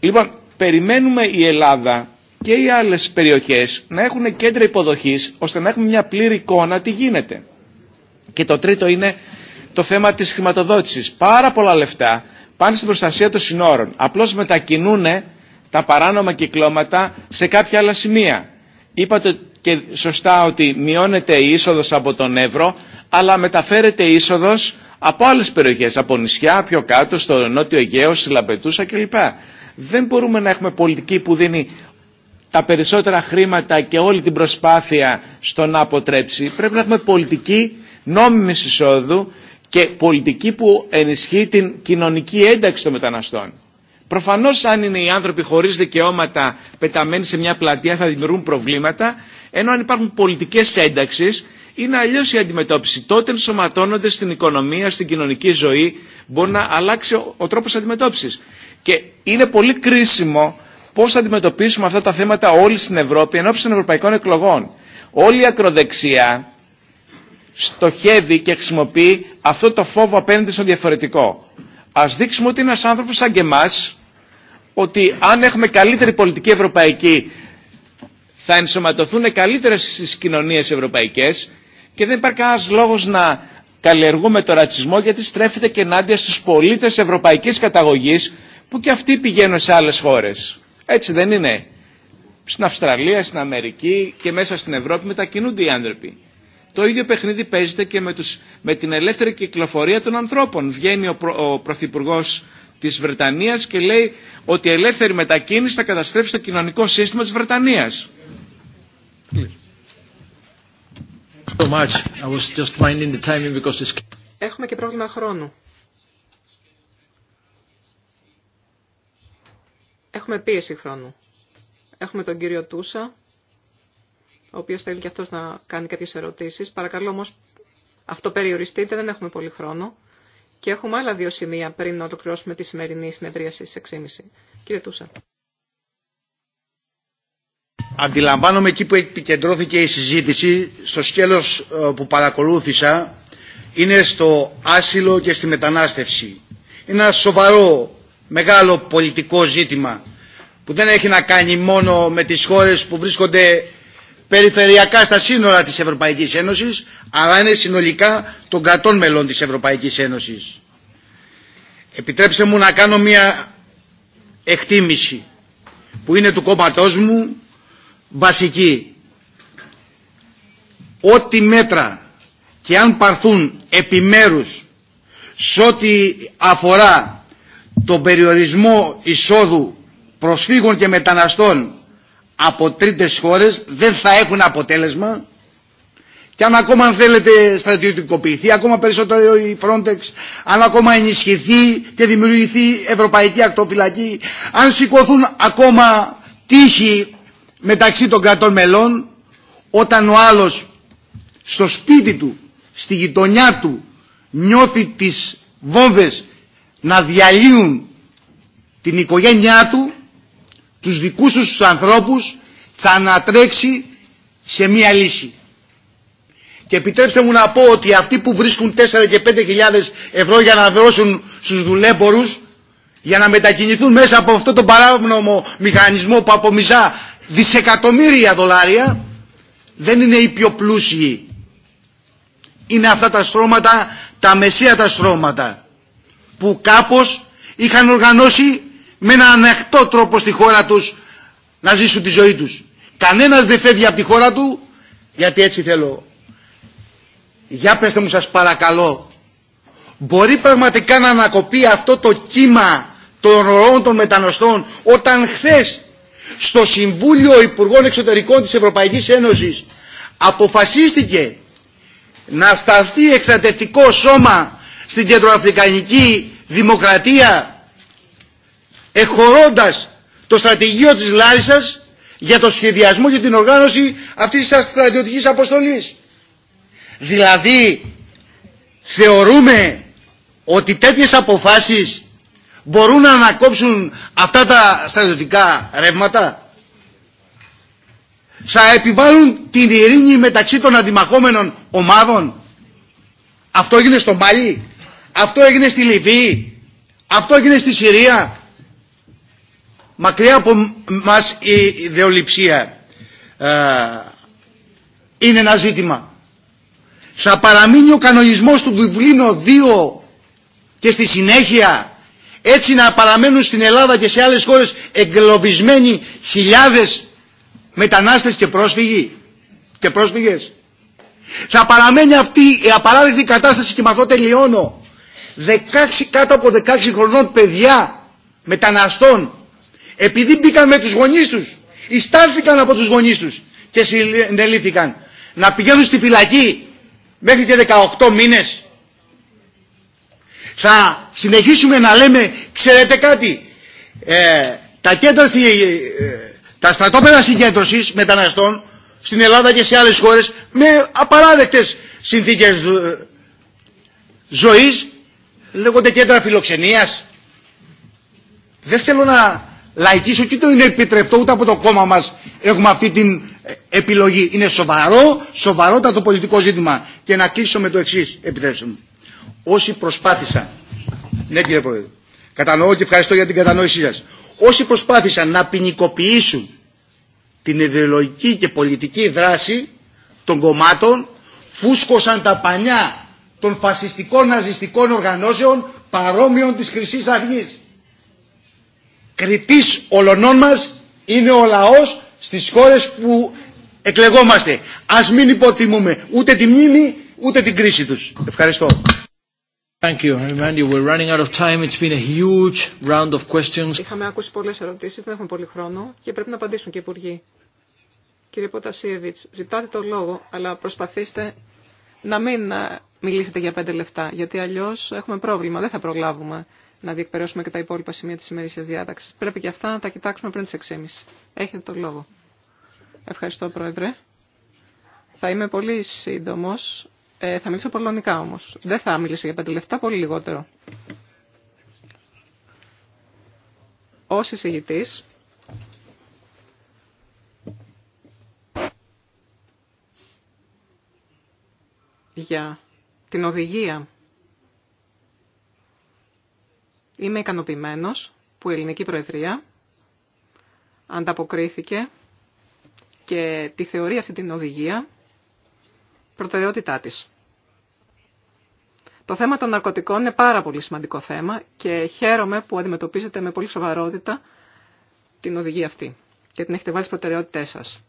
Λοιπόν, περιμένουμε η Ελλάδα και οι άλλες περιοχές να έχουν κέντρα υποδοχής ώστε να έχουμε μια πλήρη εικόνα τι γίνεται. Και το τρίτο είναι το θέμα της χρηματοδότησης. Πάρα πολλά λεφτά πάνε στην προστασία των συνόρων. Απλώς μετακινούν τα παράνομα κυκλώματα σε κάποια άλλα σημεία. Είπατε και σωστά ότι μειώνεται η είσοδος από τον Εύρο, αλλά μεταφέρεται η είσοδος από άλλες περιοχές, από νησιά, πιο κάτω, στο Νότιο Αιγαίο, στη Λαμπετούσα κλπ. Δεν μπορούμε να έχουμε πολιτική που δίνει τα περισσότερα χρήματα και όλη την προσπάθεια στο να αποτρέψει. Πρέπει να έχουμε πολιτική νόμιμης εισόδου και πολιτική που ενισχύει την κοινωνική ένταξη των μεταναστών. Προφανώς αν είναι οι άνθρωποι χωρίς δικαιώματα πεταμένοι σε μια πλατεία θα δημιουργούν προβλήματα, ενώ αν υπάρχουν πολιτικές ένταξεις είναι αλλιώς η αντιμετώπιση. Τότε ενσωματώνονται στην οικονομία, στην κοινωνική ζωή, μπορεί να αλλάξει ο τρόπος αντιμετώπισης. Και είναι πολύ κρίσιμο πώς θα αντιμετωπίσουμε αυτά τα θέματα όλοι στην Ευρώπη ενώπιση των ευρωπαϊκών εκλογών. Όλη η ακροδεξιά στοχεύει και χρησιμοποιεί αυτό το φόβο απέναντι στον διαφορετικό. Α δείξουμε ότι ένα άνθρωπο σαν και εμά ότι αν έχουμε καλύτερη πολιτική ευρωπαϊκή θα ενσωματωθούν καλύτερα στι κοινωνίε ευρωπαϊκέ και δεν υπάρχει κανένα λόγο να καλλιεργούμε το ρατσισμό γιατί στρέφεται και ενάντια στους πολίτε ευρωπαϊκή καταγωγή που και αυτοί πηγαίνουν σε άλλε χώρε. Έτσι δεν είναι. Στην Αυστραλία, στην Αμερική και μέσα στην Ευρώπη μετακινούνται οι άνθρωποι. Το ίδιο παιχνίδι παίζεται και με, τους, με την ελεύθερη κυκλοφορία των ανθρώπων. Βγαίνει ο, προ, Πρωθυπουργό της Βρετανίας και λέει ότι η ελεύθερη μετακίνηση θα καταστρέψει το κοινωνικό σύστημα της Βρετανίας. Έχουμε και πρόβλημα χρόνου. Έχουμε πίεση χρόνου. Έχουμε τον κύριο Τούσα ο οποίο θέλει και αυτό να κάνει κάποιε ερωτήσει. Παρακαλώ όμω αυτό περιοριστείτε, δεν έχουμε πολύ χρόνο. Και έχουμε άλλα δύο σημεία πριν να ολοκληρώσουμε τη σημερινή συνεδρίαση στι 6.30. Κύριε Τούσα. Αντιλαμβάνομαι εκεί που επικεντρώθηκε η συζήτηση, στο σκέλος ε, που παρακολούθησα, είναι στο άσυλο και στη μετανάστευση. Είναι ένα σοβαρό, μεγάλο πολιτικό ζήτημα που δεν έχει να κάνει μόνο με τις χώρες που βρίσκονται περιφερειακά στα σύνορα της Ευρωπαϊκής Ένωσης, αλλά είναι συνολικά των κρατών μελών της Ευρωπαϊκής Ένωσης. Επιτρέψτε μου να κάνω μια εκτίμηση που είναι του κόμματός μου βασική. Ό,τι μέτρα και αν παρθούν επιμέρους σε ό,τι αφορά τον περιορισμό εισόδου προσφύγων και μεταναστών από τρίτες χώρες δεν θα έχουν αποτέλεσμα και αν ακόμα θέλετε στρατιωτικοποιηθεί ακόμα περισσότερο η Frontex, αν ακόμα ενισχυθεί και δημιουργηθεί ευρωπαϊκή ακτοφυλακή, αν σηκωθούν ακόμα τύχη μεταξύ των κρατών μελών, όταν ο άλλος στο σπίτι του, στη γειτονιά του νιώθει τις βόμβες να διαλύουν την οικογένειά του, τους δικούς τους ανθρώπους θα ανατρέξει σε μία λύση. Και επιτρέψτε μου να πω ότι αυτοί που βρίσκουν 4 και 5 χιλιάδες ευρώ για να δώσουν στους δουλέμπορους για να μετακινηθούν μέσα από αυτό τον παράνομο μηχανισμό που απομισά δισεκατομμύρια δολάρια δεν είναι οι πιο πλούσιοι. Είναι αυτά τα στρώματα, τα μεσία τα στρώματα που κάπως είχαν οργανώσει με ένα ανεκτό τρόπο στη χώρα τους να ζήσουν τη ζωή τους. Κανένας δεν φεύγει από τη χώρα του γιατί έτσι θέλω. Για πέστε μου σας παρακαλώ. Μπορεί πραγματικά να ανακοπεί αυτό το κύμα των ροών των μετανοστών όταν χθε στο Συμβούλιο Υπουργών Εξωτερικών της Ευρωπαϊκής Ένωσης αποφασίστηκε να σταθεί εξατευτικό σώμα στην κεντροαφρικανική δημοκρατία εχωρώντας το στρατηγείο της Λάρισας για το σχεδιασμό και την οργάνωση αυτής της στρατιωτικής αποστολής. Δηλαδή, θεωρούμε ότι τέτοιες αποφάσεις μπορούν να ανακόψουν αυτά τα στρατιωτικά ρεύματα. Θα επιβάλλουν την ειρήνη μεταξύ των αντιμαχόμενων ομάδων. Αυτό έγινε στο Μάλι. Αυτό έγινε στη Λιβύη. Αυτό έγινε στη Συρία μακριά από μας η δεοληψία ε, είναι ένα ζήτημα. Θα παραμείνει ο κανονισμός του Βιβλίνο 2 και στη συνέχεια έτσι να παραμένουν στην Ελλάδα και σε άλλες χώρες εγκλωβισμένοι χιλιάδες μετανάστες και πρόσφυγοι και πρόσφυγες. Θα παραμένει αυτή η απαράδεκτη κατάσταση και με αυτό τελειώνω. 16, κάτω από 16 χρονών παιδιά μεταναστών επειδή μπήκαν με τους γονείς τους. Ιστάθηκαν από τους γονείς τους και συνελήθηκαν. Να πηγαίνουν στη φυλακή μέχρι και 18 μήνες. Θα συνεχίσουμε να λέμε, ξέρετε κάτι, ε, τα, κέντρα, ε, τα στρατόπεδα συγκέντρωσης μεταναστών στην Ελλάδα και σε άλλες χώρες με απαράδεκτες συνθήκες ε, ζωής λέγονται κέντρα φιλοξενίας. Δεν θέλω να λαϊκής και το είναι επιτρεπτό ούτε από το κόμμα μας έχουμε αυτή την ε, επιλογή. Είναι σοβαρό, σοβαρότατο πολιτικό ζήτημα. Και να κλείσω με το εξή, επιτρέψτε μου. Όσοι προσπάθησαν, ναι κύριε Πρόεδρε, κατανοώ και ευχαριστώ για την κατανόησή σας. Όσοι προσπάθησαν να ποινικοποιήσουν την ιδεολογική και πολιτική δράση των κομμάτων φούσκωσαν τα πανιά των φασιστικών ναζιστικών οργανώσεων παρόμοιων της χρυσή Αυγής κριτής ολονών μας είναι ο λαός στις χώρες που εκλεγόμαστε. Ας μην υποτιμούμε ούτε τη μνήμη ούτε την κρίση τους. Ευχαριστώ. Thank you. you we're running out of time. It's been a huge round of questions. Είχαμε ακούσει πολλές ερωτήσεις, δεν έχουμε πολύ χρόνο και πρέπει να απαντήσουν και οι υπουργοί. Κύριε Ποτασίεβιτς, ζητάτε το λόγο, αλλά προσπαθήστε να μην ε, μιλήσετε για πέντε λεφτά, γιατί αλλιώς έχουμε πρόβλημα, δεν θα προλάβουμε να διεκπαιρεώσουμε και τα υπόλοιπα σημεία της ημερήσιας διάταξης. Πρέπει και αυτά να τα κοιτάξουμε πριν τις 6.30. Έχετε το λόγο. Ευχαριστώ, Πρόεδρε. Θα είμαι πολύ σύντομο Ε, θα μιλήσω πολωνικά όμως. Δεν θα μιλήσω για πέντε λεφτά, πολύ λιγότερο. Ως εισηγητής για την οδηγία είμαι ικανοποιημένος που η Ελληνική Προεδρία ανταποκρίθηκε και τη θεωρεί αυτή την οδηγία προτεραιότητά της. Το θέμα των ναρκωτικών είναι πάρα πολύ σημαντικό θέμα και χαίρομαι που αντιμετωπίζετε με πολύ σοβαρότητα την οδηγία αυτή και την έχετε βάλει στις προτεραιότητές σας.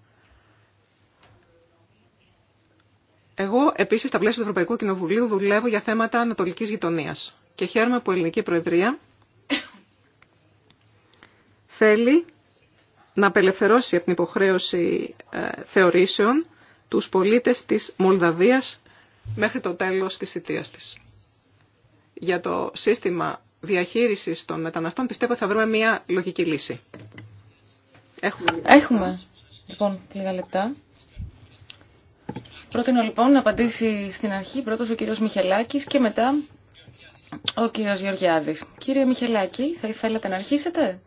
Εγώ επίσης στα πλαίσια του Ευρωπαϊκού Κοινοβουλίου δουλεύω για θέματα ανατολική γειτονία και χαίρομαι που η Ελληνική Προεδρία θέλει να απελευθερώσει από την υποχρέωση ε, θεωρήσεων τους πολίτες της Μολδαβίας μέχρι το τέλος της θητεία τη. Για το σύστημα διαχείρισης των μεταναστών πιστεύω ότι θα βρούμε μια λογική λύση. Έχουμε, Έχουμε λοιπόν λίγα λεπτά. Πρότεινα λοιπόν να απαντήσει στην αρχή πρώτος ο κύριος Μιχελάκης και μετά ο κύριος Γεωργιάδης. Κύριε Μιχελάκη, θα ήθελατε να αρχίσετε.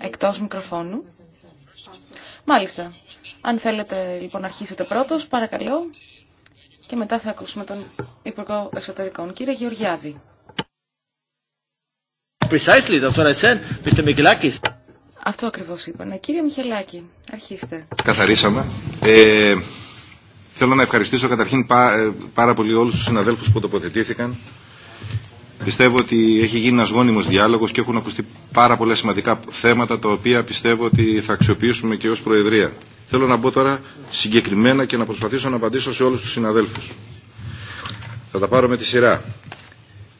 Εκτός μικροφώνου. Μάλιστα. Αν θέλετε λοιπόν να αρχίσετε πρώτος, παρακαλώ. Και μετά θα ακούσουμε τον Υπουργό Εσωτερικών, κύριε Γεωργιάδη. Precisely, that's what I said, Mr. Αυτό ακριβώς είπα. Κύριε Μιχελάκη, αρχίστε. Καθαρίσαμε. Ε, θέλω να ευχαριστήσω καταρχήν ε, πάρα πολύ όλους τους συναδέλφους που τοποθετήθηκαν. Πιστεύω ότι έχει γίνει ένας γόνιμος διάλογος και έχουν ακουστεί πάρα πολλά σημαντικά θέματα τα οποία πιστεύω ότι θα αξιοποιήσουμε και ως Προεδρία. Θέλω να μπω τώρα συγκεκριμένα και να προσπαθήσω να απαντήσω σε όλους τους συναδέλφους. Θα τα πάρω με τη σειρά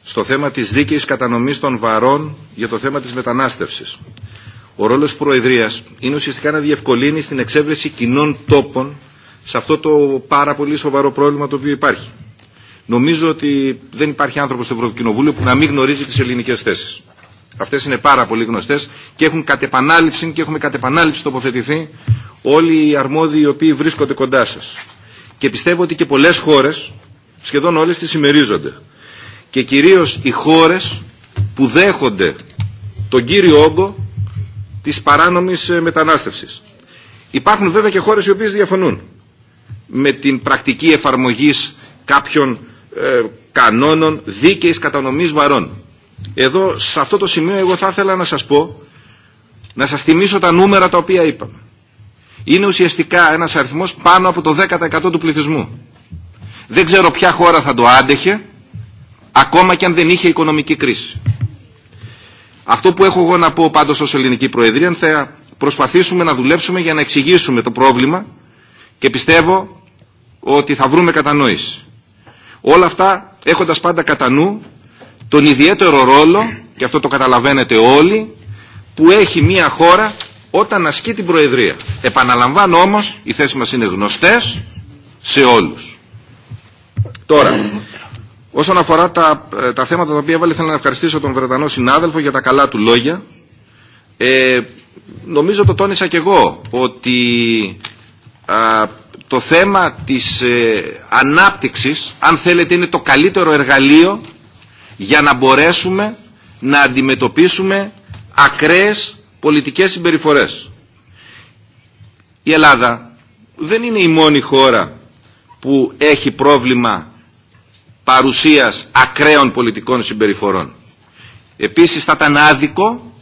στο θέμα της δίκαιης κατανομής των βαρών για το θέμα της μετανάστευσης. Ο ρόλος Προεδρίας είναι ουσιαστικά να διευκολύνει στην εξέβρεση κοινών τόπων σε αυτό το πάρα πολύ σοβαρό πρόβλημα το οποίο υπάρχει. Νομίζω ότι δεν υπάρχει άνθρωπος στο Ευρωκοινοβούλιο που να μην γνωρίζει τις ελληνικές θέσεις. Αυτές είναι πάρα πολύ γνωστές και έχουν κατ' επανάληψη και έχουμε κατ' επανάληψη τοποθετηθεί όλοι οι αρμόδιοι οι οποίοι βρίσκονται κοντά σας. Και πιστεύω ότι και πολλές χώρες σχεδόν όλες τις συμμερίζονται και κυρίως οι χώρες που δέχονται τον κύριο όγκο της παράνομης ε, μετανάστευσης. Υπάρχουν βέβαια και χώρες οι οποίες διαφωνούν με την πρακτική εφαρμογής κάποιων ε, κανόνων δίκαιης κατανομής βαρών. Εδώ, σε αυτό το σημείο, εγώ θα ήθελα να σας πω, να σας θυμίσω τα νούμερα τα οποία είπαμε. Είναι ουσιαστικά ένας αριθμός πάνω από το 10% του πληθυσμού. Δεν ξέρω ποια χώρα θα το άντεχε, ακόμα και αν δεν είχε οικονομική κρίση. Αυτό που έχω εγώ να πω πάντως ως ελληνική προεδρία θα προσπαθήσουμε να δουλέψουμε για να εξηγήσουμε το πρόβλημα και πιστεύω ότι θα βρούμε κατανόηση. Όλα αυτά έχοντας πάντα κατά νου τον ιδιαίτερο ρόλο, και αυτό το καταλαβαίνετε όλοι, που έχει μια χώρα όταν ασκεί την Προεδρία. Επαναλαμβάνω όμως, οι θέσεις μας είναι γνωστές σε όλους. Τώρα, Όσον αφορά τα, ε, τα θέματα τα οποία έβαλε, θέλω να ευχαριστήσω τον Βρετανό συνάδελφο για τα καλά του λόγια. Ε, νομίζω το τόνισα και εγώ ότι το θέμα της ε, ανάπτυξης, αν θέλετε, είναι το καλύτερο εργαλείο για να μπορέσουμε να αντιμετωπίσουμε ακρές πολιτικές συμπεριφορές. Η Ελλάδα δεν είναι η μόνη χώρα που έχει πρόβλημα παρουσίας ακραίων πολιτικών συμπεριφορών. Επίσης θα ήταν άδικο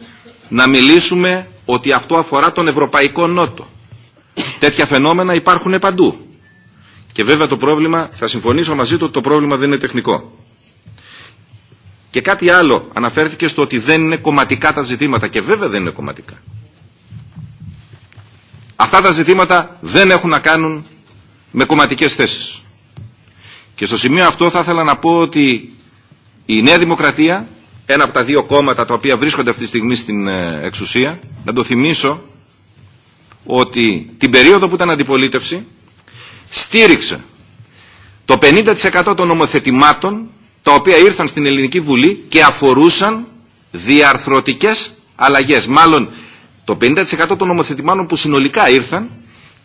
να μιλήσουμε ότι αυτό αφορά τον Ευρωπαϊκό Νότο. Τέτοια φαινόμενα υπάρχουν παντού. Και βέβαια το πρόβλημα, θα συμφωνήσω μαζί του, το πρόβλημα δεν είναι τεχνικό. Και κάτι άλλο αναφέρθηκε στο ότι δεν είναι κομματικά τα ζητήματα και βέβαια δεν είναι κομματικά. Αυτά τα ζητήματα δεν έχουν να κάνουν με κομματικές θέσεις. Και στο σημείο αυτό θα ήθελα να πω ότι η Νέα Δημοκρατία, ένα από τα δύο κόμματα τα οποία βρίσκονται αυτή τη στιγμή στην ε, εξουσία, να το θυμίσω ότι την περίοδο που ήταν αντιπολίτευση στήριξε το 50% των νομοθετημάτων τα οποία ήρθαν στην Ελληνική Βουλή και αφορούσαν διαρθρωτικές αλλαγές. Μάλλον το 50% των νομοθετημάτων που συνολικά ήρθαν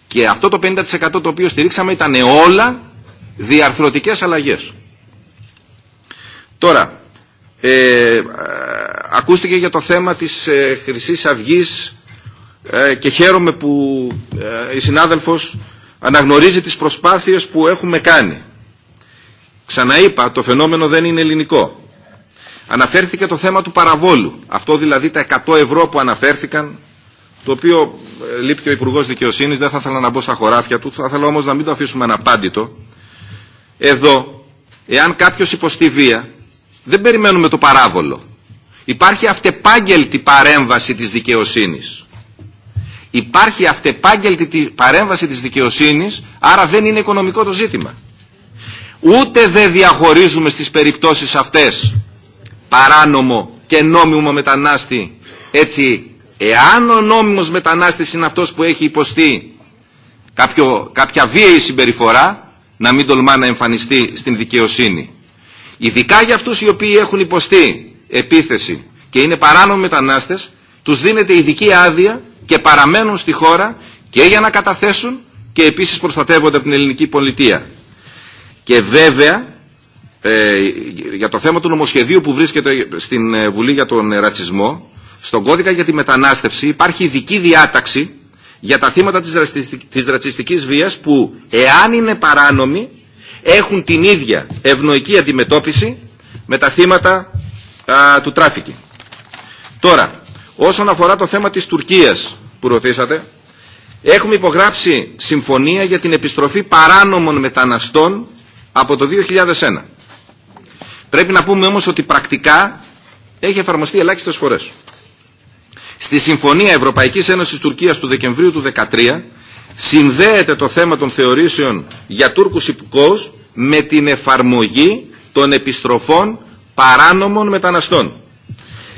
και αυτό το 50% το οποίο στηρίξαμε ήταν όλα διαρθρωτικές αλλαγές. Τώρα, ε, ακούστηκε για το θέμα της ε, χρυσή Αυγής ε, και χαίρομαι που ε, η συνάδελφος αναγνωρίζει τις προσπάθειες που έχουμε κάνει. Ξαναείπα, το φαινόμενο δεν είναι ελληνικό. Αναφέρθηκε το θέμα του παραβόλου. Αυτό δηλαδή τα 100 ευρώ που αναφέρθηκαν, το οποίο ε, λείπει ο Υπουργός Δικαιοσύνη, δεν θα ήθελα να μπω στα χωράφια του, θα ήθελα όμως να μην το αφήσουμε αναπάντητο εδώ, εάν κάποιος υποστεί βία, δεν περιμένουμε το παράβολο. Υπάρχει αυτεπάγγελτη παρέμβαση της δικαιοσύνης. Υπάρχει αυτεπάγγελτη παρέμβαση της δικαιοσύνης, άρα δεν είναι οικονομικό το ζήτημα. Ούτε δεν διαχωρίζουμε στις περιπτώσεις αυτές παράνομο και νόμιμο μετανάστη. Έτσι, εάν ο νόμιμος μετανάστης είναι αυτός που έχει υποστεί κάποιο, κάποια βίαιη συμπεριφορά, να μην τολμά να εμφανιστεί στην δικαιοσύνη. Ειδικά για αυτούς οι οποίοι έχουν υποστεί επίθεση και είναι παράνομοι μετανάστες, τους δίνεται ειδική άδεια και παραμένουν στη χώρα και για να καταθέσουν και επίσης προστατεύονται από την ελληνική πολιτεία. Και βέβαια, ε, για το θέμα του νομοσχεδίου που βρίσκεται στην ε, Βουλή για τον ε, ρατσισμό, στον κώδικα για τη μετανάστευση υπάρχει ειδική διάταξη για τα θύματα της ρατσιστικής βίας που εάν είναι παράνομοι έχουν την ίδια ευνοϊκή αντιμετώπιση με τα θύματα του τράφικη. Τώρα, όσον αφορά το θέμα της Τουρκίας που ρωτήσατε, έχουμε υπογράψει συμφωνία για την επιστροφή παράνομων μεταναστών από το 2001. Πρέπει να πούμε όμως ότι πρακτικά έχει εφαρμοστεί ελάχιστες φορές. Στη Συμφωνία Ευρωπαϊκής Ένωσης Τουρκίας του Δεκεμβρίου του 2013 συνδέεται το θέμα των θεωρήσεων για Τούρκους με την εφαρμογή των επιστροφών παράνομων μεταναστών.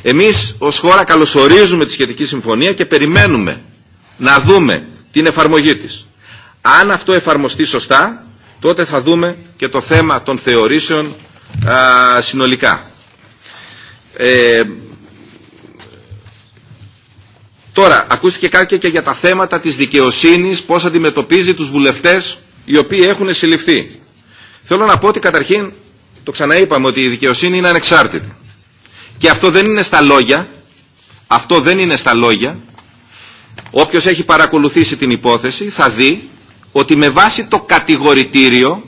Εμείς ως χώρα καλωσορίζουμε τη σχετική συμφωνία και περιμένουμε να δούμε την εφαρμογή της. Αν αυτό εφαρμοστεί σωστά, τότε θα δούμε και το θέμα των θεωρήσεων συνολικά. Ε, Τώρα, ακούστηκε κάτι και για τα θέματα της δικαιοσύνης, πώς αντιμετωπίζει τους βουλευτές οι οποίοι έχουν συλληφθεί. Θέλω να πω ότι καταρχήν, το ξαναείπαμε, ότι η δικαιοσύνη είναι ανεξάρτητη. Και αυτό δεν είναι στα λόγια, αυτό δεν είναι στα λόγια. Όποιος έχει παρακολουθήσει την υπόθεση θα δει ότι με βάση το κατηγορητήριο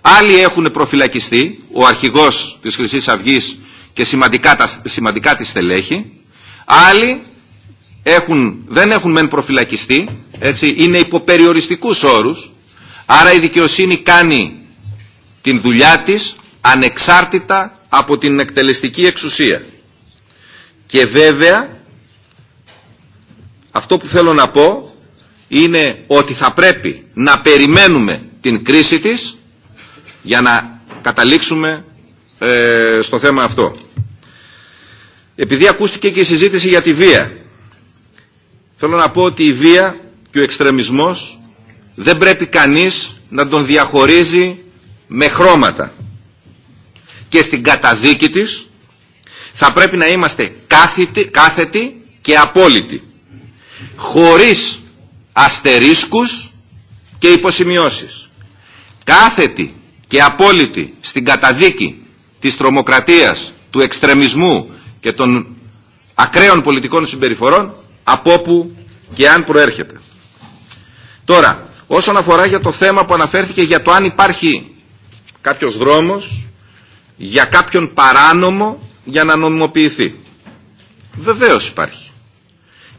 άλλοι έχουν προφυλακιστεί, ο αρχηγός της Χρυσής Αυγής και σημαντικά, σημαντικά τη στελέχη, άλλοι έχουν, δεν έχουν μεν προφυλακιστεί, έτσι, είναι υπό περιοριστικούς όρους, άρα η δικαιοσύνη κάνει την δουλειά της ανεξάρτητα από την εκτελεστική εξουσία. Και βέβαια, αυτό που θέλω να πω είναι ότι θα πρέπει να περιμένουμε την κρίση της για να καταλήξουμε ε, στο θέμα αυτό. Επειδή ακούστηκε και η συζήτηση για τη βία, Θέλω να πω ότι η βία και ο εξτρεμισμός δεν πρέπει κανείς να τον διαχωρίζει με χρώματα. Και στην καταδίκη της θα πρέπει να είμαστε κάθετοι, και απόλυτοι. Χωρίς αστερίσκους και υποσημειώσεις. Κάθετοι και απόλυτοι στην καταδίκη της τρομοκρατίας, του εξτρεμισμού και των ακραίων πολιτικών συμπεριφορών από όπου και αν προέρχεται. Τώρα, όσον αφορά για το θέμα που αναφέρθηκε για το αν υπάρχει κάποιος δρόμος για κάποιον παράνομο για να νομιμοποιηθεί. Βεβαίως υπάρχει.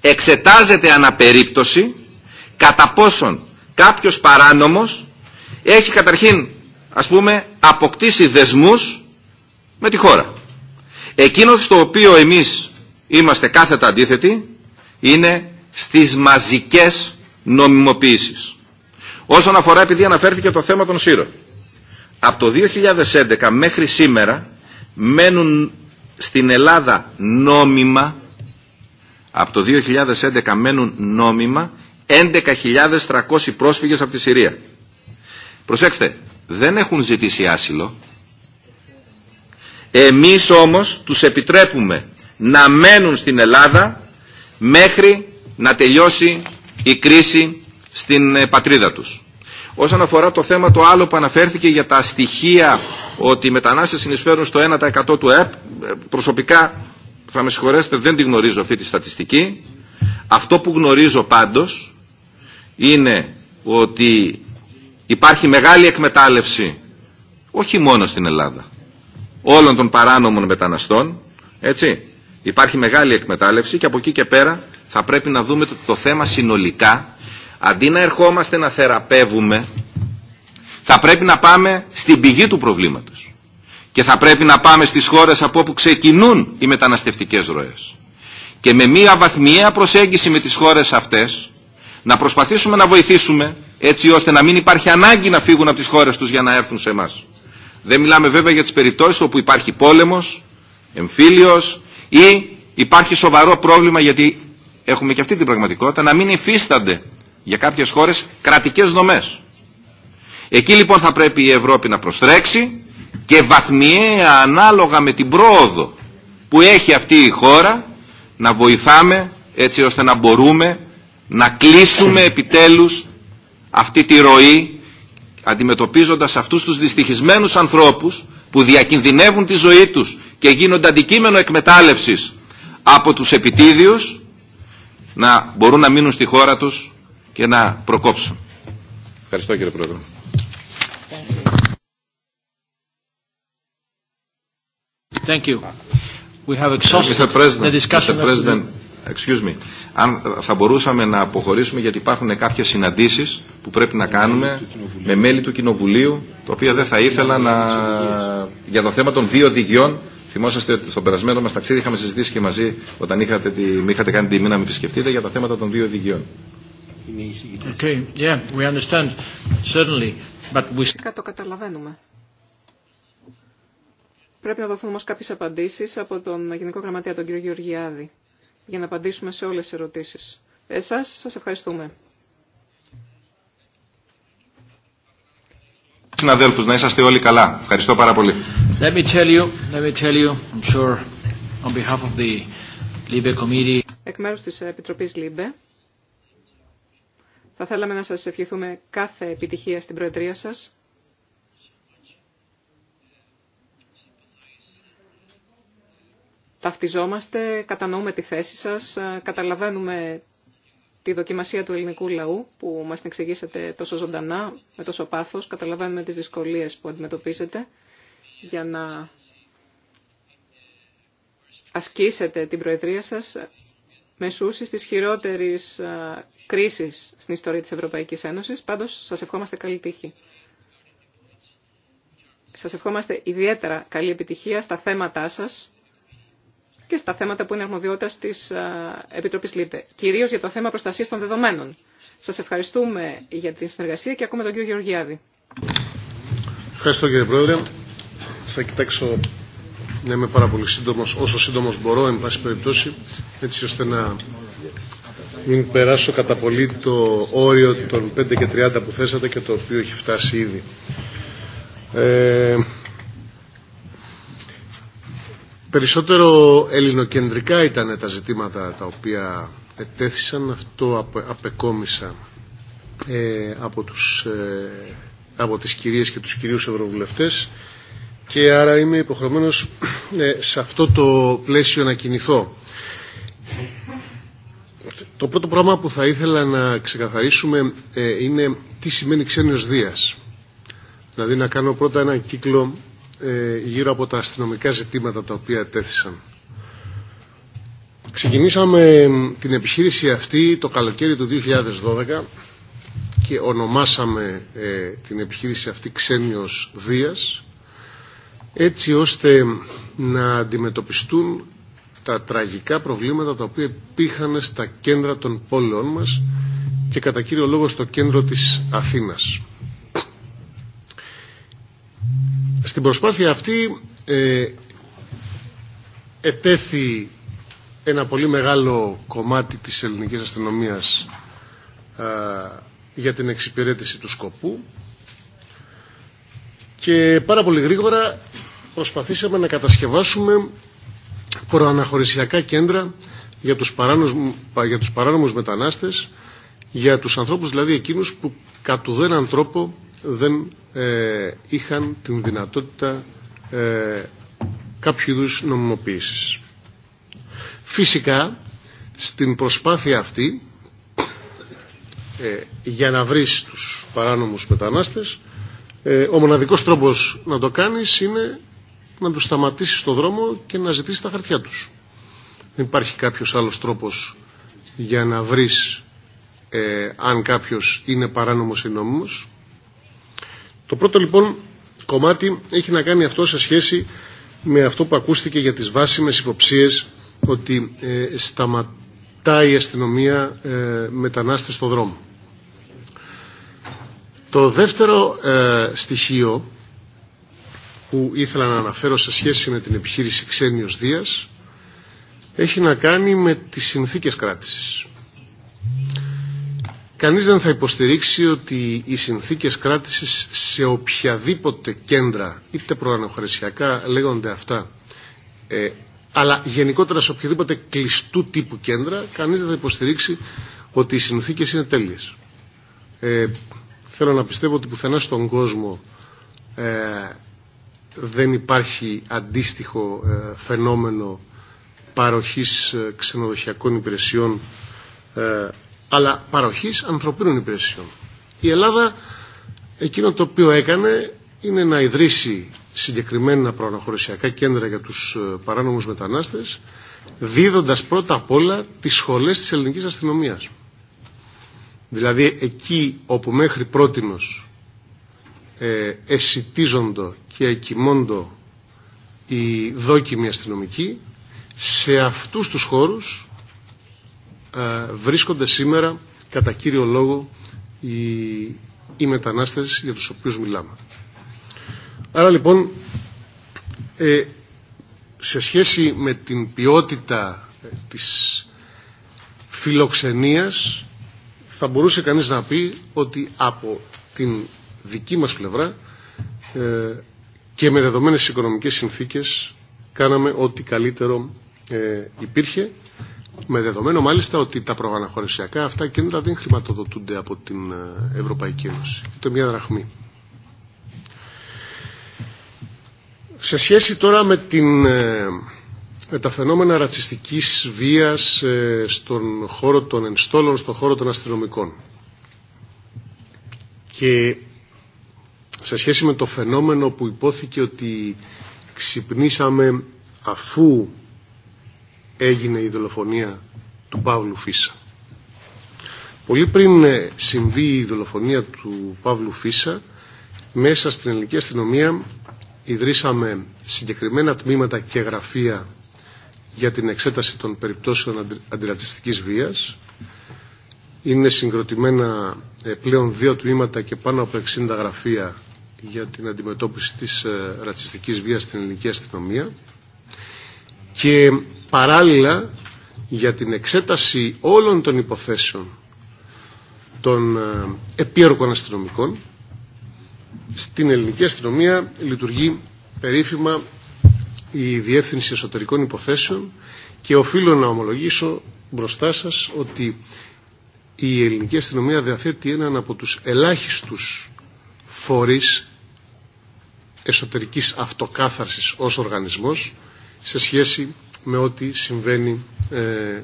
Εξετάζεται αναπερίπτωση κατά πόσον κάποιος παράνομος έχει καταρχήν ας πούμε αποκτήσει δεσμούς με τη χώρα. Εκείνο στο οποίο εμείς είμαστε κάθετα αντίθετοι είναι στις μαζικές νομιμοποίησεις. Όσον αφορά, επειδή αναφέρθηκε το θέμα των σύρων, από το 2011 μέχρι σήμερα μένουν στην Ελλάδα νόμιμα από το 2011 μένουν νόμιμα 11.300 πρόσφυγες από τη Συρία. Προσέξτε, δεν έχουν ζητήσει άσυλο. Εμείς όμως τους επιτρέπουμε να μένουν στην Ελλάδα μέχρι να τελειώσει η κρίση στην ε, πατρίδα τους. Όσον αφορά το θέμα το άλλο που αναφέρθηκε για τα στοιχεία ότι οι μετανάστες συνεισφέρουν στο 1% του ΕΠ, ε, προσωπικά θα με συγχωρέσετε δεν τη γνωρίζω αυτή τη στατιστική. Αυτό που γνωρίζω πάντως είναι ότι υπάρχει μεγάλη εκμετάλλευση όχι μόνο στην Ελλάδα όλων των παράνομων μεταναστών έτσι, Υπάρχει μεγάλη εκμετάλλευση και από εκεί και πέρα θα πρέπει να δούμε το θέμα συνολικά. Αντί να ερχόμαστε να θεραπεύουμε, θα πρέπει να πάμε στην πηγή του προβλήματος. Και θα πρέπει να πάμε στις χώρες από όπου ξεκινούν οι μεταναστευτικές ροές. Και με μία βαθμιαία προσέγγιση με τις χώρες αυτές, να προσπαθήσουμε να βοηθήσουμε έτσι ώστε να μην υπάρχει ανάγκη να φύγουν από τις χώρες τους για να έρθουν σε εμά. Δεν μιλάμε βέβαια για τις περιπτώσεις όπου υπάρχει πόλεμος, εμφύλιος, ή υπάρχει σοβαρό πρόβλημα γιατί έχουμε και αυτή την πραγματικότητα να μην υφίστανται για κάποιες χώρες κρατικές δομές. Εκεί λοιπόν θα πρέπει η Ευρώπη να προστρέξει και βαθμιαία ανάλογα με την πρόοδο που έχει αυτή η χώρα να βοηθάμε έτσι ώστε να μπορούμε να κλείσουμε επιτέλους αυτή τη ροή αντιμετωπίζοντας αυτούς τους δυστυχισμένους ανθρώπους που διακινδυνεύουν τη ζωή τους και γίνονται αντικείμενο εκμετάλλευσης από τους επιτίδιους να μπορούν να μείνουν στη χώρα τους και να προκόψουν. Ευχαριστώ κύριε Πρόεδρε. Thank you. We have exhausted the excuse me, αν θα μπορούσαμε να αποχωρήσουμε γιατί υπάρχουν κάποιες συναντήσεις που πρέπει να κάνουμε με μέλη του Κοινοβουλίου, το οποίο δεν θα ήθελα να... για το θέμα των δύο οδηγιών Θυμόσαστε ότι στον περασμένο μα ταξίδι είχαμε συζητήσει και μαζί όταν είχατε, τη, είχατε κάνει τιμή να με επισκεφτείτε για τα θέματα των δύο οδηγιών. Okay, yeah, we... Το καταλαβαίνουμε. Πρέπει να δοθούν όμω κάποιε απαντήσει από τον Γενικό Γραμματέα, τον κύριο Γεωργιάδη για να απαντήσουμε σε όλες τις ερωτήσεις. Εσάς σας ευχαριστούμε. Συναδέλφους, να είσαστε όλοι καλά. Ευχαριστώ πάρα πολύ. Let me tell you, sure, on behalf of the Libe Committee. Εκ μέρους της Επιτροπής LIBE. θα θέλαμε να σας ευχηθούμε κάθε επιτυχία στην Προεδρία σας. ταυτιζόμαστε, κατανοούμε τη θέση σας, ε, καταλαβαίνουμε τη δοκιμασία του ελληνικού λαού που μας την εξηγήσατε τόσο ζωντανά, με τόσο πάθος, καταλαβαίνουμε τις δυσκολίες που αντιμετωπίζετε για να ασκήσετε την Προεδρία σας σούσεις της χειρότερης ε, κρίσης στην ιστορία της Ευρωπαϊκής Ένωσης. Πάντως, σας ευχόμαστε καλή τύχη. Σας ευχόμαστε ιδιαίτερα καλή επιτυχία στα θέματά σας και στα θέματα που είναι αρμοδιότητα τη ε, Επιτροπή ΛΥΠΕ. Κυρίω για το θέμα προστασία των δεδομένων. Σα ευχαριστούμε για την συνεργασία και ακούμε τον κύριο Γεωργιάδη. Ευχαριστώ κύριε Πρόεδρε. Θα κοιτάξω να είμαι πάρα πολύ σύντομο, όσο σύντομο μπορώ, εν πάση περιπτώσει, έτσι ώστε να μην περάσω κατά πολύ το όριο των 5 και 30 που θέσατε και το οποίο έχει φτάσει ήδη. Ε, Περισσότερο ελληνοκεντρικά ήταν τα ζητήματα τα οποία ετέθησαν. Αυτό απεκόμισα ε, από, τους, ε, από τις κυρίες και τους κυρίους ευρωβουλευτές και άρα είμαι υποχρεωμένος ε, σε αυτό το πλαίσιο να κινηθώ. Το πρώτο πράγμα που θα ήθελα να ξεκαθαρίσουμε ε, είναι τι σημαίνει ξένος Δίας. Δηλαδή να κάνω πρώτα ένα κύκλο ε, γύρω από τα αστυνομικά ζητήματα τα οποία τέθησαν. Ξεκινήσαμε την επιχείρηση αυτή το καλοκαίρι του 2012 και ονομάσαμε ε, την επιχείρηση αυτή Ξένιος Δίας έτσι ώστε να αντιμετωπιστούν τα τραγικά προβλήματα τα οποία υπήρχαν στα κέντρα των πόλεων μας και κατά κύριο λόγο στο κέντρο της Αθήνας. Στην προσπάθεια αυτή ε, ετέθη ένα πολύ μεγάλο κομμάτι της ελληνικής αστυνομίας για την εξυπηρέτηση του σκοπού και πάρα πολύ γρήγορα προσπαθήσαμε να κατασκευάσουμε προαναχωρησιακά κέντρα για τους, παράνομους, για τους παράνομους μετανάστες, για τους ανθρώπους δηλαδή εκείνους που κατ' ουδέναν τρόπο δεν ε, είχαν την δυνατότητα ε, κάποιου είδου Φυσικά, στην προσπάθεια αυτή, ε, για να βρεις τους παράνομους μετανάστες, ε, ο μοναδικός τρόπος να το κάνεις είναι να τους σταματήσεις στο δρόμο και να ζητήσεις τα χαρτιά τους. Δεν υπάρχει κάποιος άλλος τρόπος για να βρεις ε, αν κάποιος είναι παράνομος ή νόμιμος. Το πρώτο λοιπόν κομμάτι έχει να κάνει αυτό σε σχέση με αυτό που ακούστηκε για τις βάσιμες υποψίες ότι ε, σταματάει η αστυνομία ε, μετανάστες στο δρόμο. Το δεύτερο ε, στοιχείο που ήθελα να αναφέρω σε σχέση με την επιχείρηση Ξένιος Δίας έχει να κάνει με τις συνθήκες κράτησης. Κανείς δεν θα υποστηρίξει ότι οι συνθήκες κράτησης σε οποιαδήποτε κέντρα, είτε προαναχωρησιακά λέγονται αυτά, ε, αλλά γενικότερα σε οποιαδήποτε κλειστού τύπου κέντρα, κανείς δεν θα υποστηρίξει ότι οι συνθήκες είναι τέλειες. Ε, θέλω να πιστεύω ότι πουθενά στον κόσμο ε, δεν υπάρχει αντίστοιχο ε, φαινόμενο παροχής ξενοδοχειακών υπηρεσιών αλλά παροχής ανθρωπίνων υπηρεσιών. Η Ελλάδα εκείνο το οποίο έκανε είναι να ιδρύσει συγκεκριμένα προαναχωρησιακά κέντρα για τους ε, παράνομους μετανάστες, δίδοντας πρώτα απ' όλα τις σχολές της ελληνικής αστυνομίας. Δηλαδή εκεί όπου μέχρι πρότινος ε, εσυτίζοντο και εκοιμώντο οι δόκιμοι αστυνομικοί, σε αυτούς τους χώρους ε, βρίσκονται σήμερα κατά κύριο λόγο οι, οι μετανάστες για τους οποίους μιλάμε. Άρα λοιπόν ε, σε σχέση με την ποιότητα ε, της φιλοξενίας θα μπορούσε κανείς να πει ότι από την δική μας πλευρά ε, και με δεδομένες οικονομικές συνθήκες κάναμε ό,τι καλύτερο ε, υπήρχε με δεδομένο μάλιστα ότι τα προαναχωρησιακά αυτά κέντρα δεν χρηματοδοτούνται από την ε, Ευρωπαϊκή Ένωση. Είναι μια δραχμή. Σε σχέση τώρα με, την, ε, με τα φαινόμενα ρατσιστικής βίας ε, στον χώρο των ενστόλων, στον χώρο των αστυνομικών και σε σχέση με το φαινόμενο που υπόθηκε ότι ξυπνήσαμε αφού έγινε η δολοφονία του Παύλου Φίσα. Πολύ πριν ε, συμβεί η δολοφονία του Παύλου Φίσα, μέσα στην ελληνική αστυνομία ιδρύσαμε συγκεκριμένα τμήματα και γραφεία για την εξέταση των περιπτώσεων αντιρατσιστικής βίας. Είναι συγκροτημένα ε, πλέον δύο τμήματα και πάνω από 60 γραφεία για την αντιμετώπιση της ε, ρατσιστικής βίας στην ελληνική αστυνομία και παράλληλα για την εξέταση όλων των υποθέσεων των ε, επίορκων αστυνομικών στην ελληνική αστυνομία λειτουργεί περίφημα η Διεύθυνση Εσωτερικών Υποθέσεων και οφείλω να ομολογήσω μπροστά σας ότι η ελληνική αστυνομία διαθέτει έναν από τους ελάχιστους φορείς εσωτερικής αυτοκάθαρσης ως οργανισμός σε σχέση με ό,τι συμβαίνει ε, ε,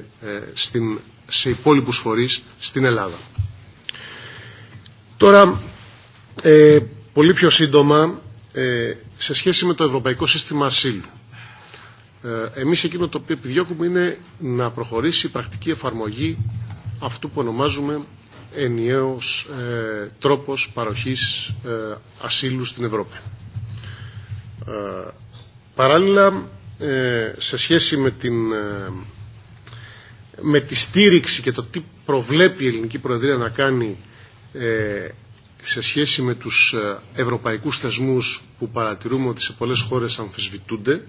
στην, σε υπόλοιπους φορείς στην Ελλάδα. Τώρα, ε, πολύ πιο σύντομα, ε, σε σχέση με το Ευρωπαϊκό Σύστημα Ασύλου. Ε, εμείς εκείνο το οποίο επιδιώκουμε είναι να προχωρήσει η πρακτική εφαρμογή αυτού που ονομάζουμε ενιαίος τρόπος παροχής ασύλου στην Ευρώπη. παράλληλα, ε, σε σχέση με, την, ε, με τη στήριξη και το τι προβλέπει η ελληνική προεδρία να κάνει ε, σε σχέση με τους ευρωπαϊκούς θεσμούς που παρατηρούμε ότι σε πολλές χώρες αμφισβητούνται,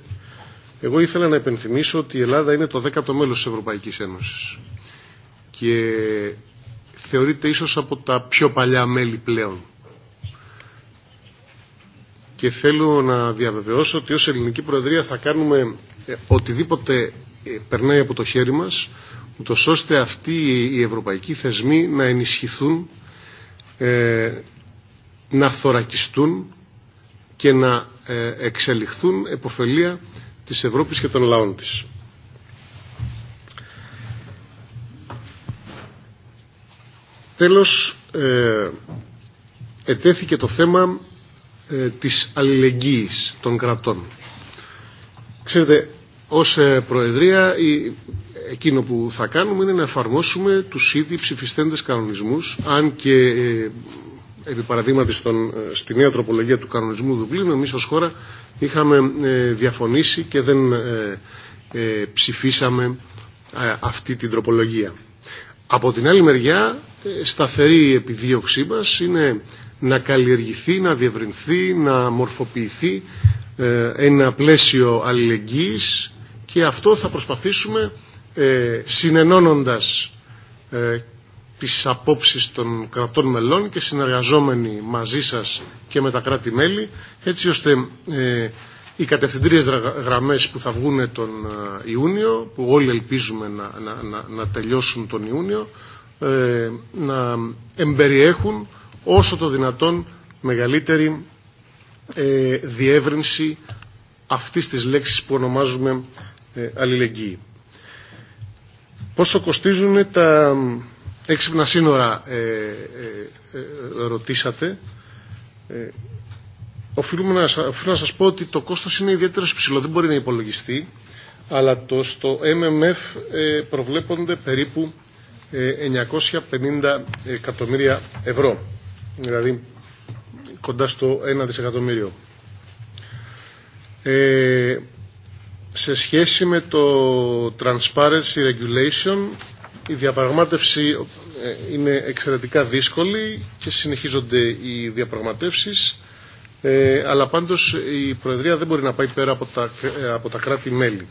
εγώ ήθελα να επενθυμίσω ότι η Ελλάδα είναι το δέκατο μέλος της Ευρωπαϊκής Ένωσης και θεωρείται ίσως από τα πιο παλιά μέλη πλέον και θέλω να διαβεβαιώσω ότι ως ελληνική προεδρία θα κάνουμε ε, οτιδήποτε ε, περνάει από το χέρι μας ούτως ώστε αυτοί οι ευρωπαϊκοί θεσμοί να ενισχυθούν, ε, να θωρακιστούν και να εξελιχθούν εποφελία της Ευρώπης και των λαών της. Τέλος, ετέθηκε το θέμα ε, της αλληλεγγύης των κρατών. Ξέρετε, ως ε, Προεδρία η εκείνο που θα κάνουμε είναι να εφαρμόσουμε τους ήδη ψηφιστέντες κανονισμούς αν και ε, επί παραδείγματι στον, στη νέα τροπολογία του κανονισμού Δουβλίνου εμείς ως χώρα είχαμε διαφωνήσει και δεν ψηφίσαμε αυτή την τροπολογία. Από την άλλη μεριά ε, σταθερή επιδίωξή μας είναι να καλλιεργηθεί, να διευρυνθεί, να μορφοποιηθεί ε, ένα πλαίσιο αλληλεγγύης και αυτό θα προσπαθήσουμε ε, συνενώνοντας τις απόψεις των κρατών μελών και συνεργαζόμενοι μαζί σας και με τα κράτη-μέλη έτσι ώστε οι κατευθυντήριες γραμμές που θα βγουν τον Ιούνιο που όλοι ελπίζουμε να, να, να, να τελειώσουν τον Ιούνιο ε, να εμπεριέχουν όσο το δυνατόν μεγαλύτερη ε, διεύρυνση αυτής της λέξης που ονομάζουμε ε, αλληλεγγύη. Πόσο κοστίζουν τα έξυπνα σύνορα ρωτήσατε. Οφείλουμε να, οφείλω να σας πω ότι το κόστος είναι ιδιαίτερο υψηλό. δεν μπορεί να υπολογιστεί, αλλά το, στο MMF προβλέπονται περίπου 950 εκατομμύρια ευρώ, δηλαδή κοντά στο 1 δισεκατομμύριο. Ε, σε σχέση με το Transparency Regulation, η διαπραγμάτευση ε, είναι εξαιρετικά δύσκολη και συνεχίζονται οι διαπραγματεύσεις, ε, αλλά πάντως η Προεδρία δεν μπορεί να πάει πέρα από τα, ε, από τα κράτη-μέλη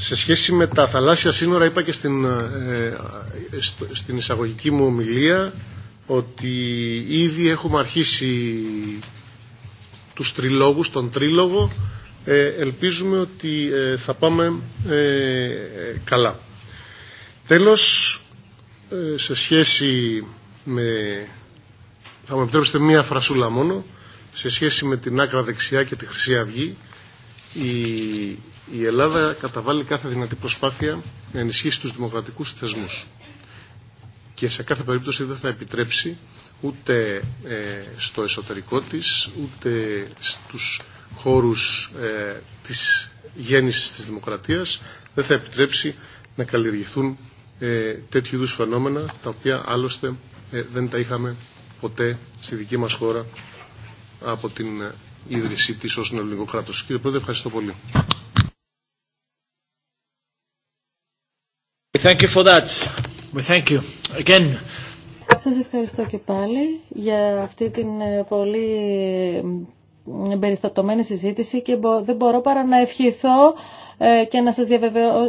σε σχέση με τα θαλάσσια σύνορα είπα και ε, στην, εισαγωγική μου ομιλία ότι ήδη έχουμε αρχίσει τους τριλόγους, τον τρίλογο ε, ελπίζουμε ότι ε, θα πάμε καλά. Τέλος, σε σχέση με θα μου επιτρέψετε μία φρασούλα μόνο σε σχέση με την άκρα δεξιά και τη Χρυσή Αυγή η, η Ελλάδα καταβάλει κάθε δυνατή προσπάθεια να ενισχύσει τους δημοκρατικούς θεσμούς και σε κάθε περίπτωση δεν θα επιτρέψει ούτε ε, στο εσωτερικό της, ούτε στους χώρους ε, της γέννησης της δημοκρατίας, δεν θα επιτρέψει να καλλιεργηθούν ε, τέτοιου είδους φαινόμενα, τα οποία άλλωστε ε, δεν τα είχαμε ποτέ στη δική μας χώρα από την ίδρυση της ως ελληνικό κράτος. Κύριε Πρόεδρε, ευχαριστώ πολύ. Thank you for that. Thank you. Again. Σας ευχαριστώ και πάλι για αυτή την ε, πολύ περιστατωμένη συζήτηση και δεν μπορώ παρά να ευχηθώ ε, και να σας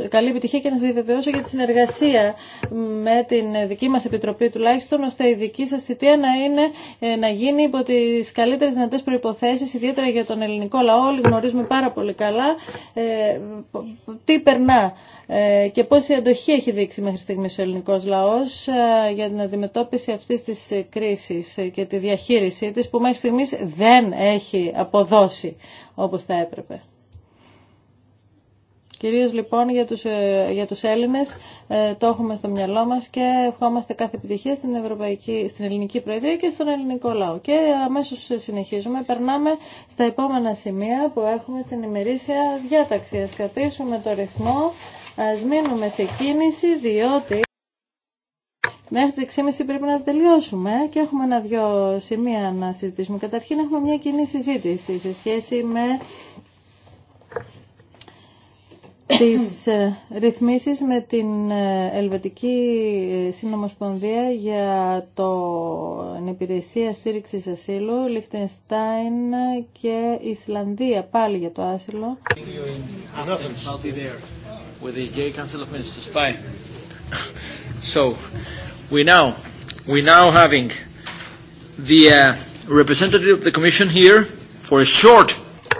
καλή επιτυχία και να σας διαβεβαιώσω για τη συνεργασία με την δική μας Επιτροπή τουλάχιστον, ώστε η δική σας θητεία να, είναι, ε, να γίνει υπό τις καλύτερες δυνατές προϋποθέσεις, ιδιαίτερα για τον ελληνικό λαό, όλοι γνωρίζουμε πάρα πολύ καλά ε, τι περνά και πόση αντοχή έχει δείξει μέχρι στιγμή ο ελληνικός λαός για την αντιμετώπιση αυτής της κρίσης και τη διαχείρισή της που μέχρι στιγμής δεν έχει αποδώσει όπως θα έπρεπε. Κυρίως λοιπόν για τους, ε, για τους Έλληνες ε, το έχουμε στο μυαλό μας και ευχόμαστε κάθε επιτυχία στην, Ευρωπαϊκή, στην Ελληνική Προεδρία και στον ελληνικό λαό. Και αμέσως συνεχίζουμε, περνάμε στα επόμενα σημεία που έχουμε στην ημερήσια διάταξη. Ας κρατήσουμε το ρυθμό, ας μείνουμε σε κίνηση διότι... Μέχρι τις 6.30 πρέπει να τελειώσουμε και έχουμε ένα-δυο σημεία να συζητήσουμε. Καταρχήν έχουμε μια κοινή συζήτηση σε σχέση με τις ε, ρυθμίσεις με την ε, Ελβετική ε, Συνομοσπονδία για το υπηρεσία στήριξης ασύλου, Λιχτενστάιν και Ισλανδία πάλι για το άσυλο.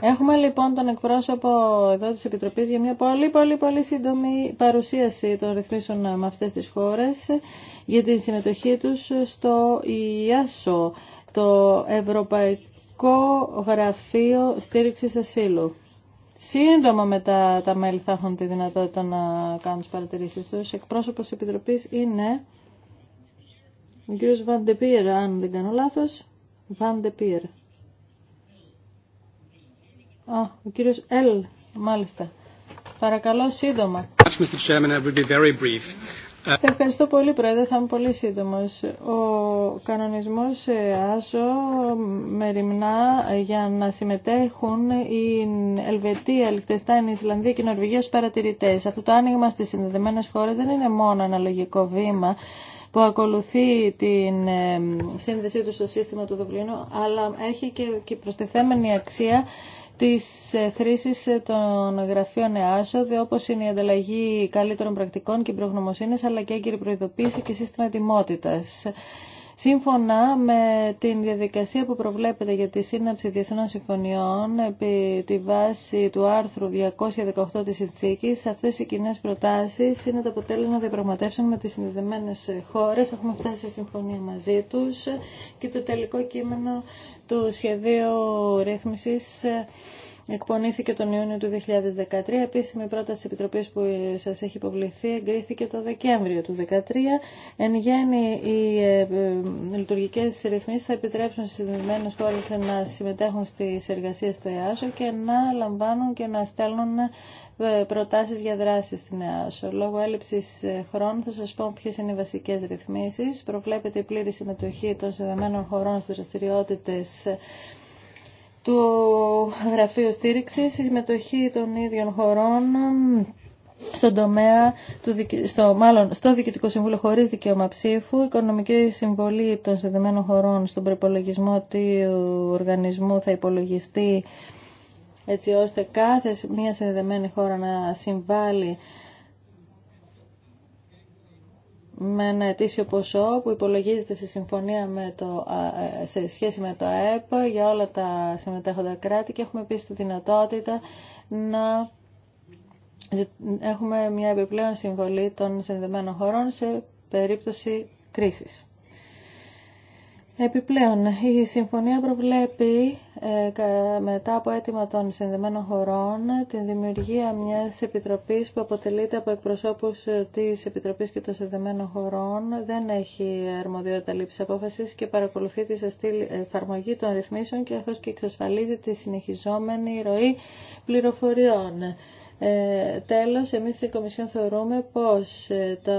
Έχουμε λοιπόν τον εκπρόσωπο εδώ της Επιτροπής για μια πολύ πολύ πολύ σύντομη παρουσίαση των ρυθμίσεων με αυτές τις χώρες για τη συμμετοχή τους στο ΙΑΣΟ, το Ευρωπαϊκό Γραφείο Στήριξης Ασύλου. Σύντομα μετά τα μέλη θα έχουν τη δυνατότητα να κάνουν τις παρατηρήσεις τους. Εκπρόσωπος της Επιτροπής είναι ο κ. Βαντεπίερ, αν δεν κάνω λάθος. Βαντεπίερ. Ο, ο κύριος Ελ, μάλιστα. Παρακαλώ σύντομα. Ε, ευχαριστώ πολύ, Πρόεδρε. Θα είμαι πολύ σύντομο. Ο κανονισμό ΑΣΟ ε, μεριμνά για να συμμετέχουν οι Ελβετία, η Λιχτεστάιν, η Ισλανδία και η Νορβηγία ω παρατηρητέ. Αυτό το άνοιγμα στι συνδεδεμένε χώρε δεν είναι μόνο ένα λογικό βήμα που ακολουθεί την ε, σύνδεσή του στο σύστημα του Δουβλίνου, αλλά έχει και προστιθέμενη αξία της ε, χρήσης ε, των γραφείων ΕΑΣΟ, όπως είναι η ανταλλαγή καλύτερων πρακτικών και προγνωμοσύνης, αλλά και έγκυρη προειδοποίηση και σύστημα ετοιμότητας. Σύμφωνα με την διαδικασία που προβλέπεται για τη σύναψη διεθνών συμφωνιών επί τη βάση του άρθρου 218 της συνθήκης, αυτές οι κοινέ προτάσεις είναι το αποτέλεσμα διαπραγματεύσεων με τις συνδεδεμένες χώρες. Έχουμε φτάσει σε συμφωνία μαζί τους και το τελικό κείμενο του σχεδίου ρύθμισης ε, εκπονήθηκε τον Ιούνιο του 2013. Επίσημη πρόταση επιτροπής που σας έχει υποβληθεί εγκρίθηκε το Δεκέμβριο του 2013. Εν γέννη, οι ε, ε, λειτουργικές ρυθμίσεις θα επιτρέψουν στις συνδεδεμένες χώρες να συμμετέχουν στις εργασίες στο ΕΑΣΟ και να λαμβάνουν και να στέλνουν ε, προτάσεις για δράση στην ΕΑΣΟ. Λόγω έλλειψης χρόνου θα σας πω ποιες είναι οι βασικές ρυθμίσεις. Προβλέπεται η πλήρη συμμετοχή των συνδεδεμένων χωρών στι δραστηριότητε του Γραφείου Στήριξης, η συμμετοχή των ίδιων χωρών στον τομέα, του, στο, μάλλον στο Διοικητικό Συμβούλιο χωρίς δικαίωμα ψήφου, οικονομική συμβολή των συνδεδεμένων χωρών στον προπολογισμό του οργανισμού θα υπολογιστεί έτσι ώστε κάθε μία συνδεδεμένη χώρα να συμβάλλει με ένα ετήσιο ποσό που υπολογίζεται σε, συμφωνία με το, ε, σε σχέση με το ΑΕΠ για όλα τα συμμετέχοντα κράτη και έχουμε επίσης τη δυνατότητα να έχουμε μια επιπλέον συμβολή των συνδεμένων χωρών σε περίπτωση κρίσης. Επιπλέον, η συμφωνία προβλέπει ε, μετά από αίτημα των συνδεμένων χωρών την δημιουργία μιας επιτροπής που αποτελείται από εκπροσώπους ε, της Επιτροπής και των συνδεμένων χωρών, δεν έχει αρμοδιότητα λήψη απόφασης και παρακολουθεί τη σωστή ε, εφαρμογή των ρυθμίσεων και αυτός και εξασφαλίζει τη συνεχιζόμενη ροή πληροφοριών. Ε, τέλος, εμείς στην Κομισιόν θεωρούμε πως ε, το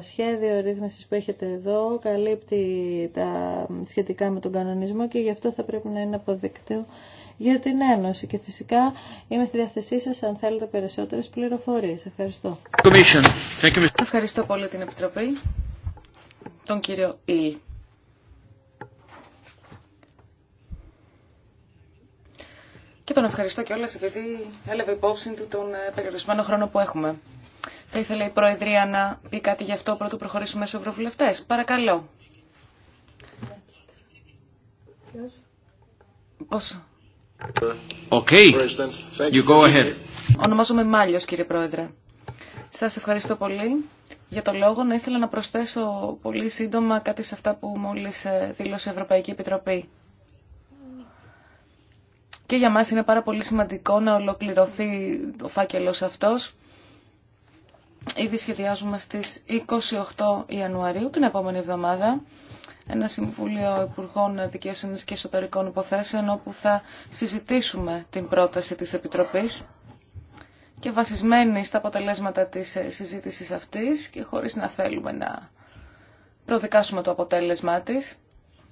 σχέδιο ρύθμισης που έχετε εδώ καλύπτει τα σχετικά με τον κανονισμό και γι' αυτό θα πρέπει να είναι αποδεκτό για την Ένωση. Και φυσικά είμαι στη διάθεσή σας αν θέλετε περισσότερες πληροφορίες. Ευχαριστώ. Ευχαριστώ πολύ την Επιτροπή, τον κύριο Και τον ευχαριστώ κιόλας επειδή έλαβε υπόψη του τον ε, περιορισμένο χρόνο που έχουμε. Θα ήθελε η Προεδρία να πει κάτι γι' αυτό πρώτο προχωρήσουμε στους ευρωβουλευτές. Παρακαλώ. Πόσο. Okay. You go ahead. Ονομάζομαι Μάλιος κύριε Πρόεδρε. Σας ευχαριστώ πολύ για το λόγο. Να ήθελα να προσθέσω πολύ σύντομα κάτι σε αυτά που μόλις ε, δήλωσε η Ευρωπαϊκή Επιτροπή. Και για μας είναι πάρα πολύ σημαντικό να ολοκληρωθεί ο φάκελος αυτός. Ήδη σχεδιάζουμε στις 28 Ιανουαρίου, την επόμενη εβδομάδα, ένα Συμβούλιο Υπουργών Δικαιοσύνης και Εσωτερικών Υποθέσεων, όπου θα συζητήσουμε την πρόταση της Επιτροπής και βασισμένη στα αποτελέσματα της συζήτησης αυτής και χωρίς να θέλουμε να προδικάσουμε το αποτέλεσμά της.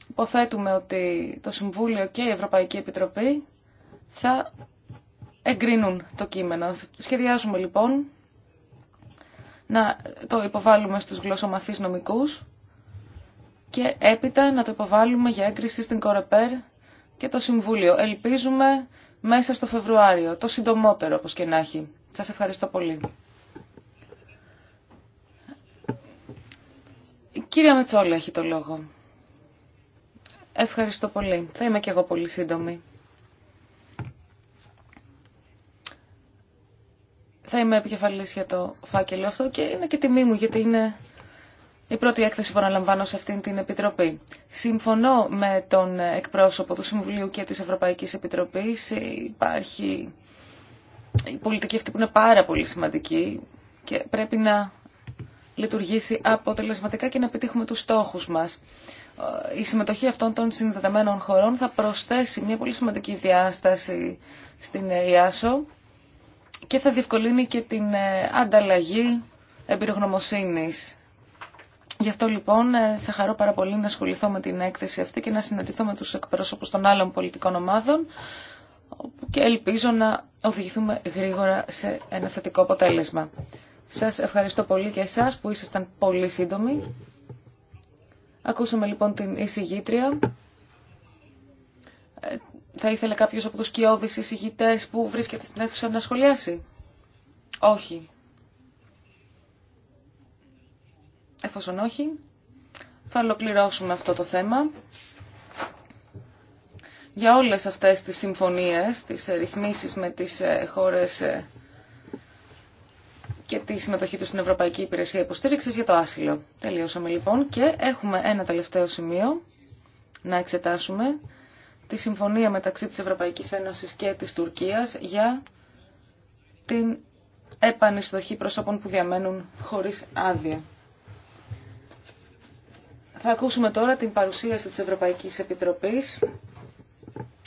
Υποθέτουμε ότι το Συμβούλιο και η Ευρωπαϊκή Επιτροπή θα εγκρίνουν το κείμενο. Σχεδιάζουμε λοιπόν να το υποβάλουμε στους γλωσσομαθείς νομικούς και έπειτα να το υποβάλουμε για έγκριση στην Κορεπέρ και το Συμβούλιο. Ελπίζουμε μέσα στο Φεβρουάριο, το συντομότερο όπως και να έχει. Σας ευχαριστώ πολύ. Η κυρία Μετσόλα έχει το λόγο. Ευχαριστώ πολύ. Θα είμαι και εγώ πολύ σύντομη. θα είμαι επικεφαλής για το φάκελο αυτό και είναι και τιμή μου γιατί είναι η πρώτη έκθεση που αναλαμβάνω σε αυτήν την Επιτροπή. Συμφωνώ με τον εκπρόσωπο του Συμβουλίου και της Ευρωπαϊκής Επιτροπής. Υπάρχει η πολιτική αυτή που είναι πάρα πολύ σημαντική και πρέπει να λειτουργήσει αποτελεσματικά και να επιτύχουμε τους στόχους μας. Η συμμετοχή αυτών των συνδεδεμένων χωρών θα προσθέσει μια πολύ σημαντική διάσταση στην ΕΙΑΣΟ και θα διευκολύνει και την ε, ανταλλαγή εμπειρογνωμοσύνης. Γι' αυτό λοιπόν ε, θα χαρώ πάρα πολύ να ασχοληθώ με την έκθεση αυτή και να συναντηθώ με τους εκπρόσωπους των άλλων πολιτικών ομάδων και ελπίζω να οδηγηθούμε γρήγορα σε ένα θετικό αποτέλεσμα. Σας ευχαριστώ πολύ και εσάς που ήσασταν πολύ σύντομοι. Ακούσαμε λοιπόν την εισηγήτρια θα ήθελε κάποιος από τους κοιόδης εισηγητέ που βρίσκεται στην αίθουσα να σχολιάσει. Όχι. Εφόσον όχι, θα ολοκληρώσουμε αυτό το θέμα. Για όλες αυτές τις συμφωνίες, τις ρυθμίσεις με τις ε, χώρες ε, και τη συμμετοχή του στην Ευρωπαϊκή Υπηρεσία Υποστήριξης για το άσυλο. Τελείωσαμε λοιπόν και έχουμε ένα τελευταίο σημείο να εξετάσουμε τη συμφωνία μεταξύ της Ευρωπαϊκής Ένωσης και της Τουρκίας για την επανειστοχή προσώπων που διαμένουν χωρίς άδεια. Θα ακούσουμε τώρα την παρουσίαση της Ευρωπαϊκής Επιτροπής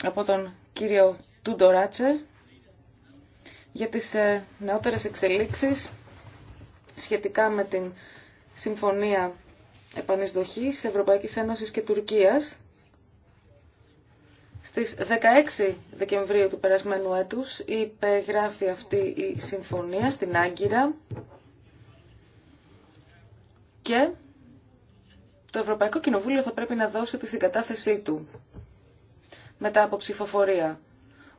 από τον κύριο Τούντοράτσε για τις ε, νεότερες εξελίξεις σχετικά με την Συμφωνία Επανεισδοχής Ευρωπαϊκής Ένωσης και Τουρκίας στις 16 Δεκεμβρίου του περασμένου έτους υπεγράφει αυτή η συμφωνία στην Άγκυρα και το Ευρωπαϊκό Κοινοβούλιο θα πρέπει να δώσει τη συγκατάθεσή του μετά από ψηφοφορία.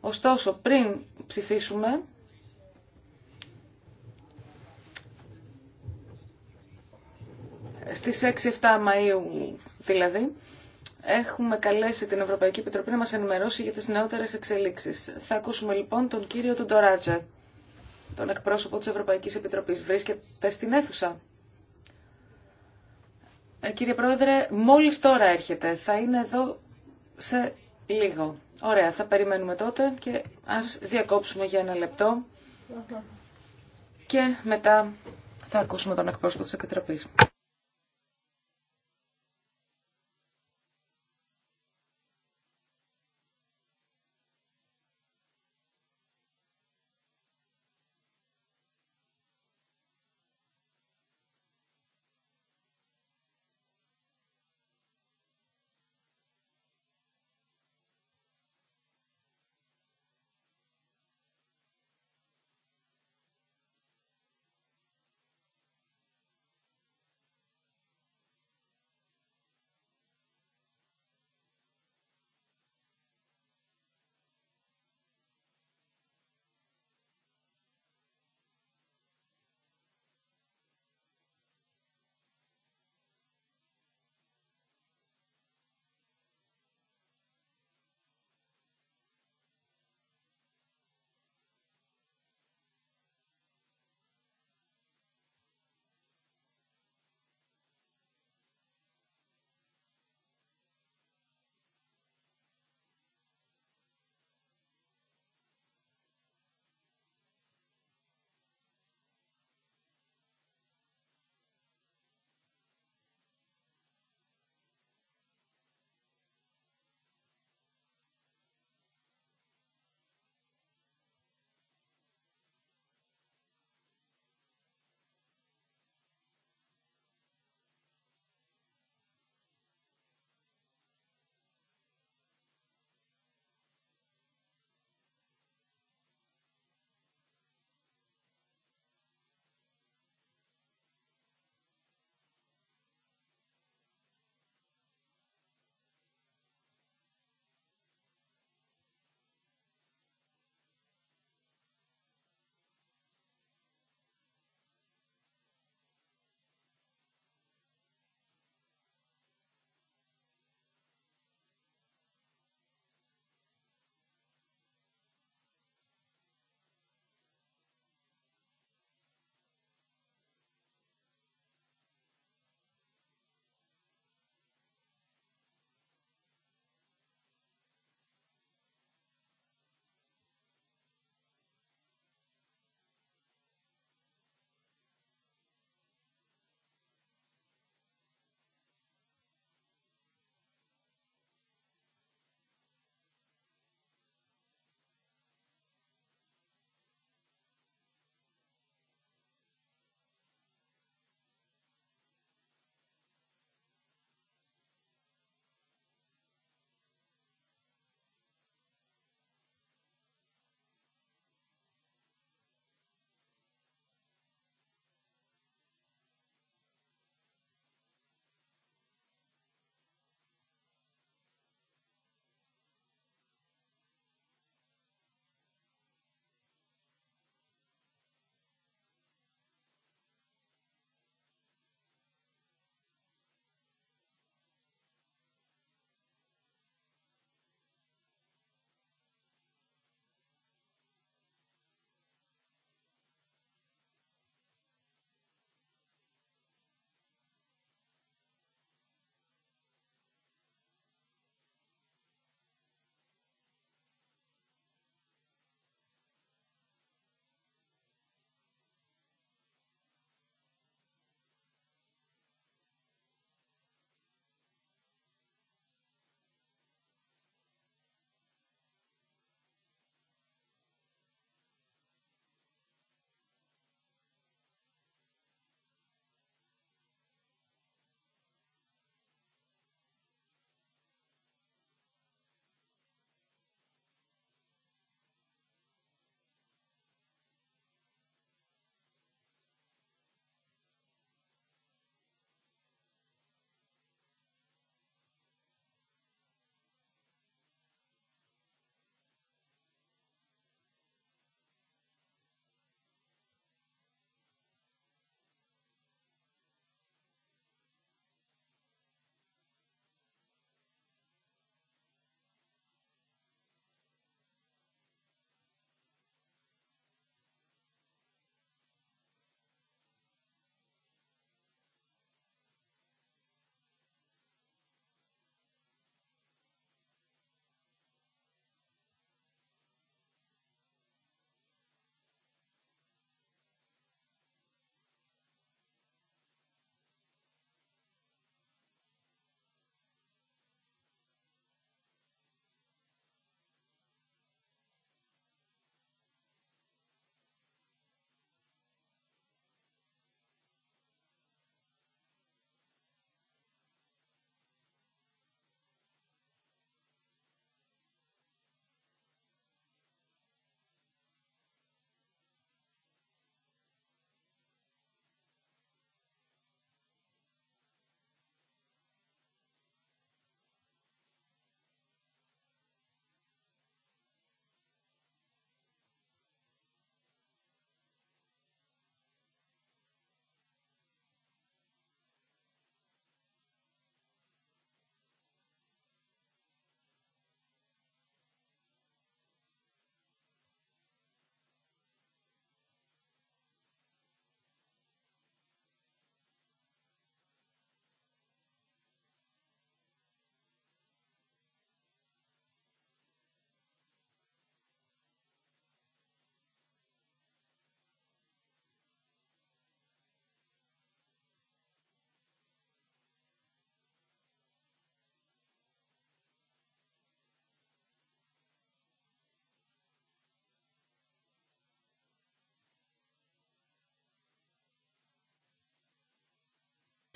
Ωστόσο, πριν ψηφίσουμε, στις 6-7 Μαΐου δηλαδή, έχουμε καλέσει την Ευρωπαϊκή Επιτροπή να μας ενημερώσει για τις νεότερες εξελίξεις. Θα ακούσουμε λοιπόν τον κύριο Τοντοράτζε, τον εκπρόσωπο της Ευρωπαϊκής Επιτροπής. Βρίσκεται στην αίθουσα. Ε, κύριε Πρόεδρε, μόλις τώρα έρχεται. Θα είναι εδώ σε λίγο. Ωραία, θα περιμένουμε τότε και ας διακόψουμε για ένα λεπτό και μετά θα ακούσουμε τον εκπρόσωπο της Επιτροπής.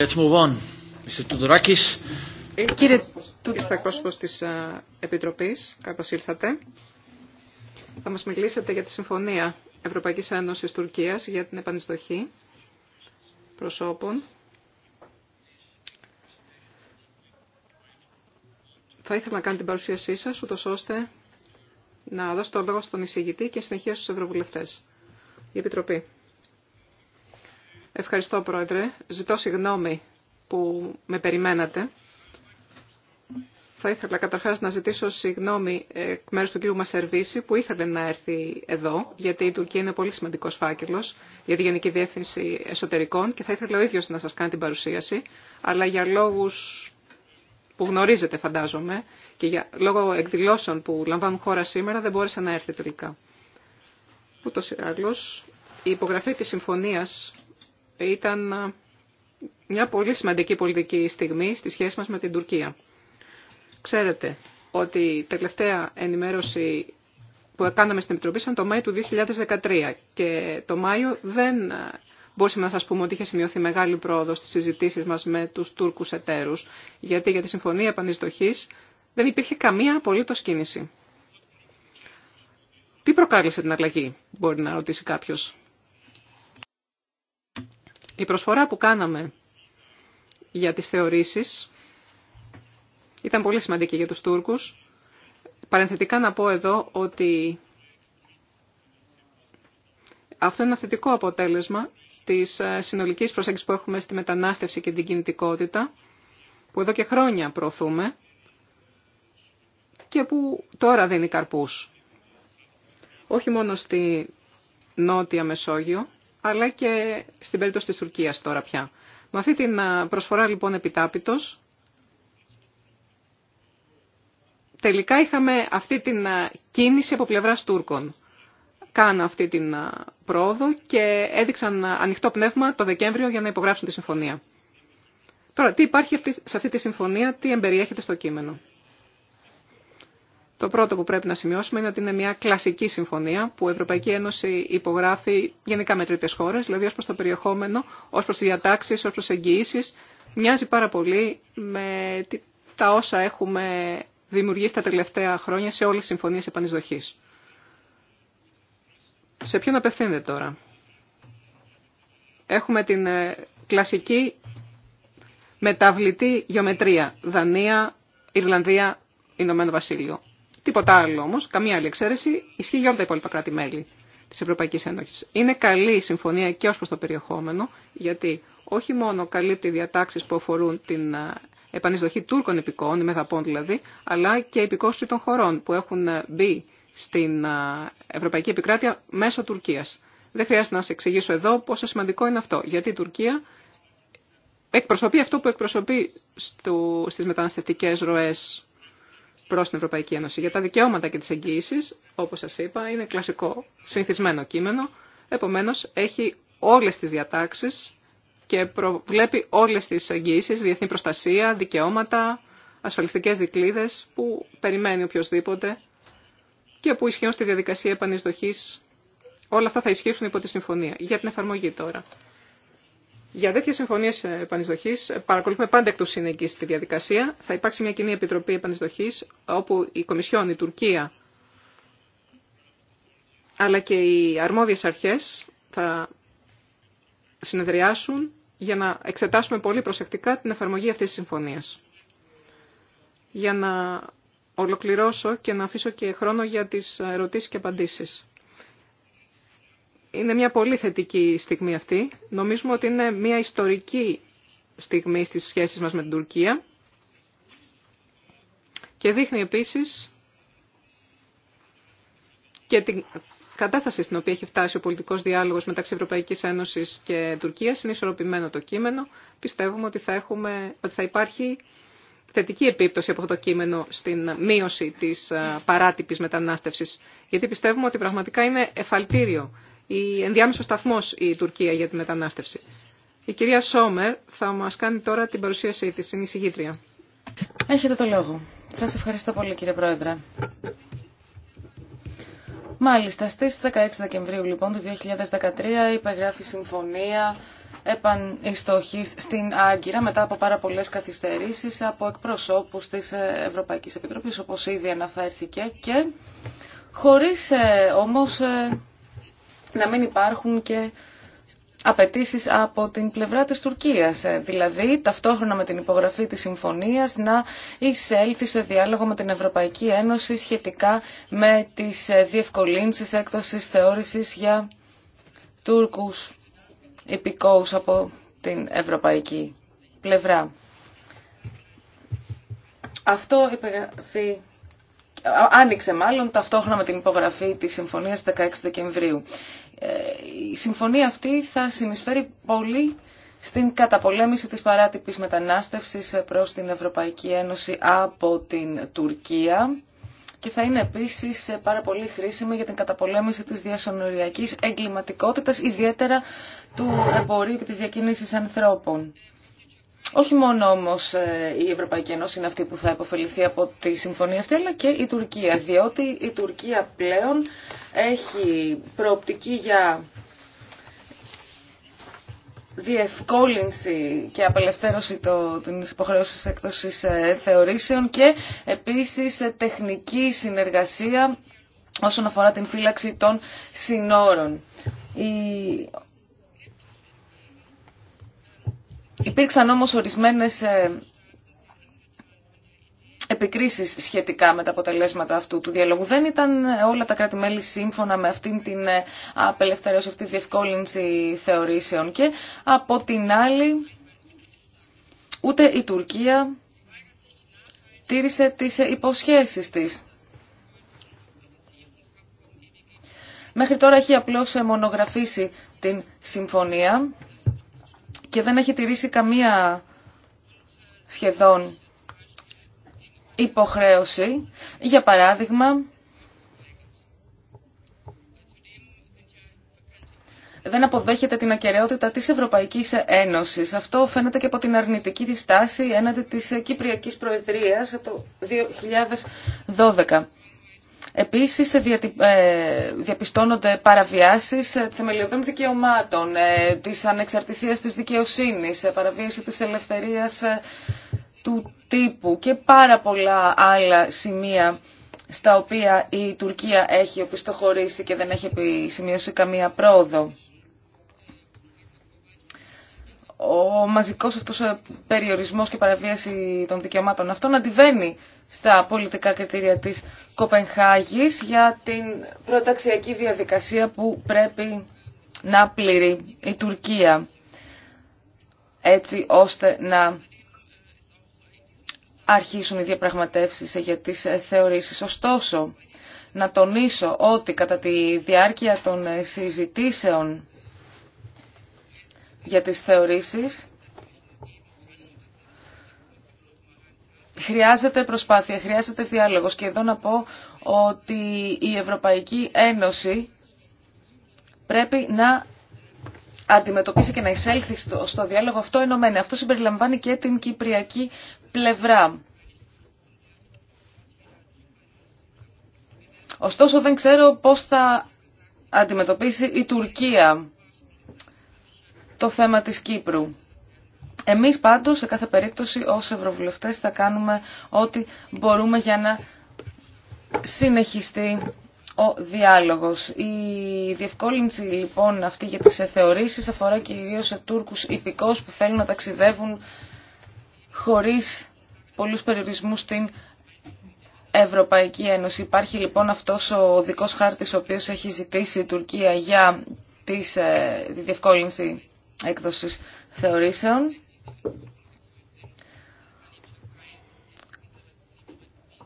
Let's move on. Mr. Κύριε Τούτου, εκπρόσωπο τη ε, Επιτροπή, καλώ ήρθατε. Θα μα μιλήσετε για τη Συμφωνία Ευρωπαϊκή Ένωση Τουρκία για την επανειστοχή προσώπων. Θα ήθελα να κάνω την παρουσίασή σα, ούτω ώστε να δώσω το λόγο στον εισηγητή και συνεχεία στου ευρωβουλευτέ. Η Επιτροπή. Ευχαριστώ, Πρόεδρε. Ζητώ συγγνώμη που με περιμένατε. Θα ήθελα καταρχάς να ζητήσω συγγνώμη εκ μέρους του κύριου Μασερβίση που ήθελε να έρθει εδώ, γιατί η Τουρκία είναι πολύ σημαντικός φάκελος για τη Γενική Διεύθυνση Εσωτερικών και θα ήθελε ο ίδιος να σας κάνει την παρουσίαση, αλλά για λόγους που γνωρίζετε φαντάζομαι και για, λόγω εκδηλώσεων που λαμβάνουν χώρα σήμερα δεν μπόρεσε να έρθει τελικά. Ούτως ή άλλως, η υπογραφή της συμφωνίας ήταν ε, μια πολύ σημαντική πολιτική στιγμή στη σχέση μας με την Τουρκία. Ξέρετε ότι η τελευταία ενημέρωση που κάναμε στην Επιτροπή ήταν το Μάιο του 2013 και το Μάιο δεν ε, μπορούσαμε να σας πούμε ότι είχε σημειωθεί μεγάλη πρόοδο στις συζητήσεις μας με τους Τούρκους εταίρους γιατί για τη Συμφωνία Επανειστοχής δεν υπήρχε καμία απολύτως κίνηση. Τι προκάλεσε την αλλαγή, μπορεί να ρωτήσει κάποιος. Η προσφορά που κάναμε για τις θεωρήσεις ήταν πολύ σημαντική για τους Τούρκους. Παρενθετικά να πω εδώ ότι αυτό είναι ένα θετικό αποτέλεσμα της ε, συνολικής προσέγγισης που έχουμε στη μετανάστευση και την κινητικότητα, που εδώ και χρόνια προωθούμε και που τώρα δίνει καρπούς. Όχι μόνο στη Νότια Μεσόγειο, αλλά και στην περίπτωση της Τουρκίας τώρα πια. Με αυτή την προσφορά λοιπόν επιτάπητος, τελικά είχαμε αυτή την κίνηση από πλευράς Τούρκων. Κάνα αυτή την πρόοδο και έδειξαν ανοιχτό πνεύμα το Δεκέμβριο για να υπογράψουν τη συμφωνία. Τώρα, τι υπάρχει σε αυτή τη συμφωνία, τι εμπεριέχεται στο κείμενο. Το πρώτο που πρέπει να σημειώσουμε είναι ότι είναι μια κλασική συμφωνία που η Ευρωπαϊκή Ένωση υπογράφει γενικά με τρίτε χώρε, δηλαδή ω προ το περιεχόμενο, ω προ τι διατάξει, ω προ εγγυήσει. Μοιάζει πάρα πολύ με τα όσα έχουμε δημιουργήσει τα τελευταία χρόνια σε όλε τι συμφωνίε επανεισδοχή. Σε ποιον απευθύνεται τώρα. Έχουμε την ε, κλασική μεταβλητή γεωμετρία. Δανία, Ιρλανδία, Ηνωμένο Βασίλειο. Τίποτα άλλο όμω, καμία άλλη εξαίρεση, ισχύει για όλα τα υπόλοιπα κράτη-μέλη τη Ευρωπαϊκή Ένωση. Είναι καλή η συμφωνία και ω προ το περιεχόμενο, γιατί όχι μόνο καλύπτει διατάξει που αφορούν την ε, επανεισδοχή Τούρκων υπηκών, μεταπών δηλαδή, αλλά και υπηκόσου των χωρών που έχουν ε, μπει στην ε, Ευρωπαϊκή Επικράτεια μέσω Τουρκία. Δεν χρειάζεται να σα εξηγήσω εδώ πόσο σημαντικό είναι αυτό, γιατί η Τουρκία εκπροσωπεί αυτό που εκπροσωπεί στι μεταναστευτικέ ροέ προ την Ευρωπαϊκή Ένωση. Για τα δικαιώματα και τι εγγύησει, όπω σα είπα, είναι κλασικό, συνηθισμένο κείμενο. Επομένω, έχει όλε τι διατάξει και προβλέπει όλε τι εγγύησει, διεθνή προστασία, δικαιώματα, ασφαλιστικέ δικλείδε που περιμένει οποιοδήποτε και που ισχύουν στη διαδικασία επανεισδοχή. Όλα αυτά θα ισχύσουν υπό τη συμφωνία. Για την εφαρμογή τώρα. Για τέτοιε συμφωνίε επανεισδοχή παρακολουθούμε πάντα εκ του τη διαδικασία. Θα υπάρξει μια κοινή επιτροπή επανεισδοχή όπου η Κομισιόν, η Τουρκία αλλά και οι αρμόδιες αρχές θα συνεδριάσουν για να εξετάσουμε πολύ προσεκτικά την εφαρμογή αυτής της συμφωνίας. Για να ολοκληρώσω και να αφήσω και χρόνο για τις ερωτήσεις και απαντήσεις είναι μια πολύ θετική στιγμή αυτή. Νομίζουμε ότι είναι μια ιστορική στιγμή στις σχέσεις μας με την Τουρκία και δείχνει επίσης και την κατάσταση στην οποία έχει φτάσει ο πολιτικός διάλογος μεταξύ Ευρωπαϊκής Ένωσης και Τουρκίας. Είναι ισορροπημένο το κείμενο. Πιστεύουμε ότι θα, έχουμε, ότι θα υπάρχει θετική επίπτωση από αυτό το κείμενο στην μείωση της ε, παράτυπης μετανάστευσης. Γιατί πιστεύουμε ότι πραγματικά είναι εφαλτήριο η ενδιάμεσο σταθμό η Τουρκία για τη μετανάστευση. Η κυρία Σόμερ θα μας κάνει τώρα την παρουσίασή της, είναι Έχετε το λόγο. Σας ευχαριστώ πολύ κύριε Πρόεδρε. Μάλιστα, στις 16 Δεκεμβρίου λοιπόν του 2013 υπεγράφει συμφωνία επανειστοχής στην Άγκυρα μετά από πάρα πολλέ καθυστερήσεις από εκπροσώπου τη Ευρωπαϊκή Επιτροπή, όπω ήδη αναφέρθηκε και χωρίς ε, όμως ε, να μην υπάρχουν και απαιτήσει από την πλευρά της Τουρκίας. Ε, δηλαδή, ταυτόχρονα με την υπογραφή της συμφωνίας να εισέλθει σε διάλογο με την Ευρωπαϊκή Ένωση σχετικά με τις ε, διευκολύνσεις έκδοσης θεώρησης για Τούρκους υπηκόους από την ευρωπαϊκή πλευρά. Αυτό υπεγραφή άνοιξε μάλλον ταυτόχρονα με την υπογραφή της Συμφωνίας 16 Δεκεμβρίου. Ε, η συμφωνία αυτή θα συνεισφέρει πολύ στην καταπολέμηση της παράτυπης μετανάστευσης προς την Ευρωπαϊκή Ένωση από την Τουρκία και θα είναι επίσης πάρα πολύ χρήσιμη για την καταπολέμηση της διασωνοριακής εγκληματικότητας, ιδιαίτερα του εμπορίου και της διακίνησης ανθρώπων. Όχι μόνο όμως ε, η Ευρωπαϊκή Ένωση είναι αυτή που θα υποφεληθεί από τη συμφωνία αυτή, αλλά και η Τουρκία, διότι η Τουρκία πλέον έχει προοπτική για διευκόλυνση και απελευθέρωση το, της έκδοση έκδοσης ε, θεωρήσεων και επίσης ε, τεχνική συνεργασία όσον αφορά την φύλαξη των συνόρων. Η Υπήρξαν όμως ορισμένες ε, επικρίσεις σχετικά με τα αποτελέσματα αυτού του διαλόγου. Δεν ήταν ε, όλα τα κράτη-μέλη σύμφωνα με αυτήν την ε, απελευθερώση, αυτή τη διευκόλυνση θεωρήσεων και από την άλλη ούτε η Τουρκία τήρησε τις υποσχέσεις της. Μέχρι τώρα έχει απλώς μονογραφήσει την συμφωνία και δεν έχει τηρήσει καμία σχεδόν υποχρέωση. Για παράδειγμα, δεν αποδέχεται την ακαιρεότητα της Ευρωπαϊκής Ένωσης. Αυτό φαίνεται και από την αρνητική της στάση έναντι της Κυπριακής Προεδρίας το 2012. Επίσης ε, ε, διαπιστώνονται παραβιάσεις ε, θεμελιωδών δικαιωμάτων, της ανεξαρτησίας της δικαιοσύνης, παραβίαση της ελευθερίας του τύπου και πάρα πολλά άλλα σημεία στα οποία η Τουρκία έχει οπισθοχωρήσει και δεν έχει σημειώσει καμία πρόοδο. Ο μαζικός αυτός περιορισμός και παραβίαση των δικαιωμάτων αυτών αντιβαίνει στα πολιτικά κριτήρια της Κοπενχάγης για την προταξιακή διαδικασία που πρέπει να πληρεί η Τουρκία έτσι ώστε να αρχίσουν οι διαπραγματεύσεις για τις θεωρήσεις. Ωστόσο, να τονίσω ότι κατά τη διάρκεια των συζητήσεων για τις θεωρήσεις Χρειάζεται προσπάθεια, χρειάζεται διάλογος και εδώ να πω ότι η Ευρωπαϊκή Ένωση πρέπει να αντιμετωπίσει και να εισέλθει στο, στο διάλογο αυτό ενωμένο. Αυτό συμπεριλαμβάνει και την κυπριακή πλευρά. Ωστόσο δεν ξέρω πώς θα αντιμετωπίσει η Τουρκία το θέμα της Κύπρου. Εμείς πάντως σε κάθε περίπτωση ως ευρωβουλευτές θα κάνουμε ό,τι μπορούμε για να συνεχιστεί ο διάλογος. Η διευκόλυνση λοιπόν αυτή για τις εθεωρήσεις αφορά κυρίως σε Τούρκους υπηκός που θέλουν να ταξιδεύουν χωρίς πολλούς περιορισμούς στην Ευρωπαϊκή Ένωση. Υπάρχει λοιπόν αυτός ο δικός χάρτης ο οποίος έχει ζητήσει η Τουρκία για ε, τη διευκόλυνση έκδοσης θεωρήσεων.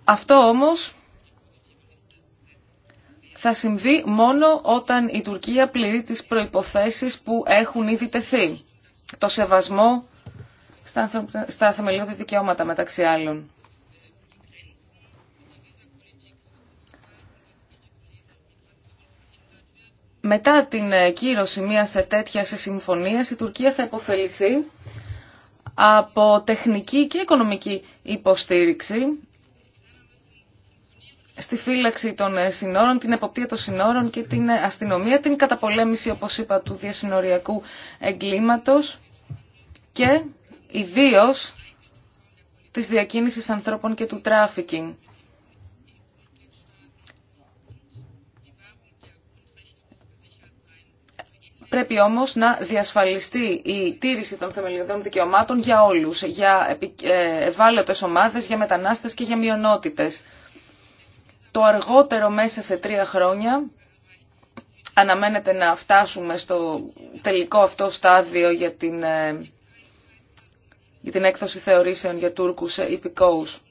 Αυτό όμως θα συμβεί μόνο όταν η Τουρκία πληρεί τις προϋποθέσεις που έχουν ήδη τεθεί. Το σεβασμό στα θεμελιώδη δικαιώματα μεταξύ άλλων. Μετά την ε, κύρωση μιας τέτοιας συμφωνίας η Τουρκία θα υποφεληθεί από τεχνική και οικονομική υποστήριξη στη φύλαξη των ε, συνόρων, την εποπτεία των συνόρων και την ε, αστυνομία, την καταπολέμηση, όπως είπα, του διασυνοριακού εγκλήματος και ιδίως της διακίνησης ανθρώπων και του τράφικινγκ. Πρέπει όμως να διασφαλιστεί η τήρηση των θεμελιωδών δικαιωμάτων για όλους, για ε, ευάλωτες ομάδες, για μετανάστες και για μειονότητες. Το αργότερο μέσα σε τρία χρόνια αναμένεται να φτάσουμε στο τελικό αυτό στάδιο για την, ε, για την έκδοση θεωρήσεων για Τούρκους ε, υπηκόους.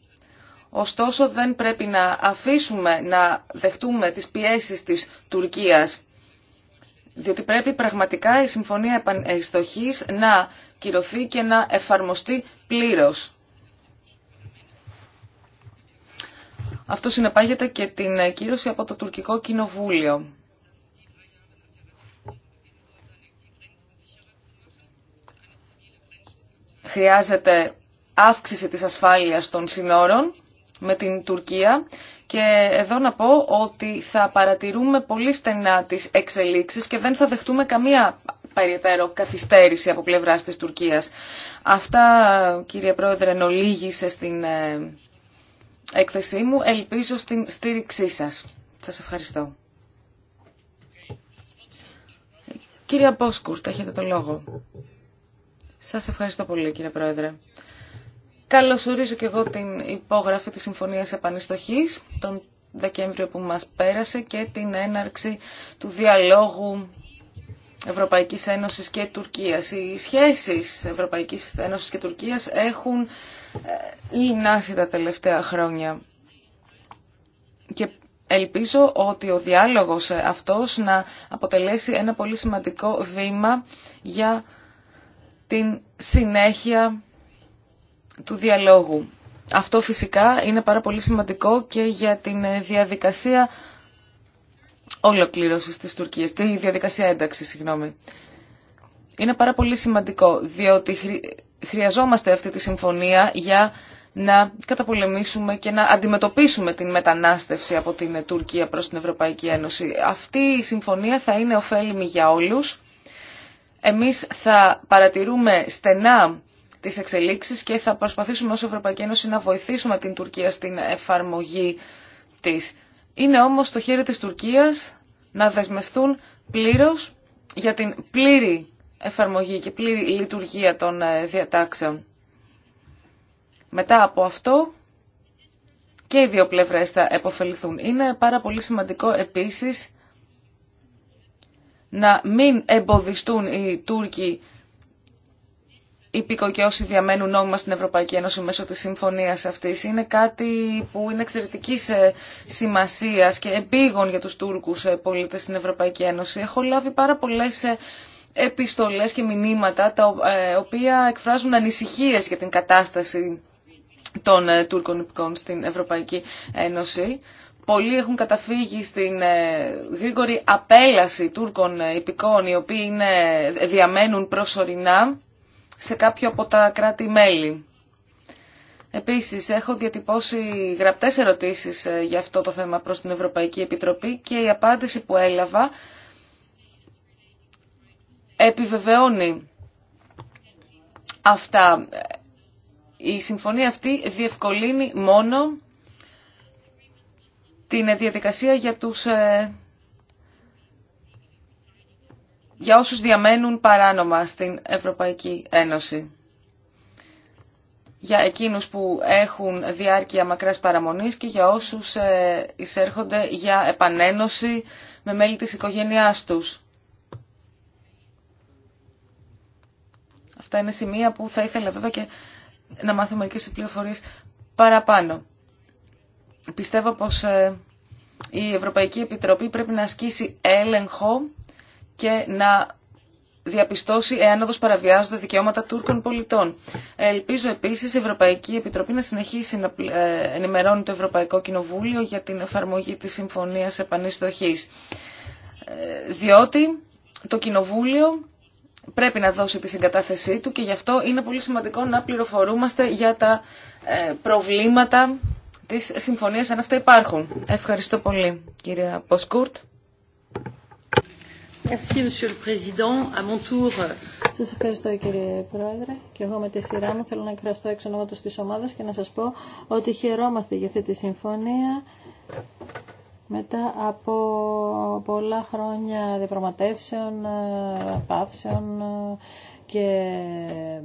Ωστόσο δεν πρέπει να αφήσουμε να δεχτούμε τις πιέσεις της Τουρκίας διότι πρέπει πραγματικά η Συμφωνία Επανεστοχής να κυρωθεί και να εφαρμοστεί πλήρως. Αυτό συνεπάγεται και την ε, κύρωση από το τουρκικό κοινοβούλιο. Χρειάζεται αύξηση της ασφάλειας των συνόρων με την Τουρκία και εδώ να πω ότι θα παρατηρούμε πολύ στενά τις εξελίξεις και δεν θα δεχτούμε καμία περιττέρω καθυστέρηση από πλευράς της Τουρκίας. Αυτά κύριε Πρόεδρε νολίγησε στην ε, έκθεσή μου. Ελπίζω στην στήριξή σας. Σας ευχαριστώ. Κύριε Απόσκουρτ, έχετε το λόγο. Σας ευχαριστώ πολύ κύριε Πρόεδρε. Καλωσορίζω και εγώ την υπόγραφη της Συμφωνίας Επανιστοχής τον Δεκέμβριο που μας πέρασε και την έναρξη του διαλόγου Ευρωπαϊκής Ένωσης και Τουρκίας. Οι σχέσεις Ευρωπαϊκής Ένωσης και Τουρκίας έχουν ε, λινάσει τα τελευταία χρόνια. Και ελπίζω ότι ο διάλογος ε, αυτός να αποτελέσει ένα πολύ σημαντικό βήμα για την συνέχεια του διαλόγου. Αυτό φυσικά είναι πάρα πολύ σημαντικό και για την ε, διαδικασία ολοκλήρωσης της Τουρκίας, τη διαδικασία ένταξης, συγγνώμη. Είναι πάρα πολύ σημαντικό, διότι χρειαζόμαστε αυτή τη συμφωνία για να καταπολεμήσουμε και να αντιμετωπίσουμε την μετανάστευση από την Τουρκία προς την Ευρωπαϊκή Ένωση. Αυτή η συμφωνία θα είναι ωφέλιμη για όλους. Εμείς θα παρατηρούμε στενά εξελίξεις και θα προσπαθήσουμε ως Ευρωπαϊκή Ένωση να βοηθήσουμε την Τουρκία στην εφαρμογή της. Είναι όμως το χέρι της Τουρκίας να δεσμευτούν πλήρως για την πλήρη εφαρμογή και πλήρη λειτουργία των ε, διατάξεων. Μετά από αυτό και οι δύο πλευρές θα επωφεληθούν. Είναι πάρα πολύ σημαντικό επίσης να μην εμποδιστούν οι Τούρκοι υπήκοοι και όσοι διαμένουν νόμιμα στην Ευρωπαϊκή Ένωση μέσω της συμφωνίας αυτής είναι κάτι που είναι εξαιρετική σημασίας και επίγον για τους Τούρκους ε, πολίτες στην Ευρωπαϊκή Ένωση. Έχω λάβει πάρα πολλές ε, επιστολές και μηνύματα τα ε, οποία εκφράζουν ανησυχίες για την κατάσταση των Τούρκων υπηκών στην Ευρωπαϊκή Ένωση. Πολλοί έχουν καταφύγει στην γρήγορη απέλαση Τούρκων υπηκών οι οποίοι είναι, διαμένουν προσωρινά σε κάποιο από τα κράτη-μέλη. Επίσης, έχω διατυπώσει γραπτές ερωτήσεις ε, για αυτό το θέμα προς την Ευρωπαϊκή Επιτροπή και η απάντηση που έλαβα επιβεβαιώνει αυτά. Η συμφωνία αυτή διευκολύνει μόνο την διαδικασία για τους ε, για όσους διαμένουν παράνομα στην Ευρωπαϊκή Ένωση. Για εκείνους που έχουν διάρκεια μακράς παραμονής και για όσους ε, εισέρχονται για επανένωση με μέλη της οικογένειάς τους. Αυτά είναι σημεία που θα ήθελα βέβαια και να μάθω μερικές πληροφορίες παραπάνω. Πιστεύω πως ε, η Ευρωπαϊκή Επιτροπή πρέπει να ασκήσει έλεγχο και να διαπιστώσει εάν όντως παραβιάζονται δικαιώματα Τούρκων πολιτών. Ελπίζω επίσης η Ευρωπαϊκή Επιτροπή να συνεχίσει να ε, ενημερώνει το Ευρωπαϊκό Κοινοβούλιο για την εφαρμογή της Συμφωνίας Επανιστοχής. Ε, διότι το Κοινοβούλιο πρέπει να δώσει τη συγκατάθεσή του και γι' αυτό είναι πολύ σημαντικό να πληροφορούμαστε για τα ε, προβλήματα της συμφωνίας αν αυτά υπάρχουν. Ευχαριστώ πολύ κυρία Ποσκούρτ. Σα euh, Σας ευχαριστώ κύριε Πρόεδρε και εγώ με τη σειρά μου θέλω να εκφραστώ εξ ονόματος της ομάδας και να σας πω ότι χαιρόμαστε για αυτή τη συμφωνία μετά από πολλά χρόνια διαπραγματεύσεων, ε, παύσεων ε, και ε,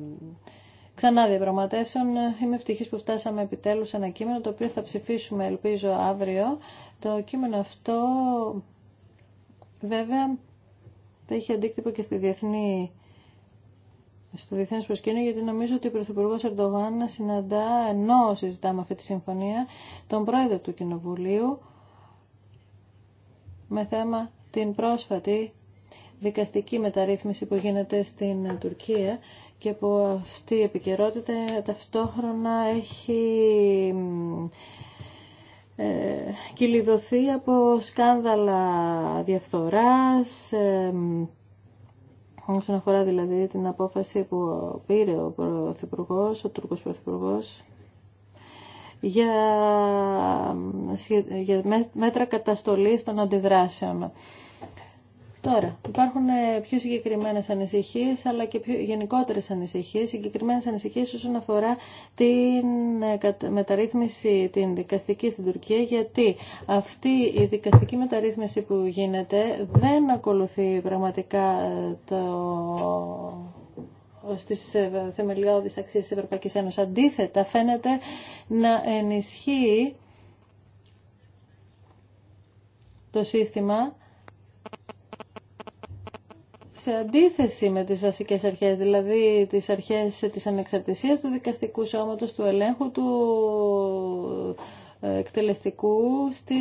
ξανά διαπραγματεύσεων. Είμαι ευτυχής που φτάσαμε επιτέλους σε ένα κείμενο το οποίο θα ψηφίσουμε ελπίζω αύριο. Το κείμενο αυτό βέβαια θα είχε αντίκτυπο και στη διεθνή στο διεθνές προσκήνιο, γιατί νομίζω ότι ο Πρωθυπουργό Ερντογάν συναντά, ενώ συζητάμε αυτή τη συμφωνία, τον πρόεδρο του Κοινοβουλίου με θέμα την πρόσφατη δικαστική μεταρρύθμιση που γίνεται στην Τουρκία και που αυτή η επικαιρότητα ταυτόχρονα έχει ε, κυλιδωθεί από σκάνδαλα διαφθοράς, ε, όσον αφορά δηλαδή την απόφαση που πήρε ο Πρωθυπουργός, ο Τούρκος Πρωθυπουργός, για, ε, για μέτρα καταστολής των αντιδράσεων. Τώρα, υπάρχουν ε, πιο συγκεκριμένε ανησυχίε, αλλά και πιο γενικότερε ανησυχίε, συγκεκριμένε ανησυχίε όσον αφορά την ε, μεταρρύθμιση την δικαστική στην Τουρκία, γιατί αυτή η δικαστική μεταρρύθμιση που γίνεται δεν ακολουθεί πραγματικά ε, το στις θεμελιώδεις αξίες της Ευρωπαϊκής Ένωσης. Αντίθετα, φαίνεται να ενισχύει το σύστημα σε αντίθεση με τις βασικές αρχές, δηλαδή τις αρχές της ανεξαρτησίας του δικαστικού σώματος, του ελέγχου του ε, εκτελεστικού στη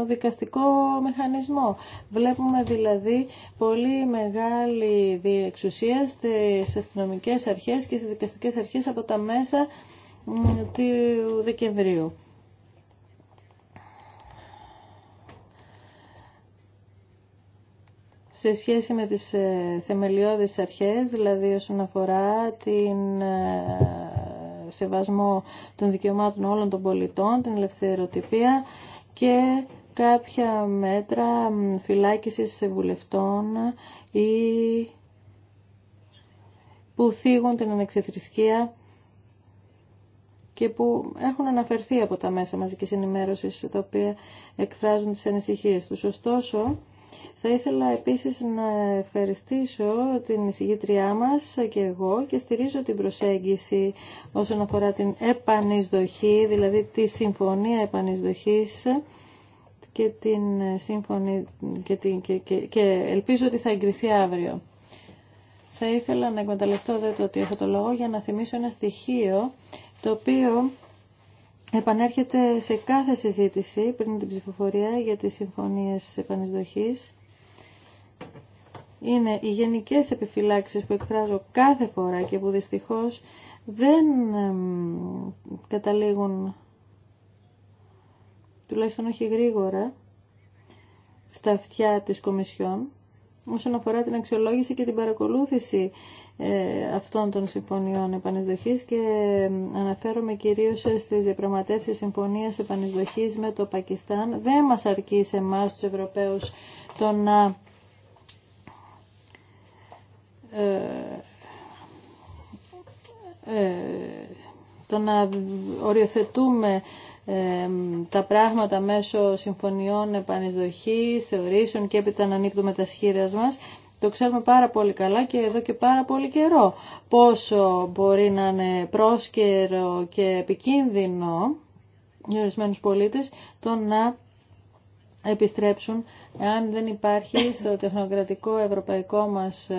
ε, δικαστικό μηχανισμό. Βλέπουμε δηλαδή πολύ μεγάλη διεξουσία στις αστυνομικές αρχές και στις δικαστικές αρχές από τα μέσα του Δεκεμβρίου. σε σχέση με τις ε, θεμελιώδεις αρχές, δηλαδή όσον αφορά την ε, σεβασμό των δικαιωμάτων όλων των πολιτών, την ελευθεροτυπία και κάποια μέτρα φυλάκισης βουλευτών ή που θίγουν την ανεξιθρησκεία και που έχουν αναφερθεί από τα μέσα μαζικής ενημέρωσης, τα οποία εκφράζουν τις ανησυχίες τους. Ωστόσο, θα ήθελα επίσης να ευχαριστήσω την εισηγήτριά μας και εγώ και στηρίζω την προσέγγιση όσον αφορά την επανεισδοχή, δηλαδή τη συμφωνία επανεισδοχής και, την σύμφωνη, και, την, και, ελπίζω ότι θα εγκριθεί αύριο. Θα ήθελα να εκμεταλλευτώ δε το ότι έχω το λόγο για να θυμίσω ένα στοιχείο το οποίο επανέρχεται σε κάθε συζήτηση πριν την ψηφοφορία για τις συμφωνίες επανεισδοχής είναι οι γενικές επιφυλάξεις που εκφράζω κάθε φορά και που δυστυχώς δεν καταλήγουν, τουλάχιστον όχι γρήγορα, στα αυτιά της Κομισιόν όσον αφορά την αξιολόγηση και την παρακολούθηση ε, αυτών των συμφωνιών επανεισδοχής και ε, αναφέρομαι κυρίως στις διαπραγματεύσει συμφωνίας επανεισδοχής με το Πακιστάν. Δεν μας αρκεί σε εμάς τους Ευρωπαίους το να ε, το οριοθετούμε τα πράγματα μέσω συμφωνιών επανεισδοχής, θεωρήσεων και έπειτα να ανοίγουμε τα σχήρας μας. Το ξέρουμε πάρα πολύ καλά και εδώ και πάρα πολύ καιρό πόσο μπορεί να είναι πρόσκαιρο και επικίνδυνο για ορισμένους πολίτες το να επιστρέψουν αν δεν υπάρχει στο τεχνοκρατικό ευρωπαϊκό μας ε,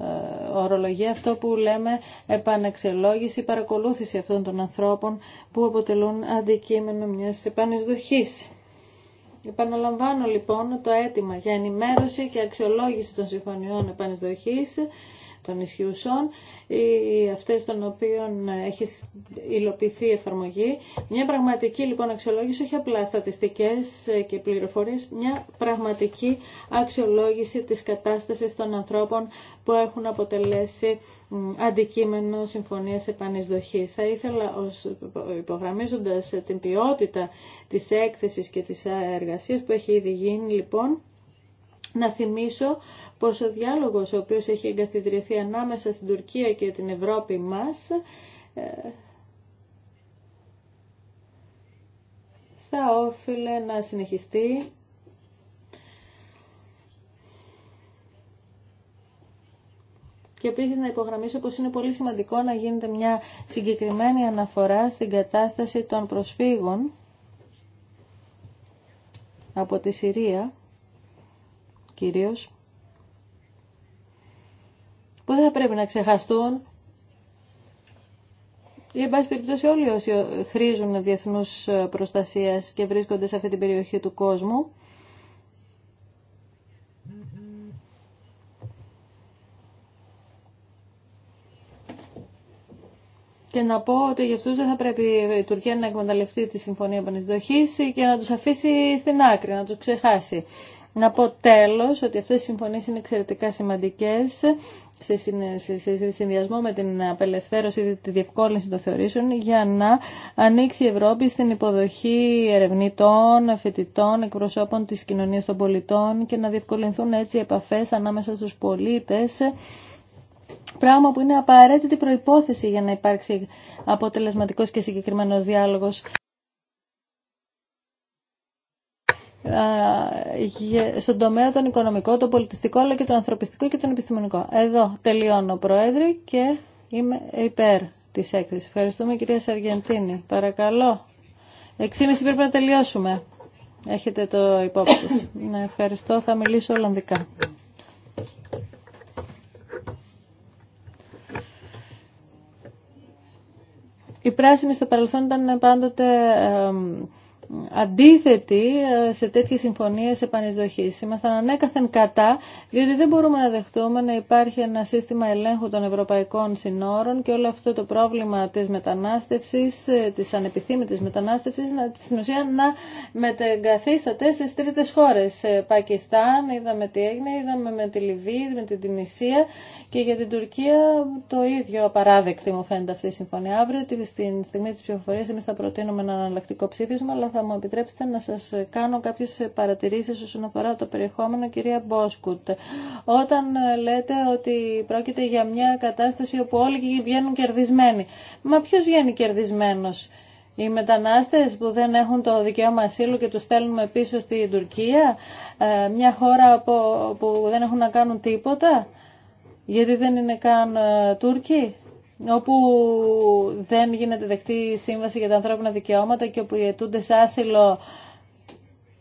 ε, ορολογία αυτό που λέμε επαναξελόγηση, παρακολούθηση αυτών των ανθρώπων που αποτελούν αντικείμενο μιας επανεισδοχής. Επαναλαμβάνω λοιπόν το αίτημα για ενημέρωση και αξιολόγηση των συμφωνιών επανεισδοχής των ισχυουσών ή αυτές των οποίων έχει υλοποιηθεί η εφαρμογή. Μια πραγματική λοιπόν αξιολόγηση, όχι απλά στατιστικές ε, και πληροφορίες, μια πραγματική αξιολόγηση της κατάστασης των ανθρώπων που έχουν αποτελέσει αντικείμενο συμφωνίας επανεισδοχής. Θα ήθελα, υπογραμμίζοντας την ποιότητα της έκθεσης και της ε, εργασίας που έχει ήδη γίνει, λοιπόν, να θυμίσω πως ο διάλογος ο οποίος έχει εγκαθιδρυθεί ανάμεσα στην Τουρκία και την Ευρώπη μας ε, θα όφιλε να συνεχιστεί Και επίση να υπογραμμίσω πως είναι πολύ σημαντικό να γίνεται μια συγκεκριμένη αναφορά στην κατάσταση των προσφύγων από τη Συρία. Κύριος, που δεν θα πρέπει να ξεχαστούν ή εν πάση περιπτώσει όλοι όσοι χρήζουν διεθνούς ε, προστασίας και βρίσκονται σε αυτή την περιοχή του κόσμου. Και να πω ότι για αυτούς δεν θα πρέπει η Τουρκία να εκμεταλλευτεί τη Συμφωνία Επανεισδοχής και να τους αφήσει στην άκρη, να τους ξεχάσει. Να πω τέλος ότι αυτές οι συμφωνίες είναι εξαιρετικά σημαντικές σε συνδυασμό με την απελευθέρωση ή τη διευκόλυνση των θεωρήσεων για να ανοίξει η Ευρώπη στην υποδοχή ερευνητών, φοιτητών, εκπροσώπων της κοινωνίας των πολιτών και να διευκολυνθούν έτσι οι επαφές ανάμεσα στους πολίτες πράγμα που είναι απαραίτητη προϋπόθεση για να υπάρξει αποτελεσματικός και συγκεκριμένος διάλογος. Ε, στον τομέα τον οικονομικό, τον πολιτιστικό, αλλά και τον ανθρωπιστικό και τον επιστημονικό. Εδώ τελειώνω, Προέδρε, και είμαι υπέρ της έκθεσης. Ευχαριστούμε, κυρία Σαργεντίνη. Παρακαλώ. Εξήμιση πρέπει να τελειώσουμε. Έχετε το υπόψη Ναι, ευχαριστώ. Θα μιλήσω Ολλανδικά. Οι πράσινοι στο παρελθόν ήταν πάντοτε αντίθετοι ε, σε τέτοιες συμφωνίες επανεισδοχής. Ήμασταν ανέκαθεν κατά, διότι δεν μπορούμε να δεχτούμε να υπάρχει ένα σύστημα ελέγχου των ευρωπαϊκών συνόρων και όλο αυτό το πρόβλημα της μετανάστευσης, ε, της ανεπιθύμητης μετανάστευσης, να, στην ουσία να μετεγκαθίσταται στις τρίτες χώρες. Πακιστάν, είδαμε τι έγινε, είδαμε με τη Λιβύη, με την Τινησία και για την Τουρκία το ίδιο απαράδεκτη μου φαίνεται αυτή η συμφωνία. Αύριο, στην στιγμή της ψηφοφορίας, εμείς θα προτείνουμε ένα αναλλακτικό ψήφισμα, αλλά θα μου επιτρέψετε να σας κάνω κάποιες παρατηρήσεις όσον αφορά το περιεχόμενο, κυρία Μπόσκουτ. Όταν λέτε ότι πρόκειται για μια κατάσταση όπου όλοι βγαίνουν κερδισμένοι. Μα ποιος βγαίνει κερδισμένος. Οι μετανάστες που δεν έχουν το δικαίωμα ασύλου και τους στέλνουμε πίσω στην Τουρκία, ε, μια χώρα που δεν έχουν να κάνουν τίποτα, γιατί δεν είναι καν ε, Τούρκοι όπου δεν γίνεται δεκτή η Σύμβαση για τα Ανθρώπινα Δικαιώματα και όπου οι σε άσυλο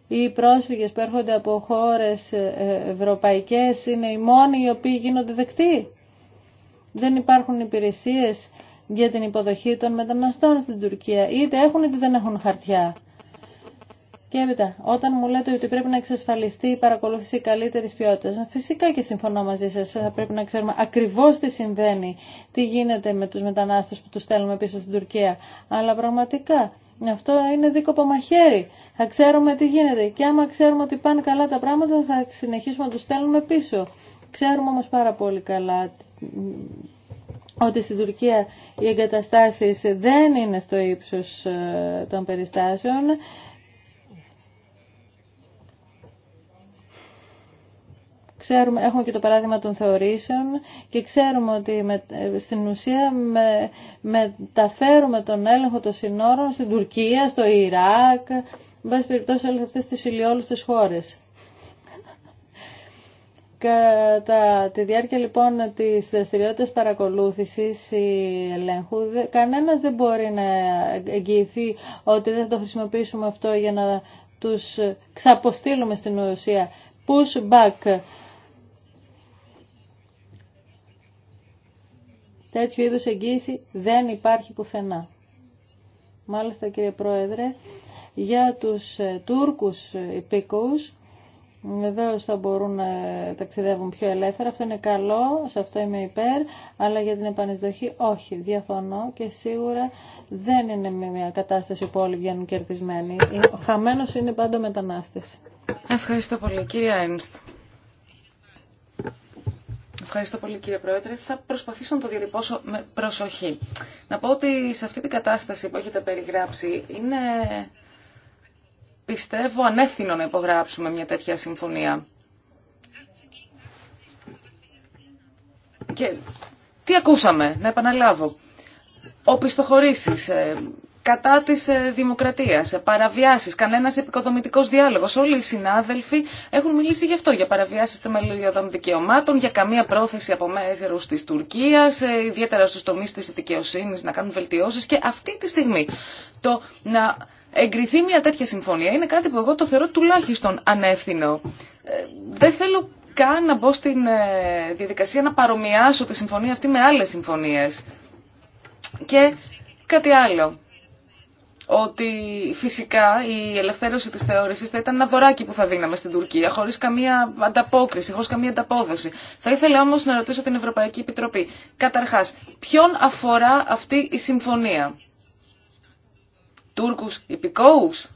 οι πρόσφυγες που έρχονται από χώρες ε, ευρωπαϊκές είναι οι μόνοι οι οποίοι γίνονται δεκτοί. Δεν υπάρχουν υπηρεσίες για την υποδοχή των μεταναστών στην Τουρκία. Είτε έχουν είτε δεν έχουν χαρτιά. Και έπειτα, όταν μου λέτε ότι πρέπει να εξασφαλιστεί η παρακολούθηση καλύτερη ποιότητα, φυσικά και συμφωνώ μαζί σα, θα πρέπει να ξέρουμε ακριβώ τι συμβαίνει, τι γίνεται με του μετανάστε που του στέλνουμε πίσω στην Τουρκία. Αλλά πραγματικά αυτό είναι δίκοπο μαχαίρι. Θα ξέρουμε τι γίνεται. Και άμα ξέρουμε ότι πάνε καλά τα πράγματα, θα συνεχίσουμε να του στέλνουμε πίσω. Ξέρουμε όμω πάρα πολύ καλά ότι στην Τουρκία οι εγκαταστάσεις δεν είναι στο ύψος ε, των περιστάσεων Ξέρουμε, έχουμε και το παράδειγμα των θεωρήσεων και ξέρουμε ότι με, στην ουσία μεταφέρουμε τον έλεγχο των συνόρων στην Τουρκία, στο Ιράκ, εν πάση περιπτώσει όλες αυτές τις ηλιόλουστες χώρες. Κατά τη διάρκεια λοιπόν της δραστηριότητα παρακολούθησης ή ελέγχου, κανένας δεν μπορεί να εγγυηθεί ότι δεν θα το χρησιμοποιήσουμε αυτό για να τους ξαποστείλουμε στην ουσία push back Τέτοιου είδους εγγύηση δεν υπάρχει πουθενά. Μάλιστα κύριε Πρόεδρε, για τους ε, Τούρκους ε, υπήκοους Βεβαίω θα μπορούν να ταξιδεύουν πιο ελεύθερα. Αυτό είναι καλό, σε αυτό είμαι υπέρ, αλλά για την επανεισδοχή όχι, διαφωνώ και σίγουρα δεν είναι μια κατάσταση που όλοι βγαίνουν κερδισμένοι. Ο χαμένος είναι πάντα μετανάστες. Ευχαριστώ πολύ. Κύριε Άινστ. Ευχαριστώ πολύ κύριε Πρόεδρε. Θα προσπαθήσω να το διατυπώσω με προσοχή. Να πω ότι σε αυτή την κατάσταση που έχετε περιγράψει είναι πιστεύω ανεύθυνο να υπογράψουμε μια τέτοια συμφωνία. Και τι ακούσαμε, να επαναλάβω. Οπισθοχωρήσεις, ε, κατά της ε, δημοκρατίας, παραβιάσεις, κανένας επικοδομητικός διάλογος. Όλοι οι συνάδελφοι έχουν μιλήσει γι' αυτό, για παραβιάσεις θεμελιωδών δικαιωμάτων, για καμία πρόθεση από μέρου της Τουρκίας, ε, ιδιαίτερα στους τομείς της δικαιοσύνης να κάνουν βελτιώσεις και αυτή τη στιγμή το να εγκριθεί μια τέτοια συμφωνία είναι κάτι που εγώ το θεωρώ τουλάχιστον ανεύθυνο. Ε, δεν θέλω καν να μπω στην διαδικασία να παρομοιάσω τη συμφωνία αυτή με άλλες συμφωνίες. Και κάτι άλλο ότι φυσικά η ελευθέρωση της θεώρησης θα ήταν ένα δωράκι που θα δίναμε στην Τουρκία, χωρίς καμία ανταπόκριση, χωρίς καμία ανταπόδοση. Θα ήθελα όμως να ρωτήσω την Ευρωπαϊκή Επιτροπή. Καταρχάς, ποιον αφορά αυτή η συμφωνία. Τούρκους υπηκόους.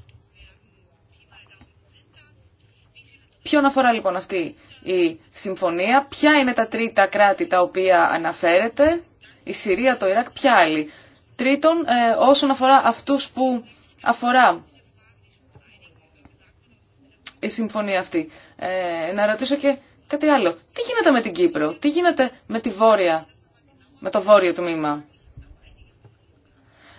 Ποιον αφορά λοιπόν αυτή η συμφωνία, ποια είναι τα τρίτα κράτη τα οποία αναφέρεται, η Συρία, το Ιράκ, ποια άλλη. Τρίτον, ε, όσον αφορά αυτούς που αφορά η συμφωνία αυτή, ε, να ρωτήσω και κάτι άλλο. Τι γίνεται με την Κύπρο, τι γίνεται με τη Βόρεια, με το Βόρειο τμήμα.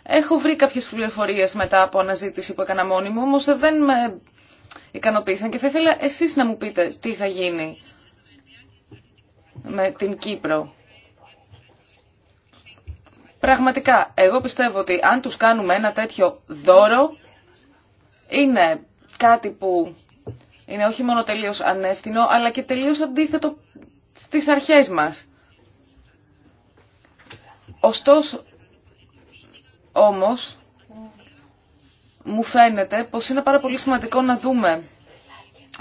Έχω βρει κάποιες πληροφορίες μετά από αναζήτηση που έκανα μόνη μου, όμως δεν με ικανοποίησαν και θα ήθελα εσείς να μου πείτε τι θα γίνει με την Κύπρο. Πραγματικά, εγώ πιστεύω ότι αν τους κάνουμε ένα τέτοιο δώρο, είναι κάτι που είναι όχι μόνο τελείως ανεύθυνο, αλλά και τελείως αντίθετο στις αρχές μας. Ωστόσο, όμως, μου φαίνεται πως είναι πάρα πολύ σημαντικό να δούμε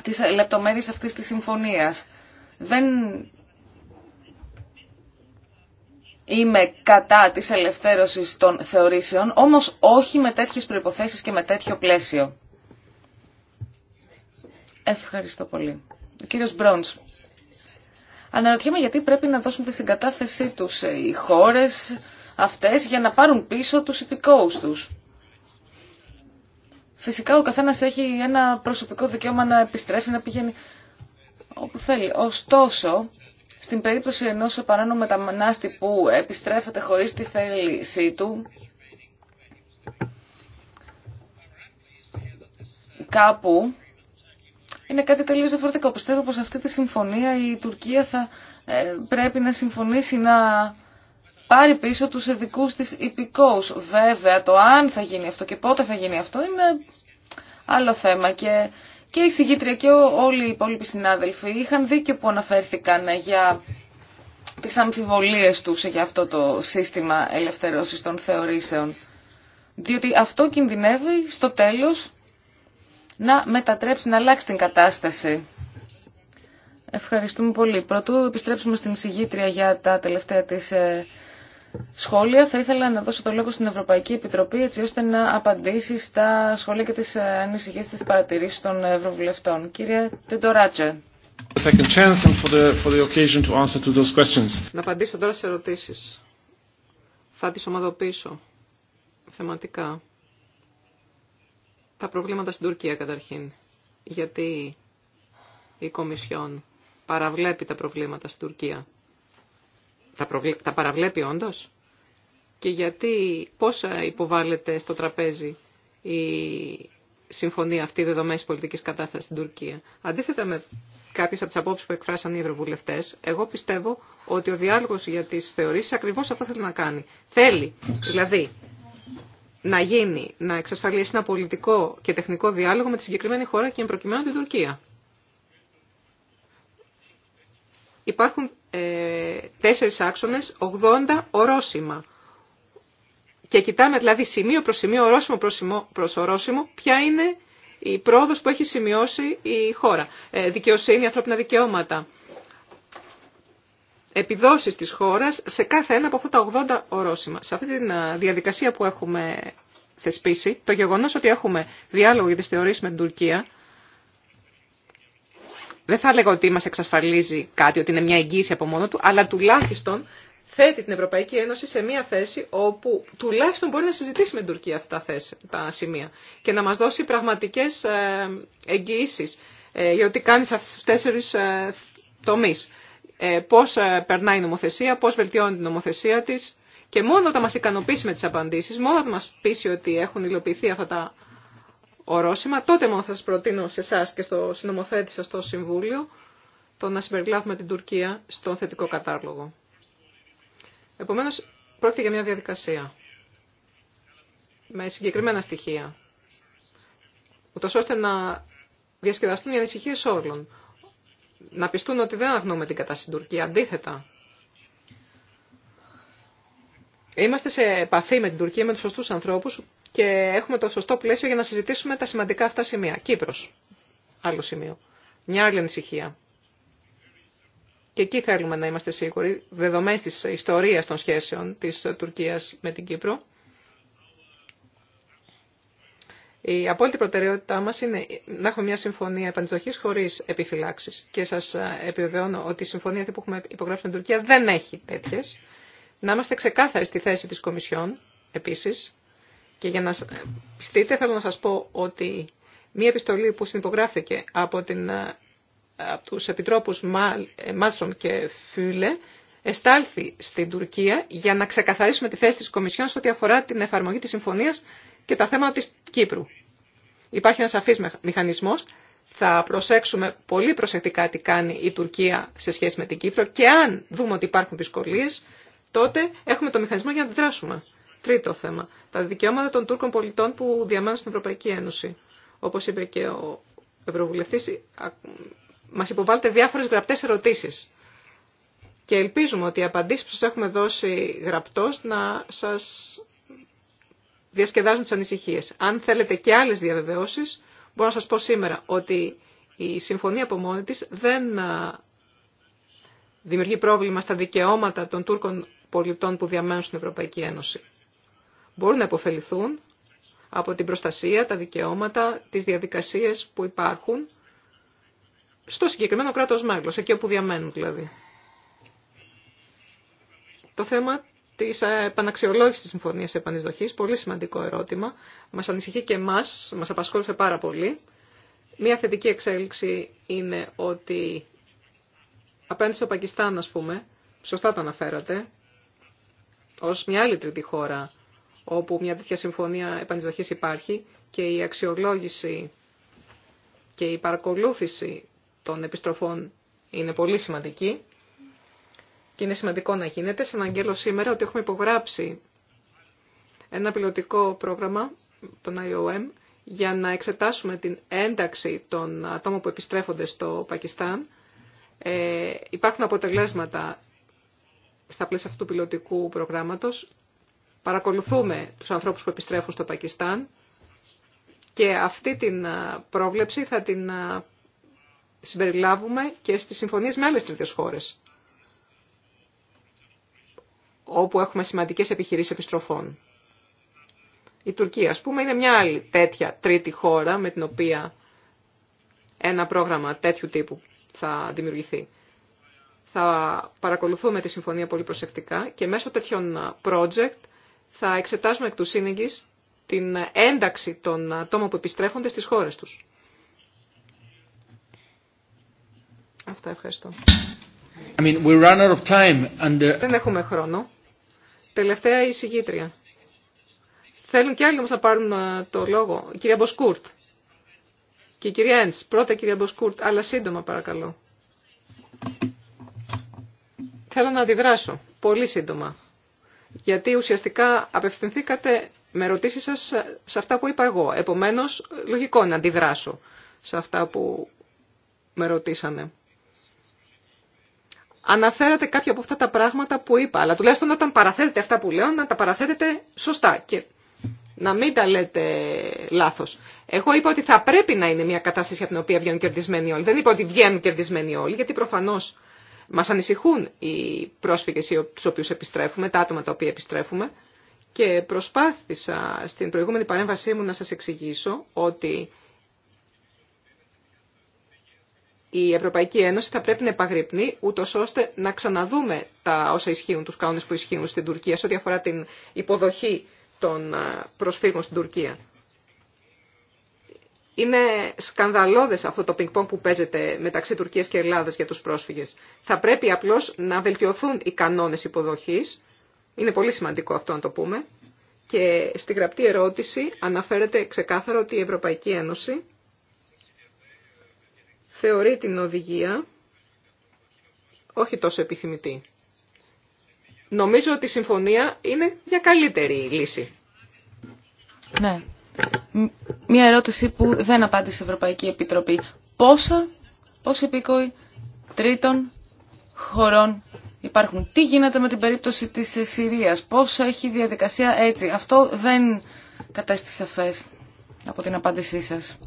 τις λεπτομέρειες αυτής της συμφωνίας. Δεν είμαι κατά της ελευθέρωσης των θεωρήσεων, όμως όχι με τέτοιες προϋποθέσεις και με τέτοιο πλαίσιο. Ευχαριστώ πολύ. Ο κύριος Μπρόντς. Αναρωτιέμαι γιατί πρέπει να δώσουν τη συγκατάθεσή τους οι χώρες αυτές για να πάρουν πίσω τους υπηκόους τους. Φυσικά ο καθένας έχει ένα προσωπικό δικαίωμα να επιστρέφει, να πηγαίνει όπου θέλει. Ωστόσο, στην περίπτωση ενός τα μετανάστη που επιστρέφεται χωρίς τη θέλησή του, κάπου είναι κάτι τελείως διαφορετικό. Πιστεύω πως αυτή τη συμφωνία η Τουρκία θα ε, πρέπει να συμφωνήσει να πάρει πίσω τους ειδικούς της υπηκόους. Βέβαια το αν θα γίνει αυτό και πότε θα γίνει αυτό είναι άλλο θέμα και και η συγγήτρια και όλοι οι υπόλοιποι συνάδελφοι είχαν δίκιο που αναφέρθηκαν για τις αμφιβολίες τους για αυτό το σύστημα ελευθερώσης των θεωρήσεων. Διότι αυτό κινδυνεύει στο τέλος να μετατρέψει, να αλλάξει την κατάσταση. Ευχαριστούμε πολύ. Πρωτού επιστρέψουμε στην συγγήτρια για τα τελευταία της ε, σχόλια. Θα ήθελα να δώσω το λόγο στην Ευρωπαϊκή Επιτροπή έτσι ώστε να απαντήσει στα σχόλια και τις ανησυχίες της παρατηρήσεις των Ευρωβουλευτών. Κύριε Τεντοράτσε. Να απαντήσω τώρα σε ερωτήσεις. Θα τις ομαδοποιήσω θεματικά. Τα προβλήματα στην Τουρκία καταρχήν. Γιατί η Κομισιόν παραβλέπει τα προβλήματα στην Τουρκία τα, προβλε... τα παραβλέπει όντως και γιατί πόσα υποβάλλεται στο τραπέζι η συμφωνία αυτή δεδομένης πολιτικής κατάστασης στην Τουρκία. Αντίθετα με κάποιες από τις απόψεις που εκφράσαν οι ευρωβουλευτές, εγώ πιστεύω ότι ο διάλογος για τις θεωρήσεις ακριβώς αυτό θέλει να κάνει. Θέλει, δηλαδή, να γίνει, να εξασφαλίσει ένα πολιτικό και τεχνικό διάλογο με τη συγκεκριμένη χώρα και προκειμένου την Τουρκία. Υπάρχουν ε, τέσσερις άξονες, 80 ορόσημα. Και κοιτάμε δηλαδή σημείο προς σημείο, ορόσημο προς, προς ορόσημο, ποια είναι η πρόοδος που έχει σημειώσει η χώρα. Ε, δικαιοσύνη, ανθρώπινα δικαιώματα, επιδόσεις της χώρας σε κάθε ένα από αυτά τα 80 ορόσημα. Σε αυτή τη ε, διαδικασία που έχουμε θεσπίσει, το γεγονός ότι έχουμε διάλογο για τις θεωρίες με την Τουρκία, δεν θα λέγω ότι μας εξασφαλίζει κάτι, ότι είναι μια εγγύηση από μόνο του, αλλά τουλάχιστον θέτει την Ευρωπαϊκή Ένωση σε μια θέση όπου τουλάχιστον μπορεί να συζητήσει με την Τουρκία αυτά τα σημεία και να μας δώσει πραγματικές ε, εγγυήσεις ε, για ότι κάνει σε αυτούς τους τέσσερις ε, τομείς. Πώς περνάει η νομοθεσία, πώς βελτιώνει την νομοθεσία της και μόνο όταν μας ικανοποιήσει με τις απαντήσεις, μόνο όταν μας πείσει ότι έχουν υλοποιηθεί αυτά τα ορόσημα, τότε μόνο θα σας προτείνω σε εσά και στο συνομοθέτη σας στο Συμβούλιο το να συμπεριλάβουμε την Τουρκία στον θετικό κατάλογο. Επομένως, πρόκειται για μια διαδικασία με συγκεκριμένα στοιχεία, ούτως ώστε να διασκεδαστούν οι ανησυχίε όλων. Να πιστούν ότι δεν αγνοούμε την κατάσταση στην Τουρκία, αντίθετα. Είμαστε σε επαφή με την Τουρκία, με τους σωστούς ανθρώπους και έχουμε το σωστό πλαίσιο για να συζητήσουμε τα σημαντικά αυτά σημεία. Κύπρος, άλλο σημείο. Μια άλλη ανησυχία. Και εκεί θέλουμε να είμαστε σίγουροι, δεδομένης της ιστορίας των σχέσεων της Τουρκίας με την Κύπρο. Η απόλυτη προτεραιότητά μας είναι να έχουμε μια συμφωνία επανεισδοχής χωρίς επιφυλάξεις. Και σας επιβεβαιώνω ότι η συμφωνία που έχουμε υπογράψει με την Τουρκία δεν έχει τέτοιες. Να είμαστε ξεκάθαροι στη θέση της Κομισιόν, επίσης, και για να πιστείτε θέλω να σας πω ότι μία επιστολή που συνυπογράφηκε από, την, ε, από τους επιτρόπους ε, Μάτσομ και Φούλε εστάλθη στην Τουρκία για να ξεκαθαρίσουμε τη θέση της Κομισιόν σε ό,τι αφορά την εφαρμογή της συμφωνίας και τα θέματα της Κύπρου. Υπάρχει ένας σαφής μηχανισμός. Θα προσέξουμε πολύ προσεκτικά τι κάνει η Τουρκία σε σχέση με την Κύπρο και αν δούμε ότι υπάρχουν δυσκολίες, τότε έχουμε το μηχανισμό για να αντιδράσουμε. Τρίτο θέμα τα δικαιώματα των Τούρκων πολιτών που διαμένουν στην Ευρωπαϊκή Ένωση. Όπως είπε και ο Ευρωβουλευτής, μας υποβάλλεται διάφορες γραπτές ερωτήσεις. Και ελπίζουμε ότι οι απαντήσεις που σας έχουμε δώσει γραπτός να σας διασκεδάζουν τις ανησυχίες. Αν θέλετε και άλλες διαβεβαιώσεις, μπορώ να σας πω σήμερα ότι η συμφωνία από μόνη της δεν δημιουργεί πρόβλημα στα δικαιώματα των Τούρκων πολιτών που διαμένουν στην Ευρωπαϊκή Ένωση μπορούν να υποφεληθούν από την προστασία, τα δικαιώματα, τις διαδικασίες που υπάρχουν στο συγκεκριμένο κράτος μέλος, εκεί όπου διαμένουν δηλαδή. Το θέμα της ε, επαναξιολόγησης της Συμφωνίας Επανεισδοχής, πολύ σημαντικό ερώτημα, μας ανησυχεί και εμάς, μας απασχόλησε πάρα πολύ. Μία θετική εξέλιξη είναι ότι απέναντι στο Πακιστάν, ας πούμε, σωστά το αναφέρατε, ως μια άλλη τρίτη χώρα όπου μια τέτοια συμφωνία επανεισδοχής υπάρχει και η αξιολόγηση και η παρακολούθηση των επιστροφών είναι πολύ σημαντική και είναι σημαντικό να γίνεται. Σε αγγέλω σήμερα ότι έχουμε υπογράψει ένα πιλωτικό πρόγραμμα, τον IOM, για να εξετάσουμε την ένταξη των ατόμων που επιστρέφονται στο Πακιστάν. Ε, υπάρχουν αποτελέσματα στα πλαίσια αυτού του πιλωτικού προγράμματος Παρακολουθούμε τους ανθρώπους που επιστρέφουν στο Πακιστάν και αυτή την πρόβλεψη θα την συμπεριλάβουμε και στις συμφωνίες με άλλες τρίτες χώρες, όπου έχουμε σημαντικές επιχειρήσεις επιστροφών. Η Τουρκία, ας πούμε, είναι μια άλλη τέτοια τρίτη χώρα με την οποία ένα πρόγραμμα τέτοιου τύπου θα δημιουργηθεί. Θα παρακολουθούμε τη συμφωνία πολύ προσεκτικά και μέσω τέτοιων project θα εξετάσουμε εκ του σύνεγγυς την ένταξη των ατόμων που επιστρέφονται στις χώρες τους. Αυτά ευχαριστώ. mean, we run out of time and uh, Δεν έχουμε χρόνο. Τελευταία η συγγήτρια. Θέλουν και άλλοι όμως να πάρουν ε, το λόγο. κυρία Μποσκούρτ. Και η κυρία Έντς. Πρώτα κυρία Μποσκούρτ, αλλά σύντομα παρακαλώ. Θέλω να αντιδράσω. Πολύ σύντομα γιατί ουσιαστικά απευθυνθήκατε με ρωτήσεις σας σε αυτά που είπα εγώ. Επομένως, λογικό να αντιδράσω σε αυτά που με ρωτήσανε. Αναφέρατε κάποια από αυτά τα πράγματα που είπα, αλλά τουλάχιστον όταν παραθέτετε αυτά που λέω, να τα παραθέτετε σωστά και να μην τα λέτε λάθος. Εγώ είπα ότι θα πρέπει να είναι μια κατάσταση από την οποία βγαίνουν κερδισμένοι όλοι. Δεν είπα ότι βγαίνουν κερδισμένοι όλοι, γιατί προφανώς μας ανησυχούν οι πρόσφυγες τους οποίους επιστρέφουμε, τα άτομα τα οποία επιστρέφουμε και προσπάθησα στην προηγούμενη παρέμβασή μου να σας εξηγήσω ότι η Ευρωπαϊκή Ένωση θα πρέπει να επαγρυπνεί ούτω ώστε να ξαναδούμε τα όσα ισχύουν, τους κανόνες που ισχύουν στην Τουρκία σε ό,τι αφορά την υποδοχή των ε, προσφύγων στην Τουρκία. Είναι σκανδαλώδε αυτό το πινκ πον που παίζεται μεταξύ Τουρκίας και Ελλάδας για τους πρόσφυγες. Θα πρέπει απλώς να βελτιωθούν οι κανόνε υποδοχής. Είναι πολύ σημαντικό αυτό να το πούμε. Και στη γραπτή ερώτηση αναφέρεται ξεκάθαρο ότι η Ευρωπαϊκή Ένωση θεωρεί την οδηγία όχι τόσο επιθυμητή. Νομίζω ότι η συμφωνία είναι μια καλύτερη λύση. Ναι, Μία ερώτηση που δεν απάντησε η Ευρωπαϊκή Επιτροπή. Πόσα, πόσοι υπήκοοι τρίτων χωρών υπάρχουν. Τι γίνεται με την περίπτωση της Συρίας. Πόσα έχει διαδικασία έτσι. Αυτό δεν κατέστησε σαφές από την απάντησή σας.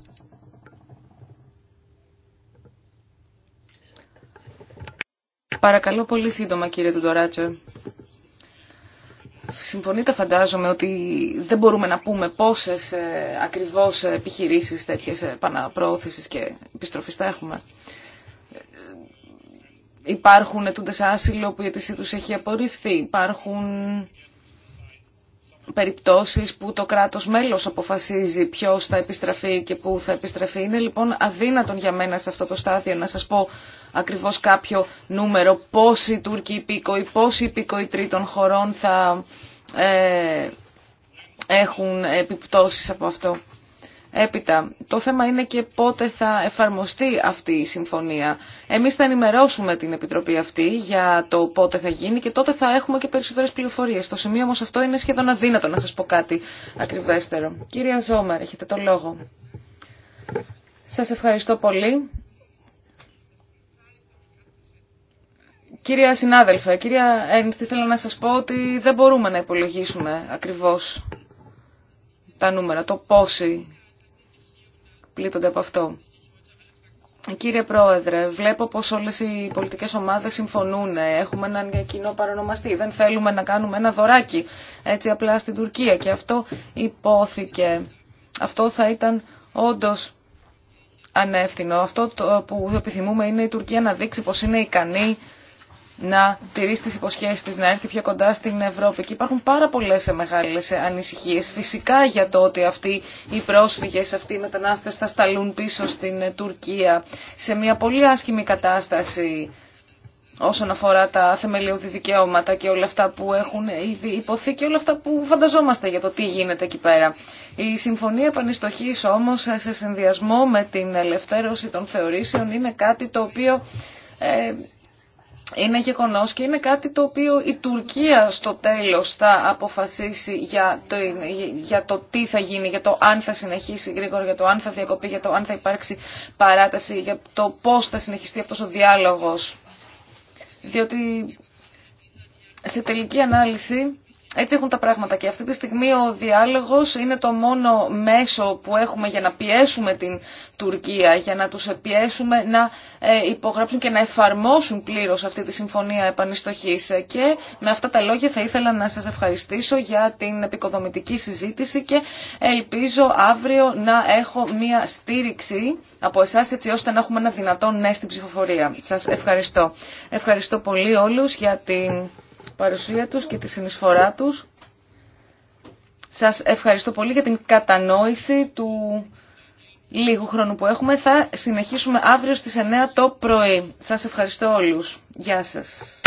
Παρακαλώ πολύ σύντομα κύριε Τουντοράτσε. Συμφωνείτε φαντάζομαι ότι δεν μπορούμε να πούμε πόσες ε, ακριβώς επιχειρήσεις τέτοιες ε, και επιστροφής θα έχουμε. Ε, υπάρχουν ετούντες άσυλο που η αίτησή τους έχει απορριφθεί. Υπάρχουν περιπτώσεις που το κράτος μέλος αποφασίζει ποιος θα επιστραφεί και πού θα επιστραφεί. Είναι λοιπόν αδύνατον για μένα σε αυτό το στάδιο να σας πω ακριβώς κάποιο νούμερο πόσοι Τούρκοι υπήκοοι, πόσοι υπήκοοι τρίτων χωρών θα ε, έχουν επιπτώσεις από αυτό. Έπειτα, το θέμα είναι και πότε θα εφαρμοστεί αυτή η συμφωνία. Εμείς θα ενημερώσουμε την Επιτροπή αυτή για το πότε θα γίνει και τότε θα έχουμε και περισσότερες πληροφορίες. Το σημείο όμως αυτό είναι σχεδόν αδύνατο να σας πω κάτι ακριβέστερο. Κυρία Ζόμερ, έχετε το λόγο. Σας ευχαριστώ πολύ. Κυρία συνάδελφε, κυρία Ένστη, θέλω να σας πω ότι δεν μπορούμε να υπολογίσουμε ακριβώς τα νούμερα, το πόσοι πλήττονται από αυτό. Κύριε Πρόεδρε, βλέπω πως όλες οι πολιτικές ομάδες συμφωνούν. Έχουμε έναν κοινό παρονομαστή. Δεν θέλουμε να κάνουμε ένα δωράκι έτσι απλά στην Τουρκία. Και αυτό υπόθηκε. Αυτό θα ήταν όντως ανεύθυνο. Αυτό που επιθυμούμε είναι η Τουρκία να δείξει πως είναι ικανή να τηρήσει τις υποσχέσεις της, να έρθει πιο κοντά στην Ευρώπη. Και υπάρχουν πάρα πολλές μεγάλες ανησυχίες φυσικά για το ότι αυτοί οι πρόσφυγες, αυτοί οι μετανάστες θα σταλούν πίσω στην Τουρκία σε μια πολύ άσχημη κατάσταση όσον αφορά τα θεμελιώδη δικαιώματα και όλα αυτά που έχουν ήδη υποθεί και όλα αυτά που φανταζόμαστε για το τι γίνεται εκεί πέρα. Η Συμφωνία Επανιστοχής όμως σε συνδυασμό με την ελευθέρωση των θεωρήσεων είναι κάτι το οποίο ε, είναι γεγονός και είναι κάτι το οποίο η Τουρκία στο τέλος θα αποφασίσει για το, για το τι θα γίνει, για το αν θα συνεχίσει γρήγορα, για το αν θα διακοπεί, για το αν θα υπάρξει παράταση, για το πώς θα συνεχιστεί αυτός ο διάλογος. Διότι σε τελική ανάλυση έτσι έχουν τα πράγματα και αυτή τη στιγμή ο διάλογος είναι το μόνο μέσο που έχουμε για να πιέσουμε την Τουρκία, για να τους πιέσουμε να ε, υπογράψουν και να εφαρμόσουν πλήρως αυτή τη συμφωνία επανιστοχής. Ε, και με αυτά τα λόγια θα ήθελα να σας ευχαριστήσω για την επικοδομητική συζήτηση και ελπίζω αύριο να έχω μια στήριξη από εσάς έτσι ώστε να έχουμε ένα δυνατό ναι στην ψηφοφορία. Σας ευχαριστώ. Ευχαριστώ πολύ όλους για την παρουσία τους και τη συνεισφορά τους. Σας ευχαριστώ πολύ για την κατανόηση του λίγου χρόνου που έχουμε. Θα συνεχίσουμε αύριο στις 9 το πρωί. Σας ευχαριστώ όλους. Γεια σας.